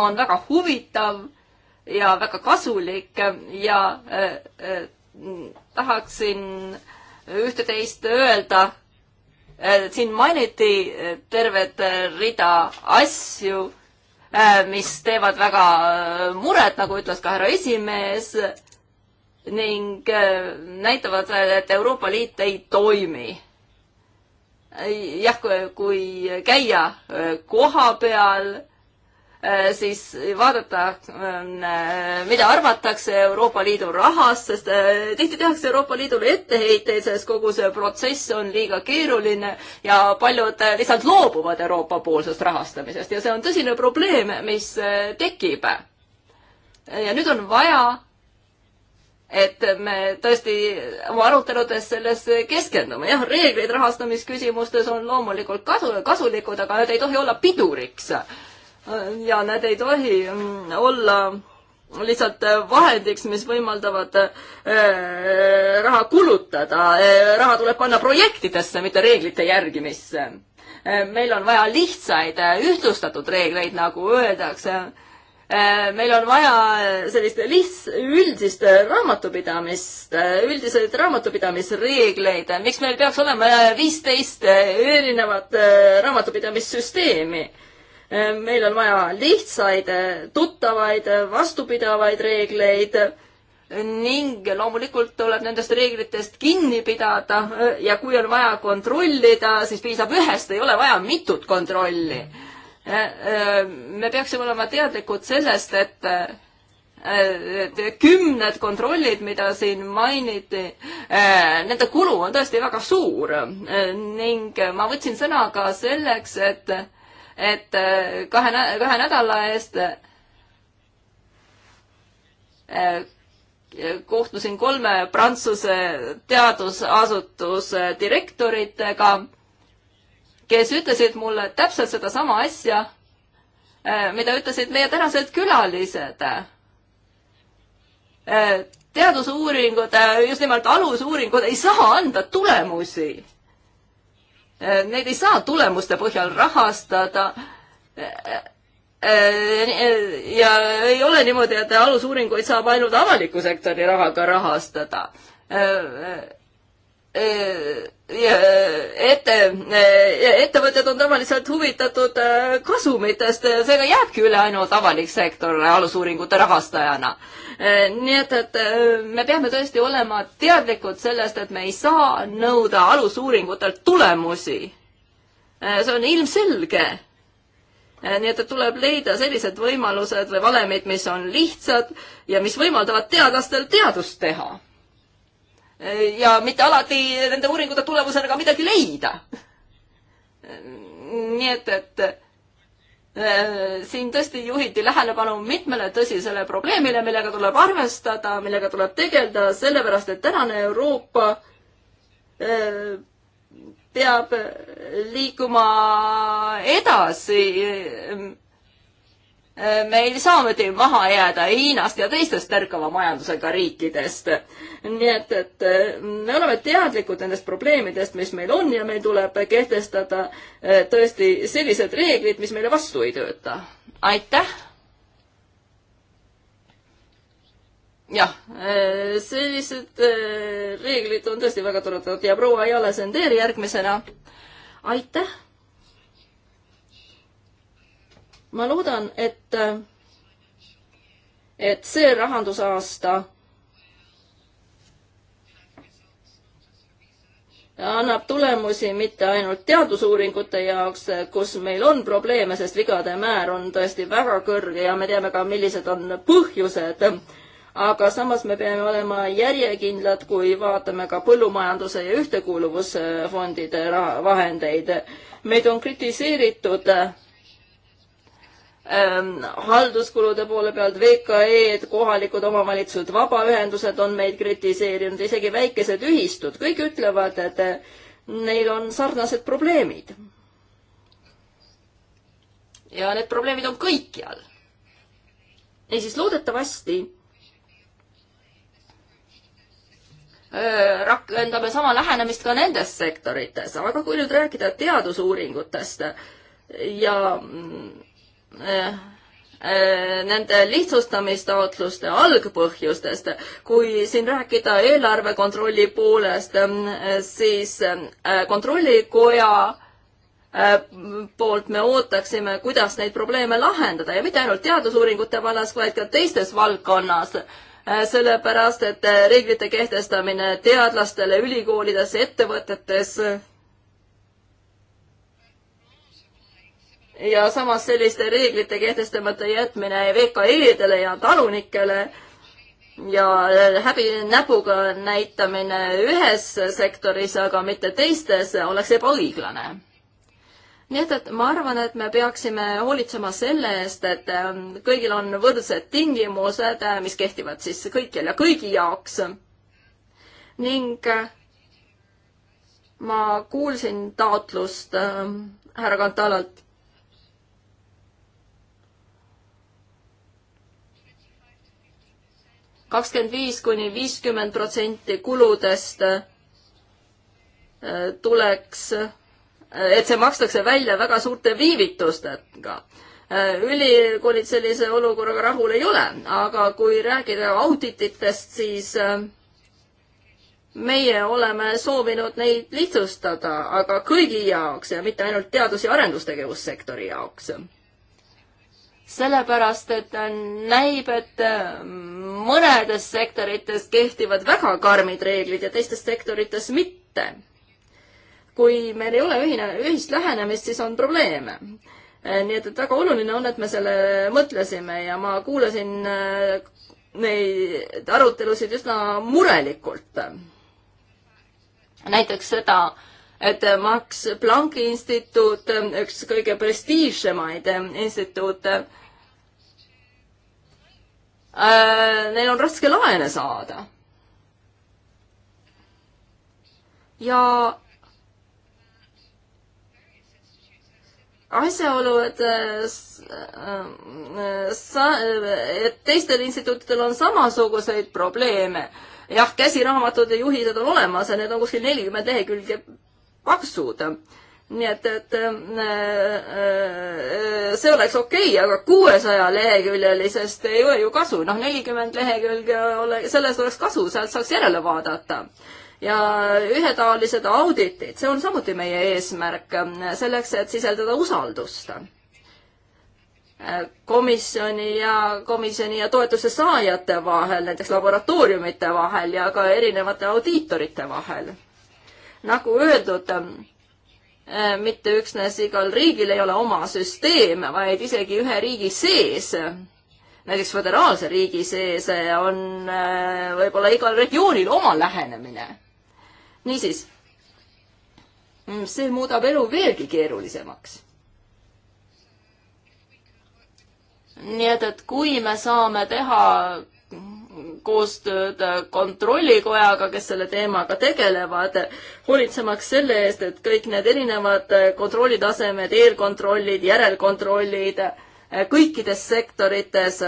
on väga huvitav ja väga kasulik ja äh, äh, tahaksin äh, üht-teist öelda. Äh, siin mainiti äh, tervet äh, rida asju, mis teevad väga muret, nagu ütles ka härra esimees, ning näitavad, et Euroopa Liit ei toimi jah, kui käia koha peal Äh, siis vaadata, ähm, äh, mida arvatakse Euroopa Liidu rahast, sest äh, tihti tehakse Euroopa Liidule etteheiteid, sest kogu see protsess on liiga keeruline ja paljud lihtsalt loobuvad Euroopa-poolsest rahastamisest ja see on tõsine probleem, mis tekib. ja nüüd on vaja et me tõesti oma aruteludes sellesse keskendume. jah, reeglid rahastamisküsimustes on loomulikult kasu, kasulikud, aga need ei tohi olla piduriks äh, ja need ei tohi mm, olla lihtsalt vahendiks, mis võimaldavad äh, raha kulutada. Äh, raha tuleb panna projektidesse, mitte reeglite järgimisse. Äh, meil on vaja lihtsaid ühtlustatud reegleid, nagu öeldakse. meil on vaja sellist lihts-, üldist raamatupidamist, üldiseid raamatupidamisreegleid. miks meil peaks olema viisteist erinevat raamatupidamissüsteemi? meil on vaja lihtsaid, tuttavaid, vastupidavaid reegleid ning loomulikult tuleb nendest reeglitest kinni pidada ja kui on vaja kontrollida, siis piisab ühest, ei ole vaja mitut kontrolli. me peaksime olema teadlikud sellest, et kümned kontrollid, mida siin mainiti, nende kulu on tõesti väga suur ning ma võtsin sõna ka selleks, et et äh, kahe, kahe nädala eest äh, kohtusin kolme Prantsuse teadusasutuse direktoritega, kes ütlesid mulle täpselt sedasama asja, äh, mida ütlesid meie tänased külalised. teadusuuringud, just nimelt alusuuringud ei saa anda tulemusi Neid ei saa tulemuste põhjal rahastada ja ei ole niimoodi, et alusuuringuid saab ainult avaliku sektori rahaga rahastada. Äh, ette, ettevõtted on tavaliselt huvitatud äh, kasumitest, seega jääbki üle ainult avalik sektor alusuuringute rahastajana. Äh, nii et, et me peame tõesti olema teadlikud sellest, et me ei saa nõuda alusuuringutelt tulemusi. see on ilmselge. nii et, et tuleb leida sellised võimalused või valemid, mis on lihtsad ja mis võimaldavad teadlastel teadust teha ja mitte alati nende uuringute tulemusena ka midagi leida. nii et, et äh, siin tõesti juhiti tähelepanu mitmele tõsisele probleemile, millega tuleb arvestada, millega tuleb tegeleda, sellepärast et tänane Euroopa äh, peab liikuma edasi äh, meil samuti maha jääda Hiinast ja teistest ärkava majandusega riikidest. nii et, et äh, me oleme teadlikud nendest probleemidest, mis meil on ja meil tuleb kehtestada äh, tõesti sellised reeglid, mis meile vastu ei tööta. aitäh! jah, äh, sellised reeglid on tõesti väga toredad ja proua Jale Sender järgmisena. aitäh! ma loodan, et, et see rahandusaasta annab tulemusi mitte ainult teadusuuringute jaoks, kus meil on probleeme, sest vigade määr on tõesti väga kõrge ja me teame ka, millised on põhjused. aga samas me peame olema järjekindlad, kui vaatame ka põllumajanduse ja ühtekuuluvusfondide vahendeid. meid on kritiseeritud Ähm, halduskulude poole pealt VKE-d, kohalikud omavalitsused, vabaühendused on meid kritiseerinud, isegi väikesed ühistud, kõik ütlevad, et neil on sarnased probleemid. ja need probleemid on kõikjal. niisiis, loodetavasti äh, rakendame sama lähenemist ka nendes sektorites, aga kui nüüd rääkida teadusuuringutest ja mm, Eh, eh, nende lihtsustamistaotluste algpõhjustest. kui siin rääkida eelarve kontrolli poolest, eh, siis kontrollikoja poolt me ootaksime, kuidas neid probleeme lahendada ja mitte ainult teadusuuringute vallas, vaid ka teistes valdkonnas sellepärast, et reeglite kehtestamine teadlastele ülikoolides, ettevõtetes ja samas selliste reeglite kehtestamata jätmine VKE-dele ja talunikele ja häbi näpuga näitamine ühes sektoris, aga mitte teistes, oleks ebaõiglane. nii et, et ma arvan, et me peaksime hoolitsema selle eest, et ähm, kõigil on võrdsed tingimused, äh, mis kehtivad siis kõikjal ja kõigi jaoks. ning äh, ma kuulsin taotlust ähm, härra Kantalalt kakskümmend viis kuni viiskümmend protsenti kuludest äh, tuleks, äh, et see makstakse välja väga suurte viivitustega. Äh, ülikoolid sellise olukorraga rahul ei ole, aga kui rääkida audititest, siis meie oleme soovinud neid lihtsustada, aga kõigi jaoks ja mitte ainult teadus- ja arendustegevussektori jaoks sellepärast et näib, et äh, mõnedes sektorites kehtivad väga karmid reeglid ja teistes sektorites mitte. kui meil ei ole ühine, ühist lähenemist, siis on probleeme äh, nii et, et väga oluline on, et me selle mõtlesime ja ma kuulasin äh, neid arutelusid üsna murelikult. näiteks seda, et Max Plancki instituut, üks kõige prestiižsemaid instituute, äh, neil on raske laene saada. ja asjaolu, et äh, äh, sa, et teistel instituutidel on samasuguseid probleeme. jah, käsiraamatud ja juhised on olemas ja need on kuskil nelikümmend lehekülge paksud nii et, et äh, äh see oleks okei okay,, aga kuuesaja leheküljelisest ei ole ju kasu, noh, nelikümmend lehekülge ole, sellest oleks kasu, sealt saaks järele vaadata. ja ühetaolised auditid, see on samuti meie eesmärk, selleks, et sisaldada usaldust komisjoni ja komisjoni ja toetuse saajate vahel, näiteks laboratooriumite vahel ja ka erinevate audiitorite vahel nagu öeldud, äh, mitte üksnes igal riigil ei ole oma süsteem, vaid isegi ühe riigi sees, näiteks föderaalse riigi sees äh, on äh, võib-olla igal regioonil oma lähenemine. niisiis, mm, see muudab elu veelgi keerulisemaks nii et, et kui me saame teha koostööd Kontrollikojaga, kes selle teemaga tegelevad, hoolitsemaks selle eest, et kõik need erinevad kontrollitasemed, eelkontrollid, järelkontrollid kõikides sektorites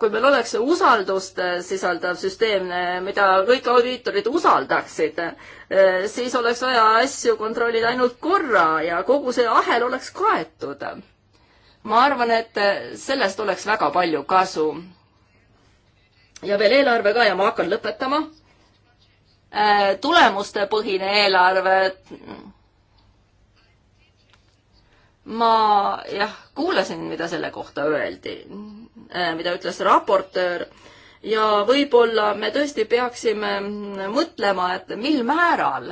kui meil oleks usaldust sisaldav süsteem, mida kõik audiitorid usaldaksid, siis oleks vaja asju kontrollida ainult korra ja kogu see ahel oleks kaetud ma arvan, et sellest oleks väga palju kasu. ja veel eelarve ka ja ma hakkan lõpetama. Äh, tulemustepõhine eelarve. ma jah, kuulasin, mida selle kohta öeldi, äh, mida ütles raportöör ja võib-olla me tõesti peaksime mõtlema, et mil määral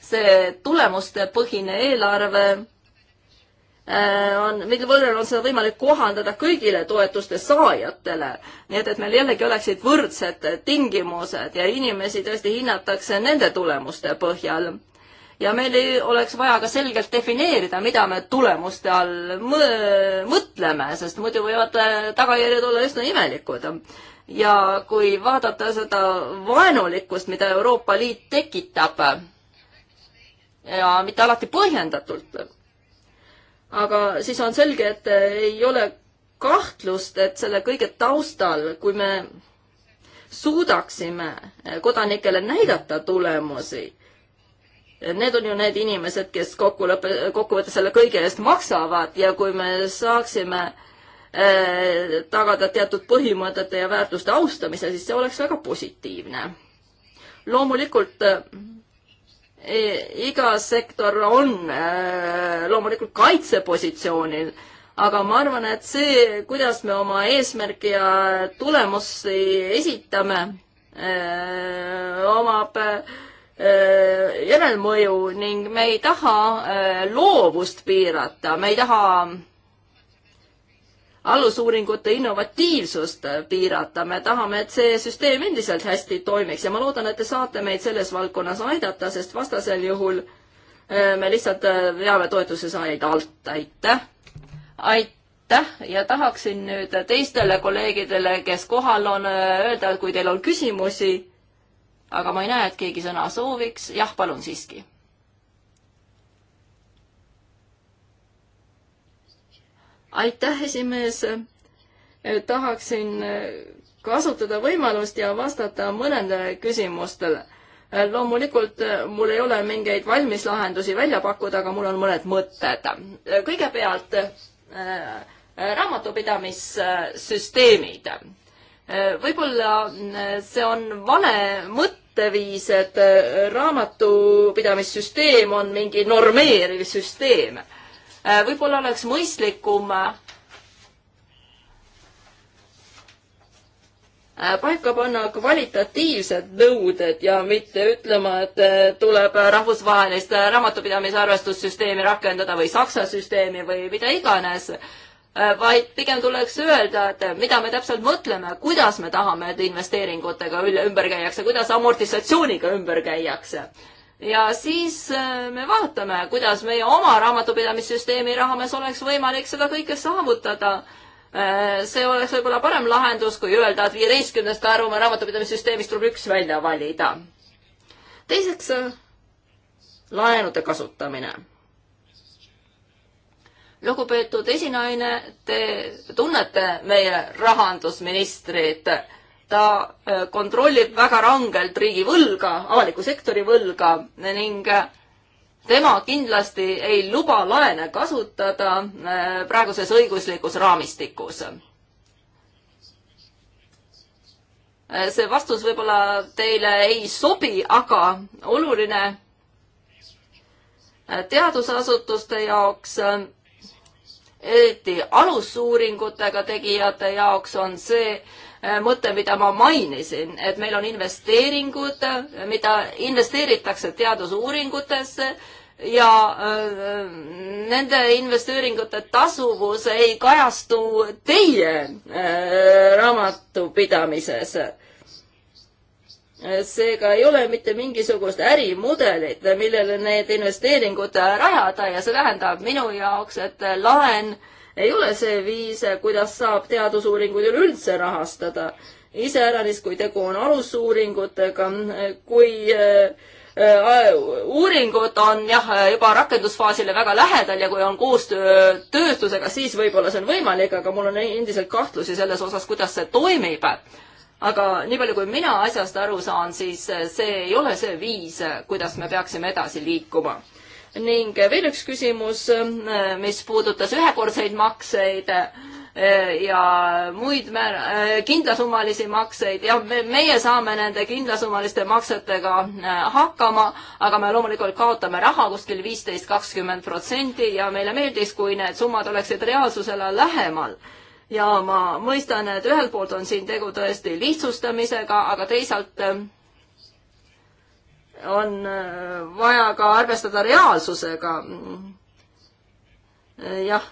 see tulemustepõhine eelarve Äh, on, mille võrrel on seda võimalik kohandada kõigile toetuste saajatele. nii et, et meil jällegi oleksid võrdsed tingimused ja inimesi tõesti hinnatakse nende tulemuste põhjal. ja meil ei oleks vaja ka selgelt defineerida, mida me tulemuste all mõtleme, sest muidu võivad äh, tagajärjed olla üsna imelikud ja kui vaadata seda vaenulikkust, mida Euroopa Liit tekitab ja mitte alati põhjendatult aga siis on selge, et eh, ei ole kahtlust, et selle kõige taustal, kui me suudaksime eh, kodanikele näidata tulemusi, eh, need on ju need inimesed, kes kokkulõpe, kokkuvõttes selle kõige eest maksavad ja kui me saaksime äh, tagada teatud põhimõtete ja väärtuste austamise, siis see oleks väga positiivne. loomulikult äh, E, iga sektor on e, loomulikult kaitsepositsioonil, aga ma arvan, et see, kuidas me oma eesmärki ja tulemusi esitame, e, omab järelmõju ning me ei taha loovust piirata, me ei taha alusuuringute innovatiivsust piirata, me tahame, et see süsteem endiselt hästi toimiks ja ma loodan, et te saate meid selles valdkonnas aidata, sest vastasel juhul eh, me lihtsalt eh, veame toetuse saajaid alt, aitäh! aitäh ja tahaksin nüüd teistele kolleegidele, kes kohal on, eh, öelda, kui teil on küsimusi, aga ma ei näe, et keegi sõna sooviks, jah, palun siiski aitäh, esimees. tahaksin kasutada võimalust ja vastata mõnedele küsimustele. loomulikult mul ei ole mingeid valmis lahendusi välja pakkuda, aga mul on mõned mõtted. kõigepealt äh, raamatupidamissüsteemid. võib-olla äh, see on vale mõtteviis, et äh, raamatupidamissüsteem on mingi normeeriv süsteem Äh, võib-olla oleks mõistlikum äh, paika panna kvalitatiivsed nõuded ja mitte ütlema, et äh, tuleb rahvusvahelist raamatupidamise arvestussüsteemi rakendada või Saksa süsteemi või mida iganes, vaid pigem tuleks öelda, et mida me täpselt mõtleme, kuidas me tahame, et investeeringutega üle, ümber käiakse, kuidas amortisatsiooniga ümber käiakse ja siis äh, me vaatame, kuidas meie oma raamatupidamissüsteemi raames oleks võimalik seda kõike saavutada. Äh, see oleks võib-olla parem lahendus, kui öelda, et viieteistkümnest Karu-Maa raamatupidamissüsteemist tuleb üks välja valida. teiseks, äh, laenude kasutamine. lugupeetud esinaine, te tunnete meie rahandusministrit ta äh, kontrollib väga rangelt riigi võlga, avaliku sektori võlga ning äh, tema kindlasti ei luba laene kasutada äh, praeguses õiguslikus raamistikus. see vastus võib-olla teile ei sobi, aga oluline teadusasutuste jaoks eriti alusuuringutega tegijate jaoks on see, Äh, mõte, mida ma mainisin, et meil on investeeringud, mida investeeritakse teadusuuringutesse ja äh, nende investeeringute tasuvus ei kajastu teie äh, raamatupidamises seega ei ole mitte mingisugust ärimudelit, millele need investeeringud rajada ja see tähendab minu jaoks, et laen äh, ei ole see viis, kuidas saab teadusuuringuid üleüldse rahastada. iseäranis, kui tegu on alusuuringutega, kui äh, äh, uuringud on jah, juba rakendusfaasile väga lähedal ja kui on koostöö tööstusega, siis võib-olla see on võimalik, aga mul on endiselt kahtlusi selles osas, kuidas see toimib. aga nii palju, kui mina asjast aru saan, siis see ei ole see viis, kuidas me peaksime edasi liikuma ning veel üks küsimus, mis puudutas ühekordseid makseid eh, ja muid määr-, eh, kindlasummalisi makseid ja me, meie saame nende kindlasummaliste maksetega eh, hakkama, aga me loomulikult kaotame raha kuskil viisteist, kakskümmend protsenti ja meile meeldiks, kui need summad oleksid reaalsusele lähemal ja ma mõistan, et ühelt poolt on siin tegu tõesti lihtsustamisega, aga teisalt on äh, vaja ka arvestada reaalsusega. Äh, jah.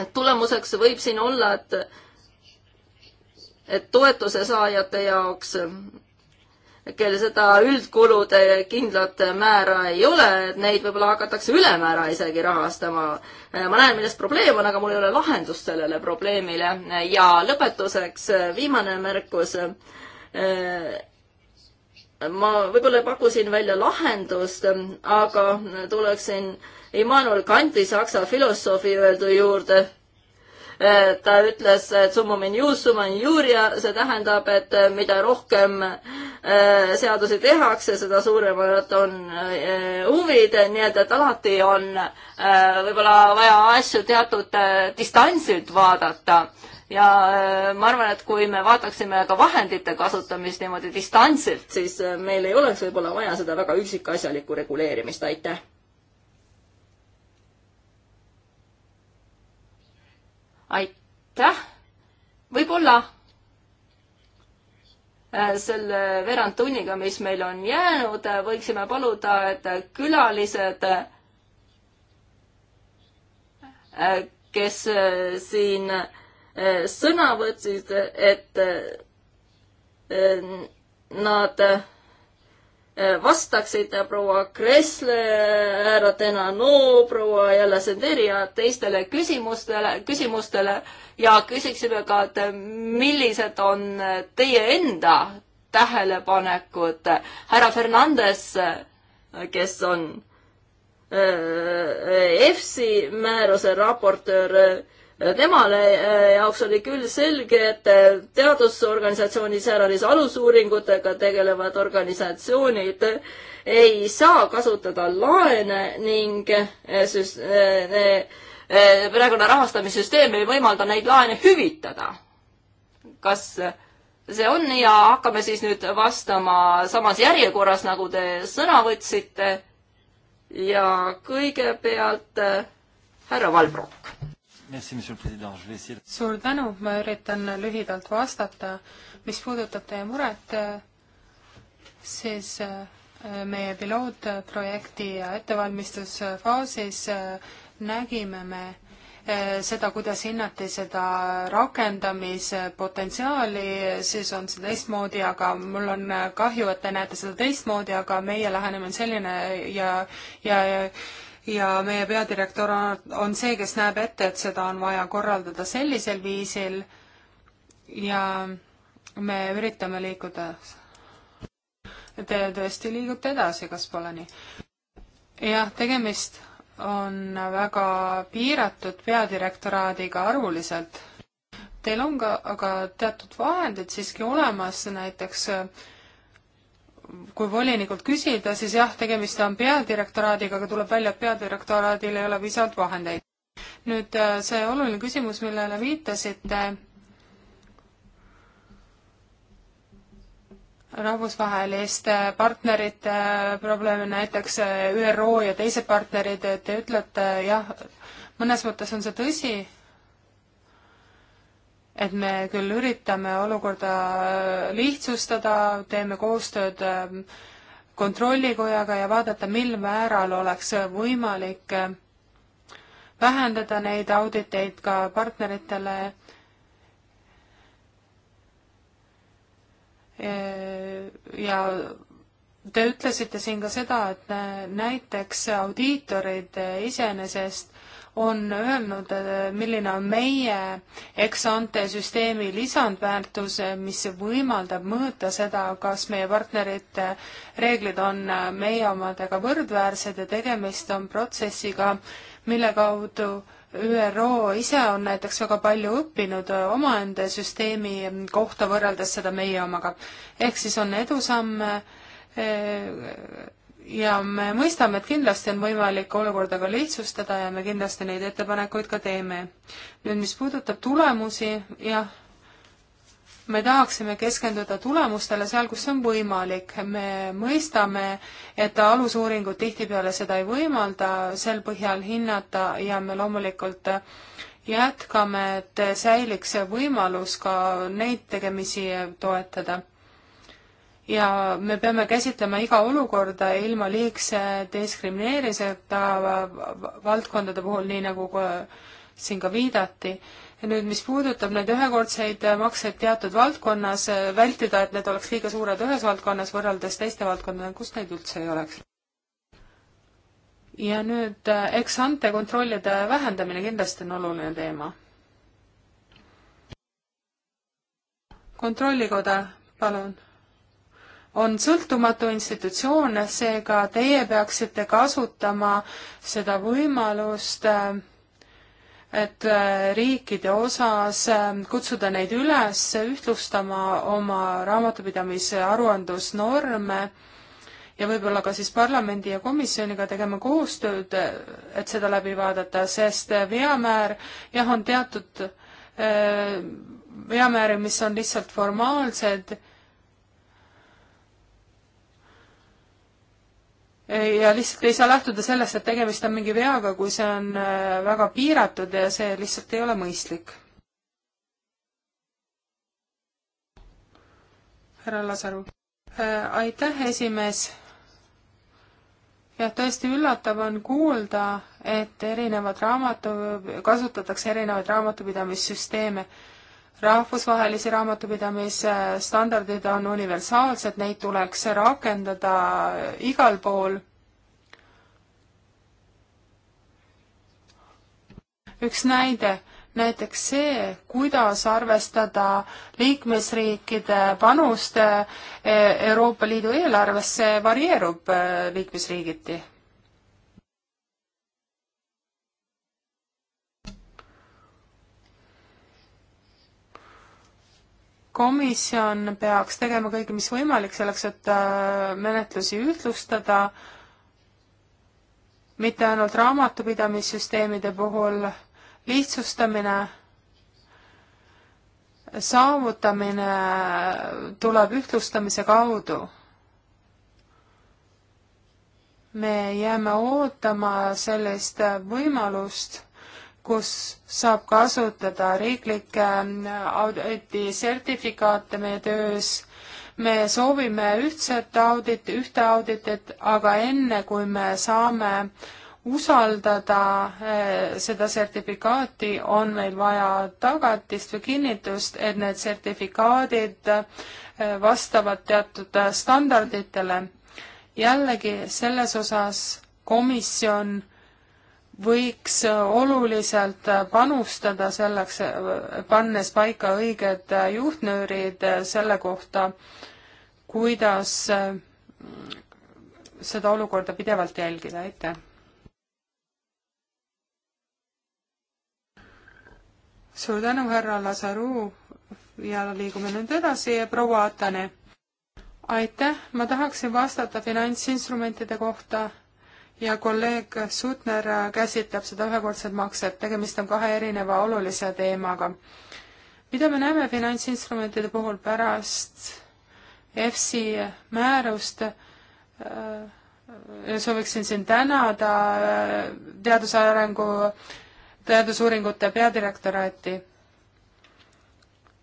et tulemuseks võib siin olla, et, et toetuse saajate jaoks, kel seda üldkulude kindlat määra ei ole, et neid võib-olla hakatakse ülemäära isegi rahastama. Äh, ma näen, milles probleem on, aga mul ei ole lahendust sellele probleemile. ja lõpetuseks viimane märkus ma võib-olla pakkusin välja lahendust, aga tuleksin Immanuel Kanti, saksa filosoofi öeldu juurde. ta ütles, et summumin juusumin juuria, see tähendab, et mida rohkem äh, seadusi tehakse, seda suuremad on äh, huvid, nii et, et alati on äh, võib-olla vaja asju teatud distantsilt vaadata ja äh, ma arvan, et kui me vaataksime ka vahendite kasutamist niimoodi distantsilt, siis äh, meil ei oleks võib-olla vaja seda väga üksikasjalikku reguleerimist, aitäh. aitäh, võib-olla äh, selle veerand tunniga, mis meil on jäänud, võiksime paluda, et külalised, kes siin äh, Eh, sõna võtsid, et eh, nad eh, vastaksid proua Kressle, härra Denano, proua Jällesenderi ja teistele küsimustele, küsimustele ja küsiksime ka, et millised on teie enda tähelepanekud. härra Fernandes, kes on EFSI määruse raportöör, Äh, temale äh, jaoks oli küll selge, et äh, teadusorganisatsioonis äralis alusuuringutega tegelevad organisatsioonid ei saa kasutada laene ning süs-, praegune rahastamissüsteem ei võimalda neid laene hüvitada. kas see on ja hakkame siis nüüd vastama samas järjekorras, nagu te sõna võtsite. ja kõigepealt härra Valbro suur tänu, ma üritan lühidalt vastata. mis puudutab teie muret, siis äh, meie pilootprojekti ettevalmistusfaasis äh, nägime me äh, seda, kuidas hinnati seda rakendamise potentsiaali, siis on see teistmoodi, aga mul on kahju, et te näete seda teistmoodi, aga meie lähenemine on selline ja, ja, ja ja meie peadirektor on, on see, kes näeb ette, et seda on vaja korraldada sellisel viisil ja me üritame liikuda. Te tõesti liigute edasi, kas pole nii? jah, tegemist on väga piiratud peadirektoraadiga arvuliselt. Teil on ka aga teatud vahendid siiski olemas, näiteks äh, kui volinikult küsida, siis jah, tegemist on peadirektoraadiga, aga tuleb välja, et peadirektoraadil ei ole piisavalt vahendeid. nüüd äh, see oluline küsimus, millele viitasite, rahvusvaheliste partnerite probleeme, näiteks äh, ÜRO ja teised partnerid, te ütlete jah, mõnes mõttes on see tõsi et me küll üritame olukorda lihtsustada, teeme koostööd ähm, kontrollikojaga ja vaadata, mil määral oleks võimalik äh, vähendada neid auditeid ka partneritele äh, ja te ütlesite siin ka seda, et äh, näiteks audiitorid iseenesest on öelnud, äh, milline on meie ex-ante süsteemi lisandväärtus, äh, mis võimaldab mõõta seda, kas meie partnerite reeglid on äh, meie omadega võrdväärsed ja tegemist on protsessiga, mille kaudu ÜRO ise on näiteks väga palju õppinud omaenda süsteemi kohta, võrreldes seda meie omaga. ehk siis on edusamme ja me mõistame, et kindlasti on võimalik olukorda ka lihtsustada ja me kindlasti neid ettepanekuid ka teeme. nüüd, mis puudutab tulemusi, jah, me tahaksime keskenduda tulemustele seal, kus on võimalik. me mõistame, et alusuuringud tihtipeale seda ei võimalda sel põhjal hinnata ja me loomulikult jätkame, et säiliks võimalus ka neid tegemisi toetada ja me peame käsitlema iga olukorda ilma liigse diskrimineerimiseta valdkondade puhul, nii nagu siin ka viidati. ja nüüd, mis puudutab neid ühekordseid makseid teatud valdkonnas, vältida, et need oleks liiga suured ühes valdkonnas võrreldes teiste valdkondadega, kus neid üldse ei oleks. ja nüüd eksante eh, kontrollide vähendamine kindlasti on oluline teema. kontrollikoda, palun on sõltumatu institutsioon, seega teie peaksite kasutama seda võimalust, et äh, riikide osas äh, kutsuda neid üles ühtlustama oma raamatupidamise aruandlusnorme ja võib-olla ka siis parlamendi ja komisjoniga tegema koostööd, et seda läbi vaadata, sest veamäär jah, on teatud äh, veamääri, mis on lihtsalt formaalsed ja lihtsalt ei saa lähtuda sellest, et tegemist on mingi veaga, kui see on äh, väga piiratud ja see lihtsalt ei ole mõistlik. härra Lasaru. Äh, aitäh, esimees. jah, tõesti üllatav on kuulda, et erinevad raamatu, kasutatakse erinevaid raamatupidamissüsteeme rahvusvahelisi raamatupidamise standardid on universaalsed, neid tuleks rakendada igal pool. üks näide, näiteks see, kuidas arvestada liikmesriikide panust Euroopa Liidu eelarvesse, varieerub eh, liikmesriigiti komisjon peaks tegema kõik, mis võimalik selleks, et äh, menetlusi ühtlustada, mitte ainult raamatupidamissüsteemide puhul, lihtsustamine, saavutamine tuleb ühtlustamise kaudu. me jääme ootama sellist võimalust kus saab kasutada riiklikke ähm, auditisertifikaate meie töös. me soovime ühtset audit, ühte auditit, aga enne kui me saame usaldada äh, seda sertifikaati, on meil vaja tagatist või kinnitust, et need sertifikaadid äh, vastavad teatud äh, standarditele. jällegi selles osas komisjon võiks oluliselt panustada selleks, pannes paika õiged juhtnöörid selle kohta, kuidas seda olukorda pidevalt jälgida, aitäh! suur tänu, härra Lasaru ja liigume nüüd edasi, proua Atane. aitäh, ma tahaksin vastata finantsinstrumentide kohta ja kolleeg Sutner käsitleb seda ühekordset makset, tegemist on kahe erineva olulise teemaga. mida me näeme finantsinstrumentide puhul pärast EFSI määrust, äh, sooviksin siin tänada äh, teadusarengu, teadusuuringute peadirektoraati.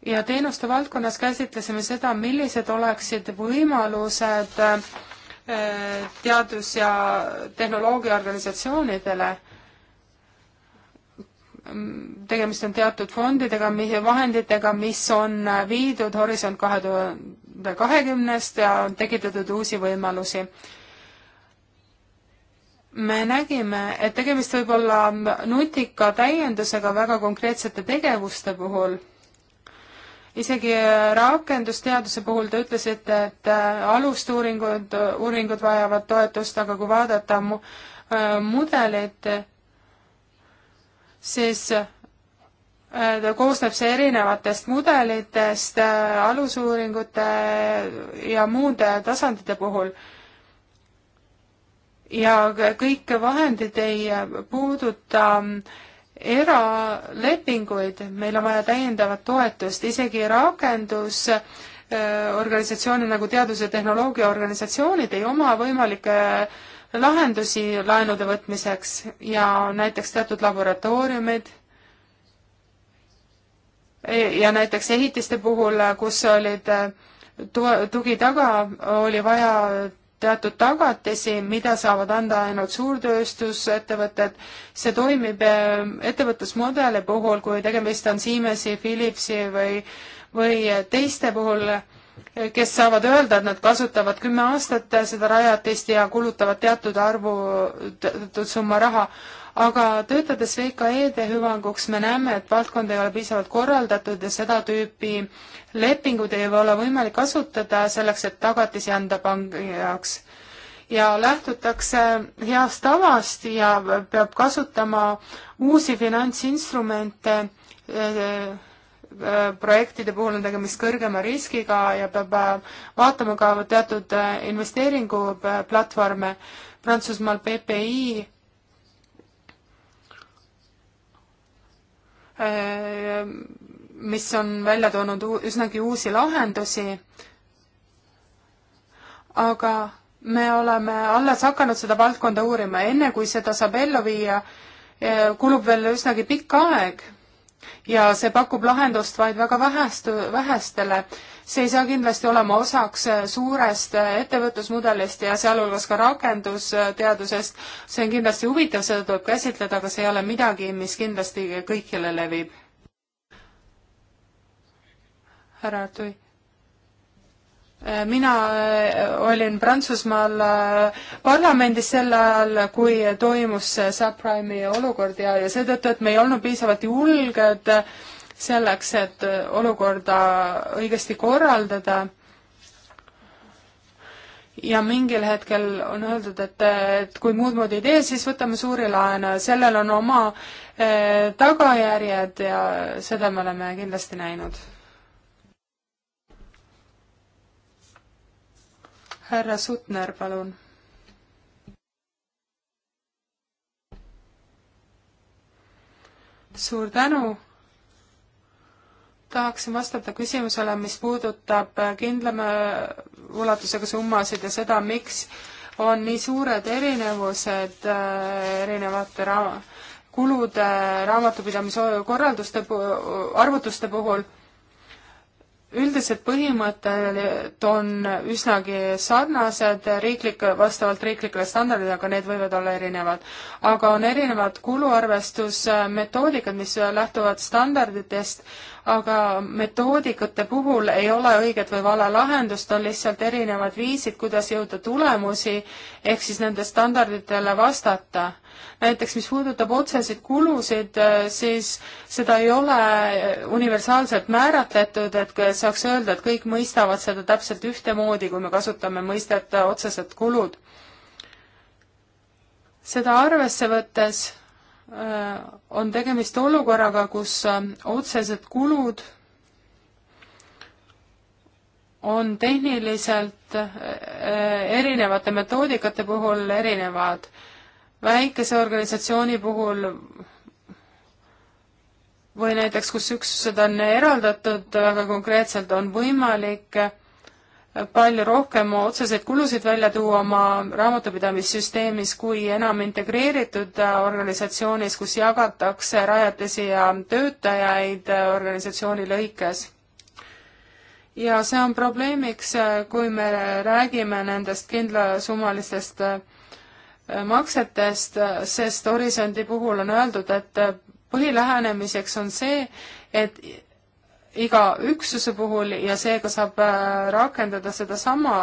ja teenuste valdkonnas käsitlesime seda, millised oleksid võimalused äh, teadus- ja tehnoloogiaorganisatsioonidele. tegemist on teatud fondidega, vahenditega, mis on viidud Horisont kahe tuhande kahekümnest ja on tekitatud uusi võimalusi me nägime, et tegemist võib olla nutika täiendusega väga konkreetsete tegevuste puhul isegi äh, rakendusteaduse puhul te ütlesite, et äh, alustuuringud, uuringud vajavad toetust, aga kui vaadata mu, äh, mudelit, siis ta koosneb see erinevatest mudelitest alusuuringute ja muude tasandite puhul. ja kõik vahendid ei puuduta äh, eralepinguid, meil on vaja täiendavat toetust, isegi rakendus äh, organisatsioone nagu teadus- ja tehnoloogiaorganisatsioonid ei oma võimalikke äh, lahendusi laenude võtmiseks ja näiteks teatud laboratooriumid e, ja näiteks ehitiste puhul, äh, kus olid tugi taga, oli vaja teatud tagatisi, mida saavad anda ainult suurtööstusettevõtted. see toimib ehm, ettevõtlusmudeli puhul, kui tegemist on Siemensi, Philipsi või, või teiste puhul, kes saavad öelda, et nad kasutavad kümme aastat seda rajatist ja kulutavad teatud arvu, teatud summa raha aga töötades VKE-de hüvanguks me näeme, et valdkond ei ole piisavalt korraldatud ja seda tüüpi lepingud ei ole võimalik kasutada selleks, et tagatisi anda panga jaoks. ja lähtutakse heast tavast ja peab kasutama uusi finantsinstrumente, e, e, e, projektide puhul on tegemist kõrgema riskiga ja peab vaatama ka teatud investeeringuplatvorme. Prantsusmaal PPI Äh, mis on välja toonud üsnagi uusi lahendusi, aga me oleme alles hakanud seda valdkonda uurima, enne kui seda saab ellu viia, äh, kulub veel üsnagi pikk aeg ja see pakub lahendust vaid väga vähestu, vähestele see ei saa kindlasti olema osaks äh, suurest äh, ettevõtlusmudelist ja sealhulgas ka rakendusteadusest. see on kindlasti huvitav, seda tuleb käsitleda, aga see ei ole midagi, mis kindlasti kõikjale levib. härra Artui äh, mina olin Prantsusmaal parlamendis sel ajal, kui toimus subprime'i olukord ja, ja seetõttu, et me ei olnud piisavalt julged äh, selleks, et olukorda õigesti korraldada ja mingil hetkel on öeldud, et, et kui muud moodi ei tee, siis võtame suuri laene, sellel on oma e, tagajärjed ja seda me oleme kindlasti näinud. härra Sutner, palun. suur tänu tahaksin vastata küsimusele, mis puudutab kindlama ulatusega summasid ja seda, miks on nii suured erinevused äh, erinevate ra-, kulude raamatupidamise korralduste pu-, arvutuste puhul üldised põhimõtted on üsnagi sarnased riiklik, vastavalt riiklikele standardile, aga need võivad olla erinevad. aga on erinevad kuluarvestusmetoodikad, mis lähtuvad standarditest, aga metoodikate puhul ei ole õiget või vale lahendust, on lihtsalt erinevad viisid, kuidas jõuda tulemusi, ehk siis nende standarditele vastata näiteks mis puudutab otseseid kulusid, äh, siis seda ei ole äh, universaalselt määratletud, et saaks öelda, et kõik mõistavad seda täpselt ühtemoodi, kui me kasutame mõistet äh, otsesed kulud. seda arvesse võttes on tegemist olukorraga, kus otsesed kulud on tehniliselt erinevate metoodikate puhul erinevad väikese organisatsiooni puhul või näiteks, kus üksused on eraldatud väga konkreetselt, on võimalik palju rohkem otseseid kulusid välja tuua oma raamatupidamissüsteemis kui enam integreeritud organisatsioonis, kus jagatakse rajatisi ja töötajaid organisatsiooni lõikes. ja see on probleemiks, kui me räägime nendest kindlasummalistest Äh, maksetest, äh, sest Horisondi puhul on öeldud, et äh, põhilähenemiseks on see, et iga üksuse puhul ja seega saab rakendada sedasama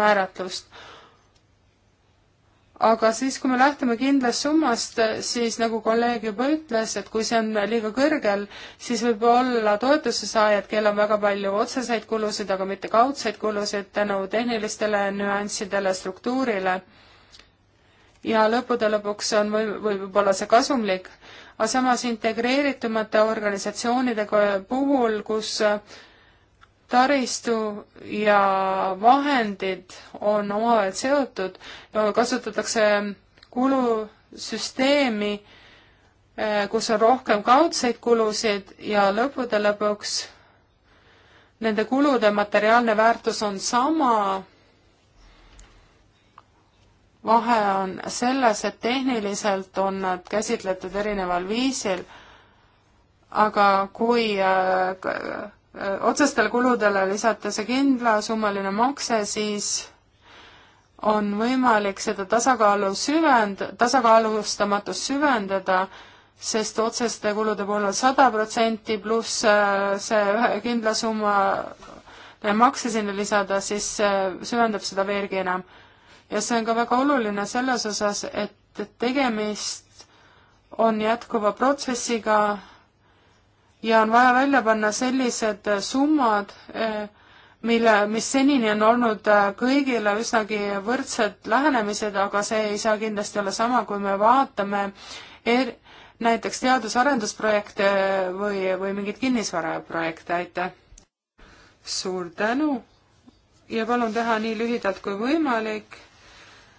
määratlust. aga siis, kui me lähtume kindlast summast, siis nagu kolleeg juba ütles, et kui see on liiga kõrgel, siis võib olla toetuse saajad, kellel on väga palju otseseid kulusid, aga mitte kaudseid kulusid tänu tehnilistele nüanssidele, struktuurile ja lõppude lõpuks on või, võib-olla see kasumlik, aga samas integreeritumate organisatsioonide puhul, kus äh, taristu ja vahendid on omavahel seotud, kasutatakse kulusüsteemi, äh, kus on rohkem kaudseid kulusid ja lõppude lõpuks nende kulude materiaalne väärtus on sama vahe on selles, et tehniliselt on nad käsitletud erineval viisil, aga kui äh, otsestele kuludele lisata see kindlasummaline makse, siis on võimalik seda tasakaalu süvend-, tasakaalustamatust süvendada, sest otseste kulude puhul on sada protsenti pluss äh, see ühe kindla summa makse sinna lisada, siis äh, süvendab seda veelgi enam ja see on ka väga oluline selles osas, et tegemist on jätkuva protsessiga ja on vaja välja panna sellised summad, eh, mille, mis senini on olnud eh, kõigile üsnagi võrdsed lähenemised, aga see ei saa kindlasti olla sama, kui me vaatame er, näiteks teadus-arendusprojekte või, või mingeid kinnisvaraprojekte, aitäh! suur tänu ja palun teha nii lühidalt kui võimalik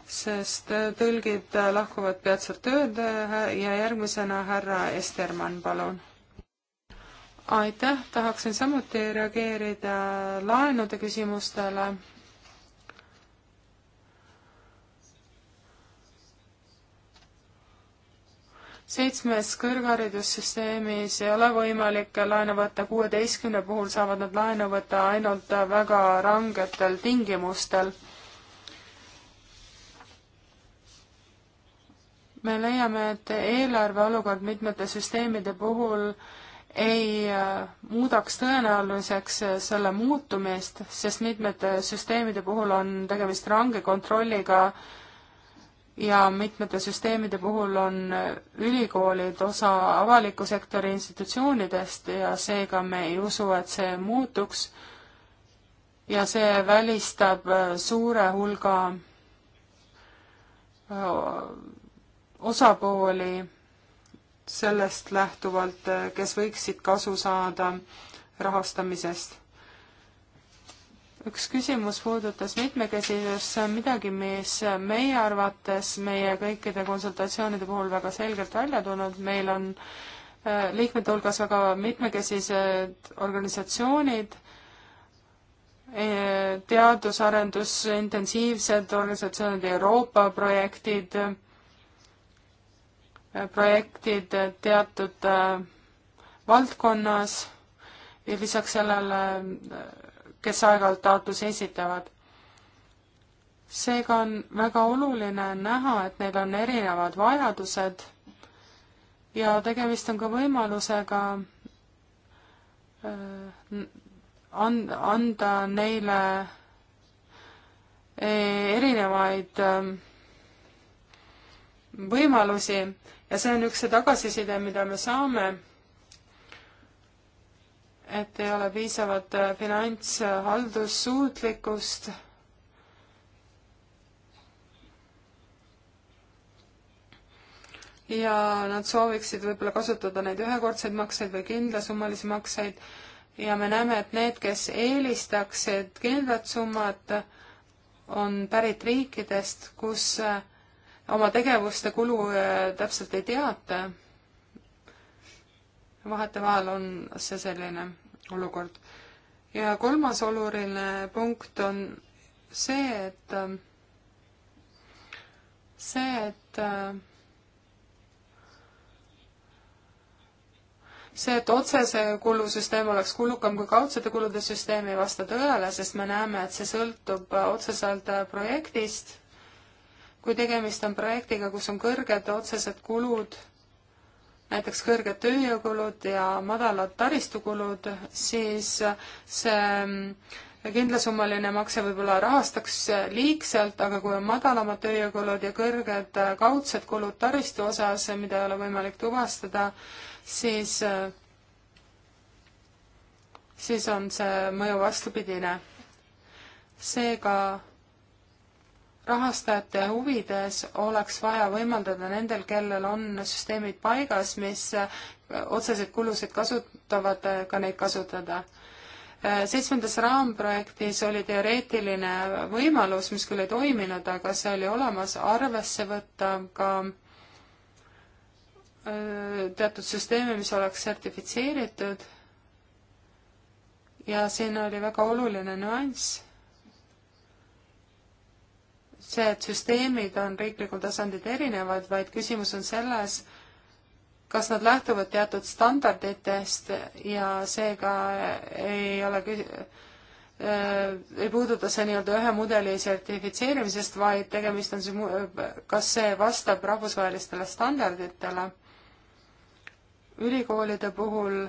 sest äh, tõlgid äh, lahkuvad peatselt tööle ja järgmisena härra Estermann, palun. aitäh, tahaksin samuti reageerida laenude küsimustele. seitsmes kõrgharidussüsteemis ei ole võimalik laenu võtta, kuueteistkümne puhul saavad nad laenu võtta ainult väga rangetel tingimustel me leiame, et eelarve olukord mitmete süsteemide puhul ei äh, muudaks tõenäoliseks äh, selle muutumist, sest mitmete süsteemide puhul on tegemist range kontrolliga ja mitmete süsteemide puhul on äh, ülikoolid osa avaliku sektori institutsioonidest ja seega me ei usu, et see muutuks. ja see välistab suure hulga osapooli sellest lähtuvalt, kes võiksid kasu saada rahastamisest. üks küsimus puudutas mitmekesisust, see on midagi, mis meie arvates meie kõikide konsultatsioonide puhul väga selgelt välja tulnud, meil on äh, liikmete hulgas väga mitmekesised organisatsioonid, e, teadus-arendus intensiivsed organisatsioonid, Euroopa projektid projektid teatud äh, valdkonnas ja lisaks sellele, äh, kes aeg-ajalt taotlusi esitavad. seega on väga oluline näha, et neil on erinevad vajadused ja tegemist on ka võimalusega äh, and-, anda neile erinevaid võimalusi ja see on üks see tagasiside, mida me saame, et ei ole piisavat äh, finantshaldussuutlikkust ja nad sooviksid võib-olla kasutada neid ühekordseid makseid või kindlasummalisi makseid ja me näeme, et need, kes eelistaksid kindlat summat, on pärit riikidest, kus äh, oma tegevuste kulu äh, täpselt ei teata. vahetevahel on see selline olukord. ja kolmas oluline punkt on see, et äh, see, et äh, see, et otsese kulusüsteem oleks kulukam kui kaudsete kulude süsteem, ei vasta tõele, sest me näeme, et see sõltub otseselt projektist kui tegemist on projektiga, kus on kõrged otsesed kulud, näiteks kõrged tööjõukulud ja madalad taristukulud, siis see mm, kindlasummaline makse võib-olla rahastaks liigselt, aga kui on madalamad tööjõukulud ja kõrged äh, kaudsed kulud taristu osas, mida ei ole võimalik tuvastada, siis, äh, siis on see mõju vastupidine. seega rahastajate huvides oleks vaja võimaldada nendel, kellel on süsteemid paigas, mis äh, otseseid kulusid kasutavad, äh, ka neid kasutada. Äh, seitsmendas raamprojektis oli teoreetiline võimalus, mis küll ei toiminud, aga see oli olemas, arvesse võtta ka teatud süsteeme, mis oleks sertifitseeritud ja siin oli väga oluline nüanss see, et süsteemid on riiklikul tasandil erinevad, vaid küsimus on selles, kas nad lähtuvad teatud standarditest ja seega ei ole küs-, äh, ei puuduta see nii-öelda ühe mudeli sertifitseerimisest, vaid tegemist on see, kas see vastab rahvusvahelistele standarditele. ülikoolide puhul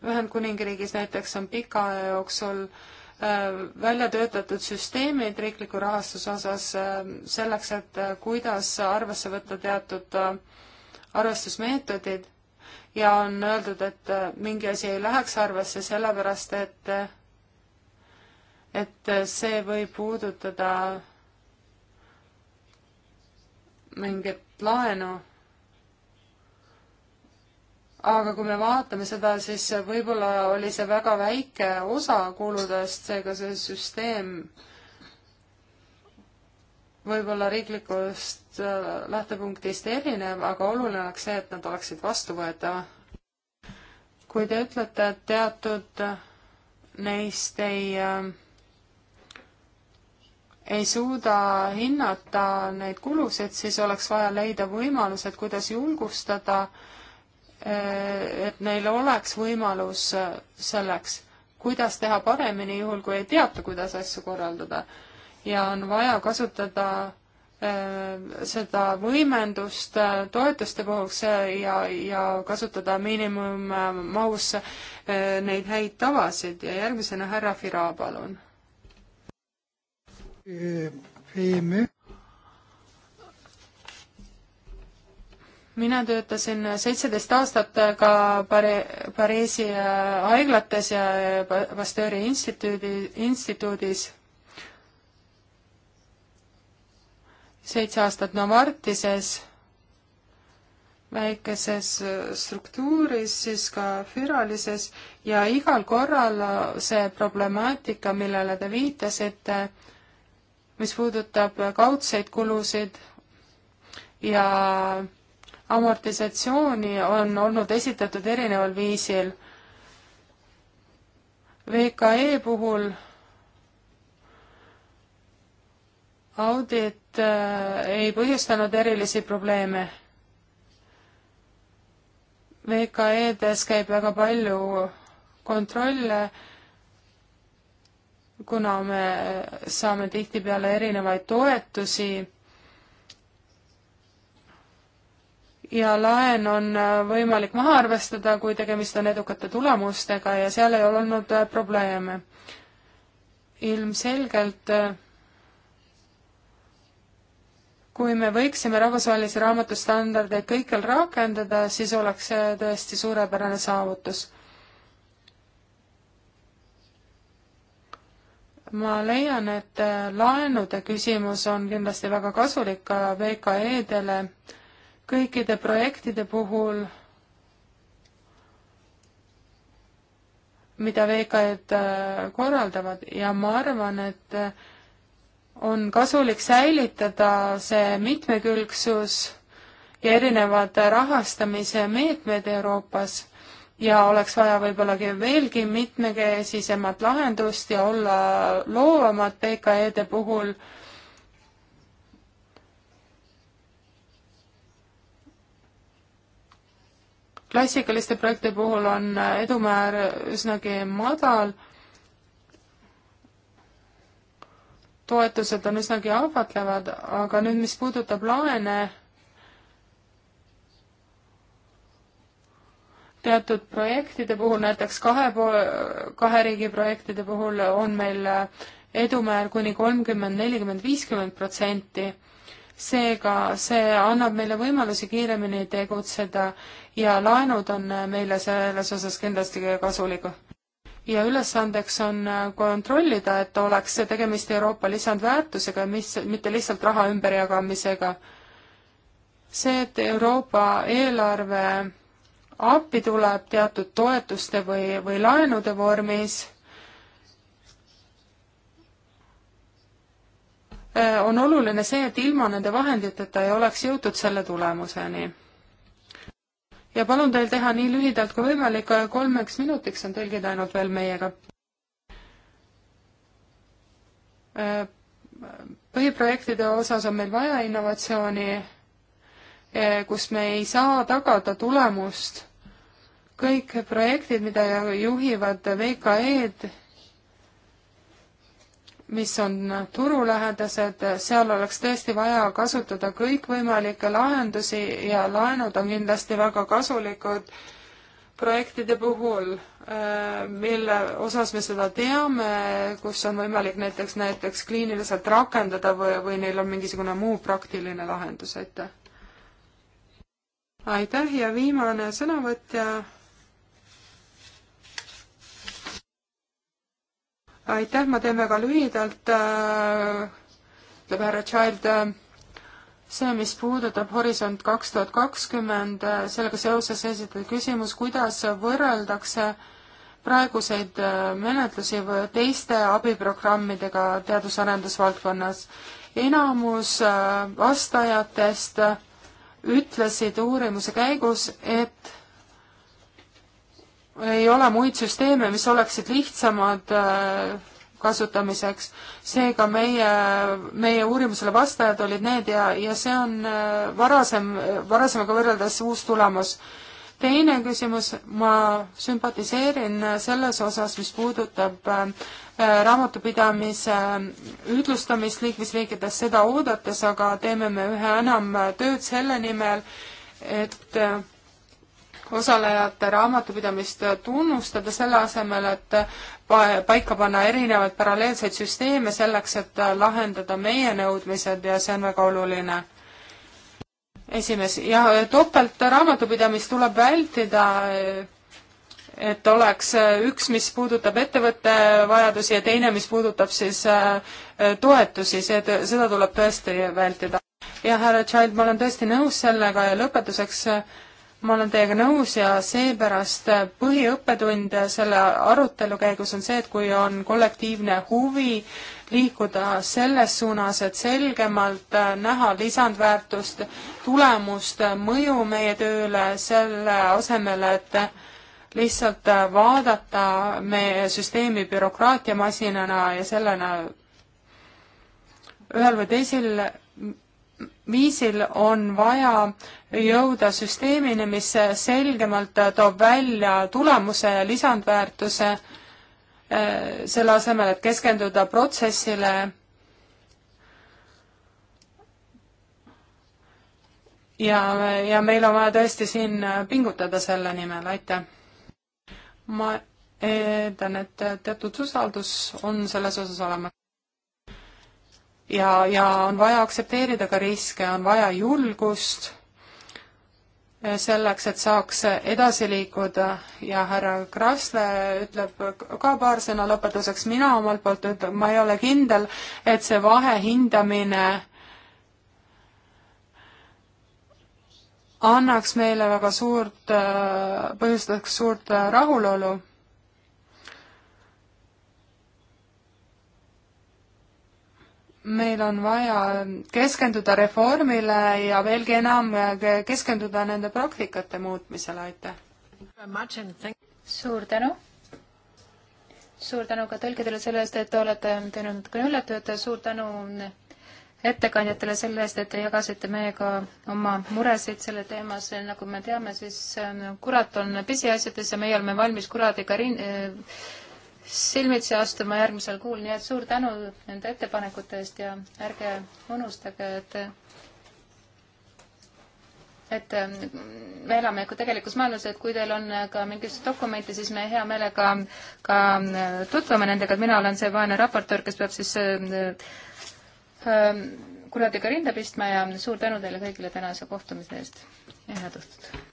Ühendkuningriigis näiteks on pika aja jooksul äh, Äh, välja töötatud süsteemid riikliku rahastuse osas äh, selleks, et äh, kuidas arvesse võtta teatud arvestusmeetodid ja on öeldud, et mingi asi ei läheks arvesse, sellepärast et, et see võib puudutada mingit laenu aga kui me vaatame seda, siis võib-olla oli see väga väike osa kuludest, seega see süsteem võib-olla riiklikust äh, lähtepunktist erinev, aga oluline oleks see, et nad oleksid vastuvõetava. kui te ütlete, et teatud neist ei äh, ei suuda hinnata neid kulusid, siis oleks vaja leida võimalused, kuidas julgustada äh, Äh, et neil oleks võimalus äh, selleks, kuidas teha paremini, juhul kui ei teata, kuidas asju korraldada. ja on vaja kasutada äh, seda võimendust toetuste puhuks ja, ja kasutada miinimummahus neid häid tavasid ja järgmisena härra Fira, palun. mina töötasin seitseteist aastat ka Pare-, Pariisi äh, haiglates ja äh, Pasteuri instituudi, instituudis. seitse aastat Novartises, väikeses äh, struktuuris, siis ka Füralises ja igal korral see problemaatika, millele te viitasite, mis puudutab kaudseid kulusid ja amortisatsiooni on olnud esitatud erineval viisil. VKE puhul audit äh, ei põhjustanud erilisi probleeme. VKE-des käib väga palju kontrolle, kuna me saame tihtipeale erinevaid toetusi ja laen on äh, võimalik maha arvestada, kui tegemist on edukate tulemustega ja seal ei ole olnud äh, probleeme. ilmselgelt äh, kui me võiksime rahvusvahelisi raamatustandardeid kõikjal rakendada, siis oleks see tõesti suurepärane saavutus. ma leian, et laenude küsimus on kindlasti väga kasulik ka VKE-dele kõikide projektide puhul, mida VKE-d äh, korraldavad ja ma arvan, et äh, on kasulik säilitada see mitmekülgsus ja erinevad rahastamise meetmed Euroopas ja oleks vaja võib-olla veelgi mitmekesisemat lahendust ja olla loovamad PKE-de puhul klassikaliste projekti puhul on edumäär üsnagi madal, toetused on üsnagi ahvatlevad, aga nüüd, mis puudutab laene, teatud projektide puhul, näiteks kahe po-, kahe riigi projektide puhul on meil edumäär kuni kolmkümmend, nelikümmend, viiskümmend protsenti seega see annab meile võimalusi kiiremini tegutseda ja laenud on meile selles osas kindlasti kasulikud. ja ülesandeks on kontrollida, et oleks tegemist Euroopa lisandväärtusega, mis, mitte lihtsalt raha ümberjagamisega. see, et Euroopa eelarve appi tuleb teatud toetuste või, või laenude vormis Äh, on oluline see, et ilma nende vahenditeta ei oleks jõutud selle tulemuseni. ja palun teil teha nii lühidalt kui võimalik, äh, kolmeks minutiks on tõlgid ainult veel meiega. Äh, põhiprojektide osas on meil vaja innovatsiooni, kus me ei saa tagada tulemust kõik projektid, mida juhivad VKE-d mis on turulähedased, seal oleks tõesti vaja kasutada kõikvõimalikke lahendusi ja laenud on kindlasti väga kasulikud projektide puhul, äh, mille osas me seda teame, kus on võimalik näiteks, näiteks kliiniliselt rakendada või, või neil on mingisugune muu praktiline lahendus, aitäh! aitäh ja viimane sõnavõtja aitäh, ma teen väga lühidalt, äh, ütleb härra Child. Äh, see, mis puudutab Horisont kaks tuhat kakskümmend, äh, sellega seoses esitati küsimus, kuidas võrreldakse praeguseid menetlusi teiste abiprogrammidega teadus-arendusvaldkonnas. enamus vastajatest ütlesid uurimuse käigus, et ei ole muid süsteeme, mis oleksid lihtsamad äh, kasutamiseks. seega meie, meie uurimusele vastajad olid need ja, ja see on äh, varasem, varasemaga võrreldes uus tulemus. teine küsimus, ma sümpatiseerin selles osas, mis puudutab äh, raamatupidamise ühtlustamist liikmesriikides, seda oodates, aga teeme me üha enam tööd selle nimel, et äh, osalejate raamatupidamist tunnustada, selle asemel, et paika panna erinevaid paralleelseid süsteeme selleks, et lahendada meie nõudmised ja see on väga oluline. esimees, jah, topeltraamatupidamist tuleb vältida, et oleks üks, mis puudutab ettevõtte vajadusi ja teine, mis puudutab siis äh, toetusi, see, seda tuleb tõesti vältida. jah, härra Child, ma olen tõesti nõus sellega ja lõpetuseks äh, ma olen teiega nõus ja seepärast põhiõppetund selle arutelu käigus on see, et kui on kollektiivne huvi liikuda selles suunas, et selgemalt näha lisandväärtust, tulemust, mõju meie tööle, selle asemel, et lihtsalt vaadata meie süsteemi bürokraatiamasinana ja sellena ühel või teisel viisil on vaja jõuda süsteemini, mis selgemalt toob välja tulemuse ja lisandväärtuse, eh, selle asemel, et keskenduda protsessile ja, ja meil on vaja tõesti siin pingutada selle nimel, aitäh. ma eeldan, et teatud usaldus on selles osas olemas ja, ja on vaja aktsepteerida ka riske, on vaja julgust selleks, et saaks edasi liikuda ja härra Krasle ütleb ka paar sõna lõpetuseks, mina omalt poolt ütlen, ma ei ole kindel, et see vahe hindamine annaks meile väga suurt, põhjustaks suurt rahulolu meil on vaja keskenduda reformile ja veelgi enam keskenduda nende praktikate muutmisele, aitäh! suur tänu! suur tänu ka tõlkidele selle eest, et te olete teinud ka üllatööd, suur tänu ettekandjatele selle eest, et te jagasite meiega oma muresid selle teemas, nagu me teame, siis ähm, kurat on pisiasjades ja meie oleme valmis kuradiga rin-, äh, silmitsi astuma järgmisel kuul, nii et suur tänu nende ettepanekute eest ja ärge unustage, et et mm, me elame ikka tegelikus maailmas, et kui teil on ka mingisuguseid dokumente, siis me hea meelega ka mm, tutvume nendega, et mina olen see vaene raportöör, kes peab siis mm, kuradiga rinda pistma ja suur tänu teile kõigile tänase kohtumise eest ja head õhtut!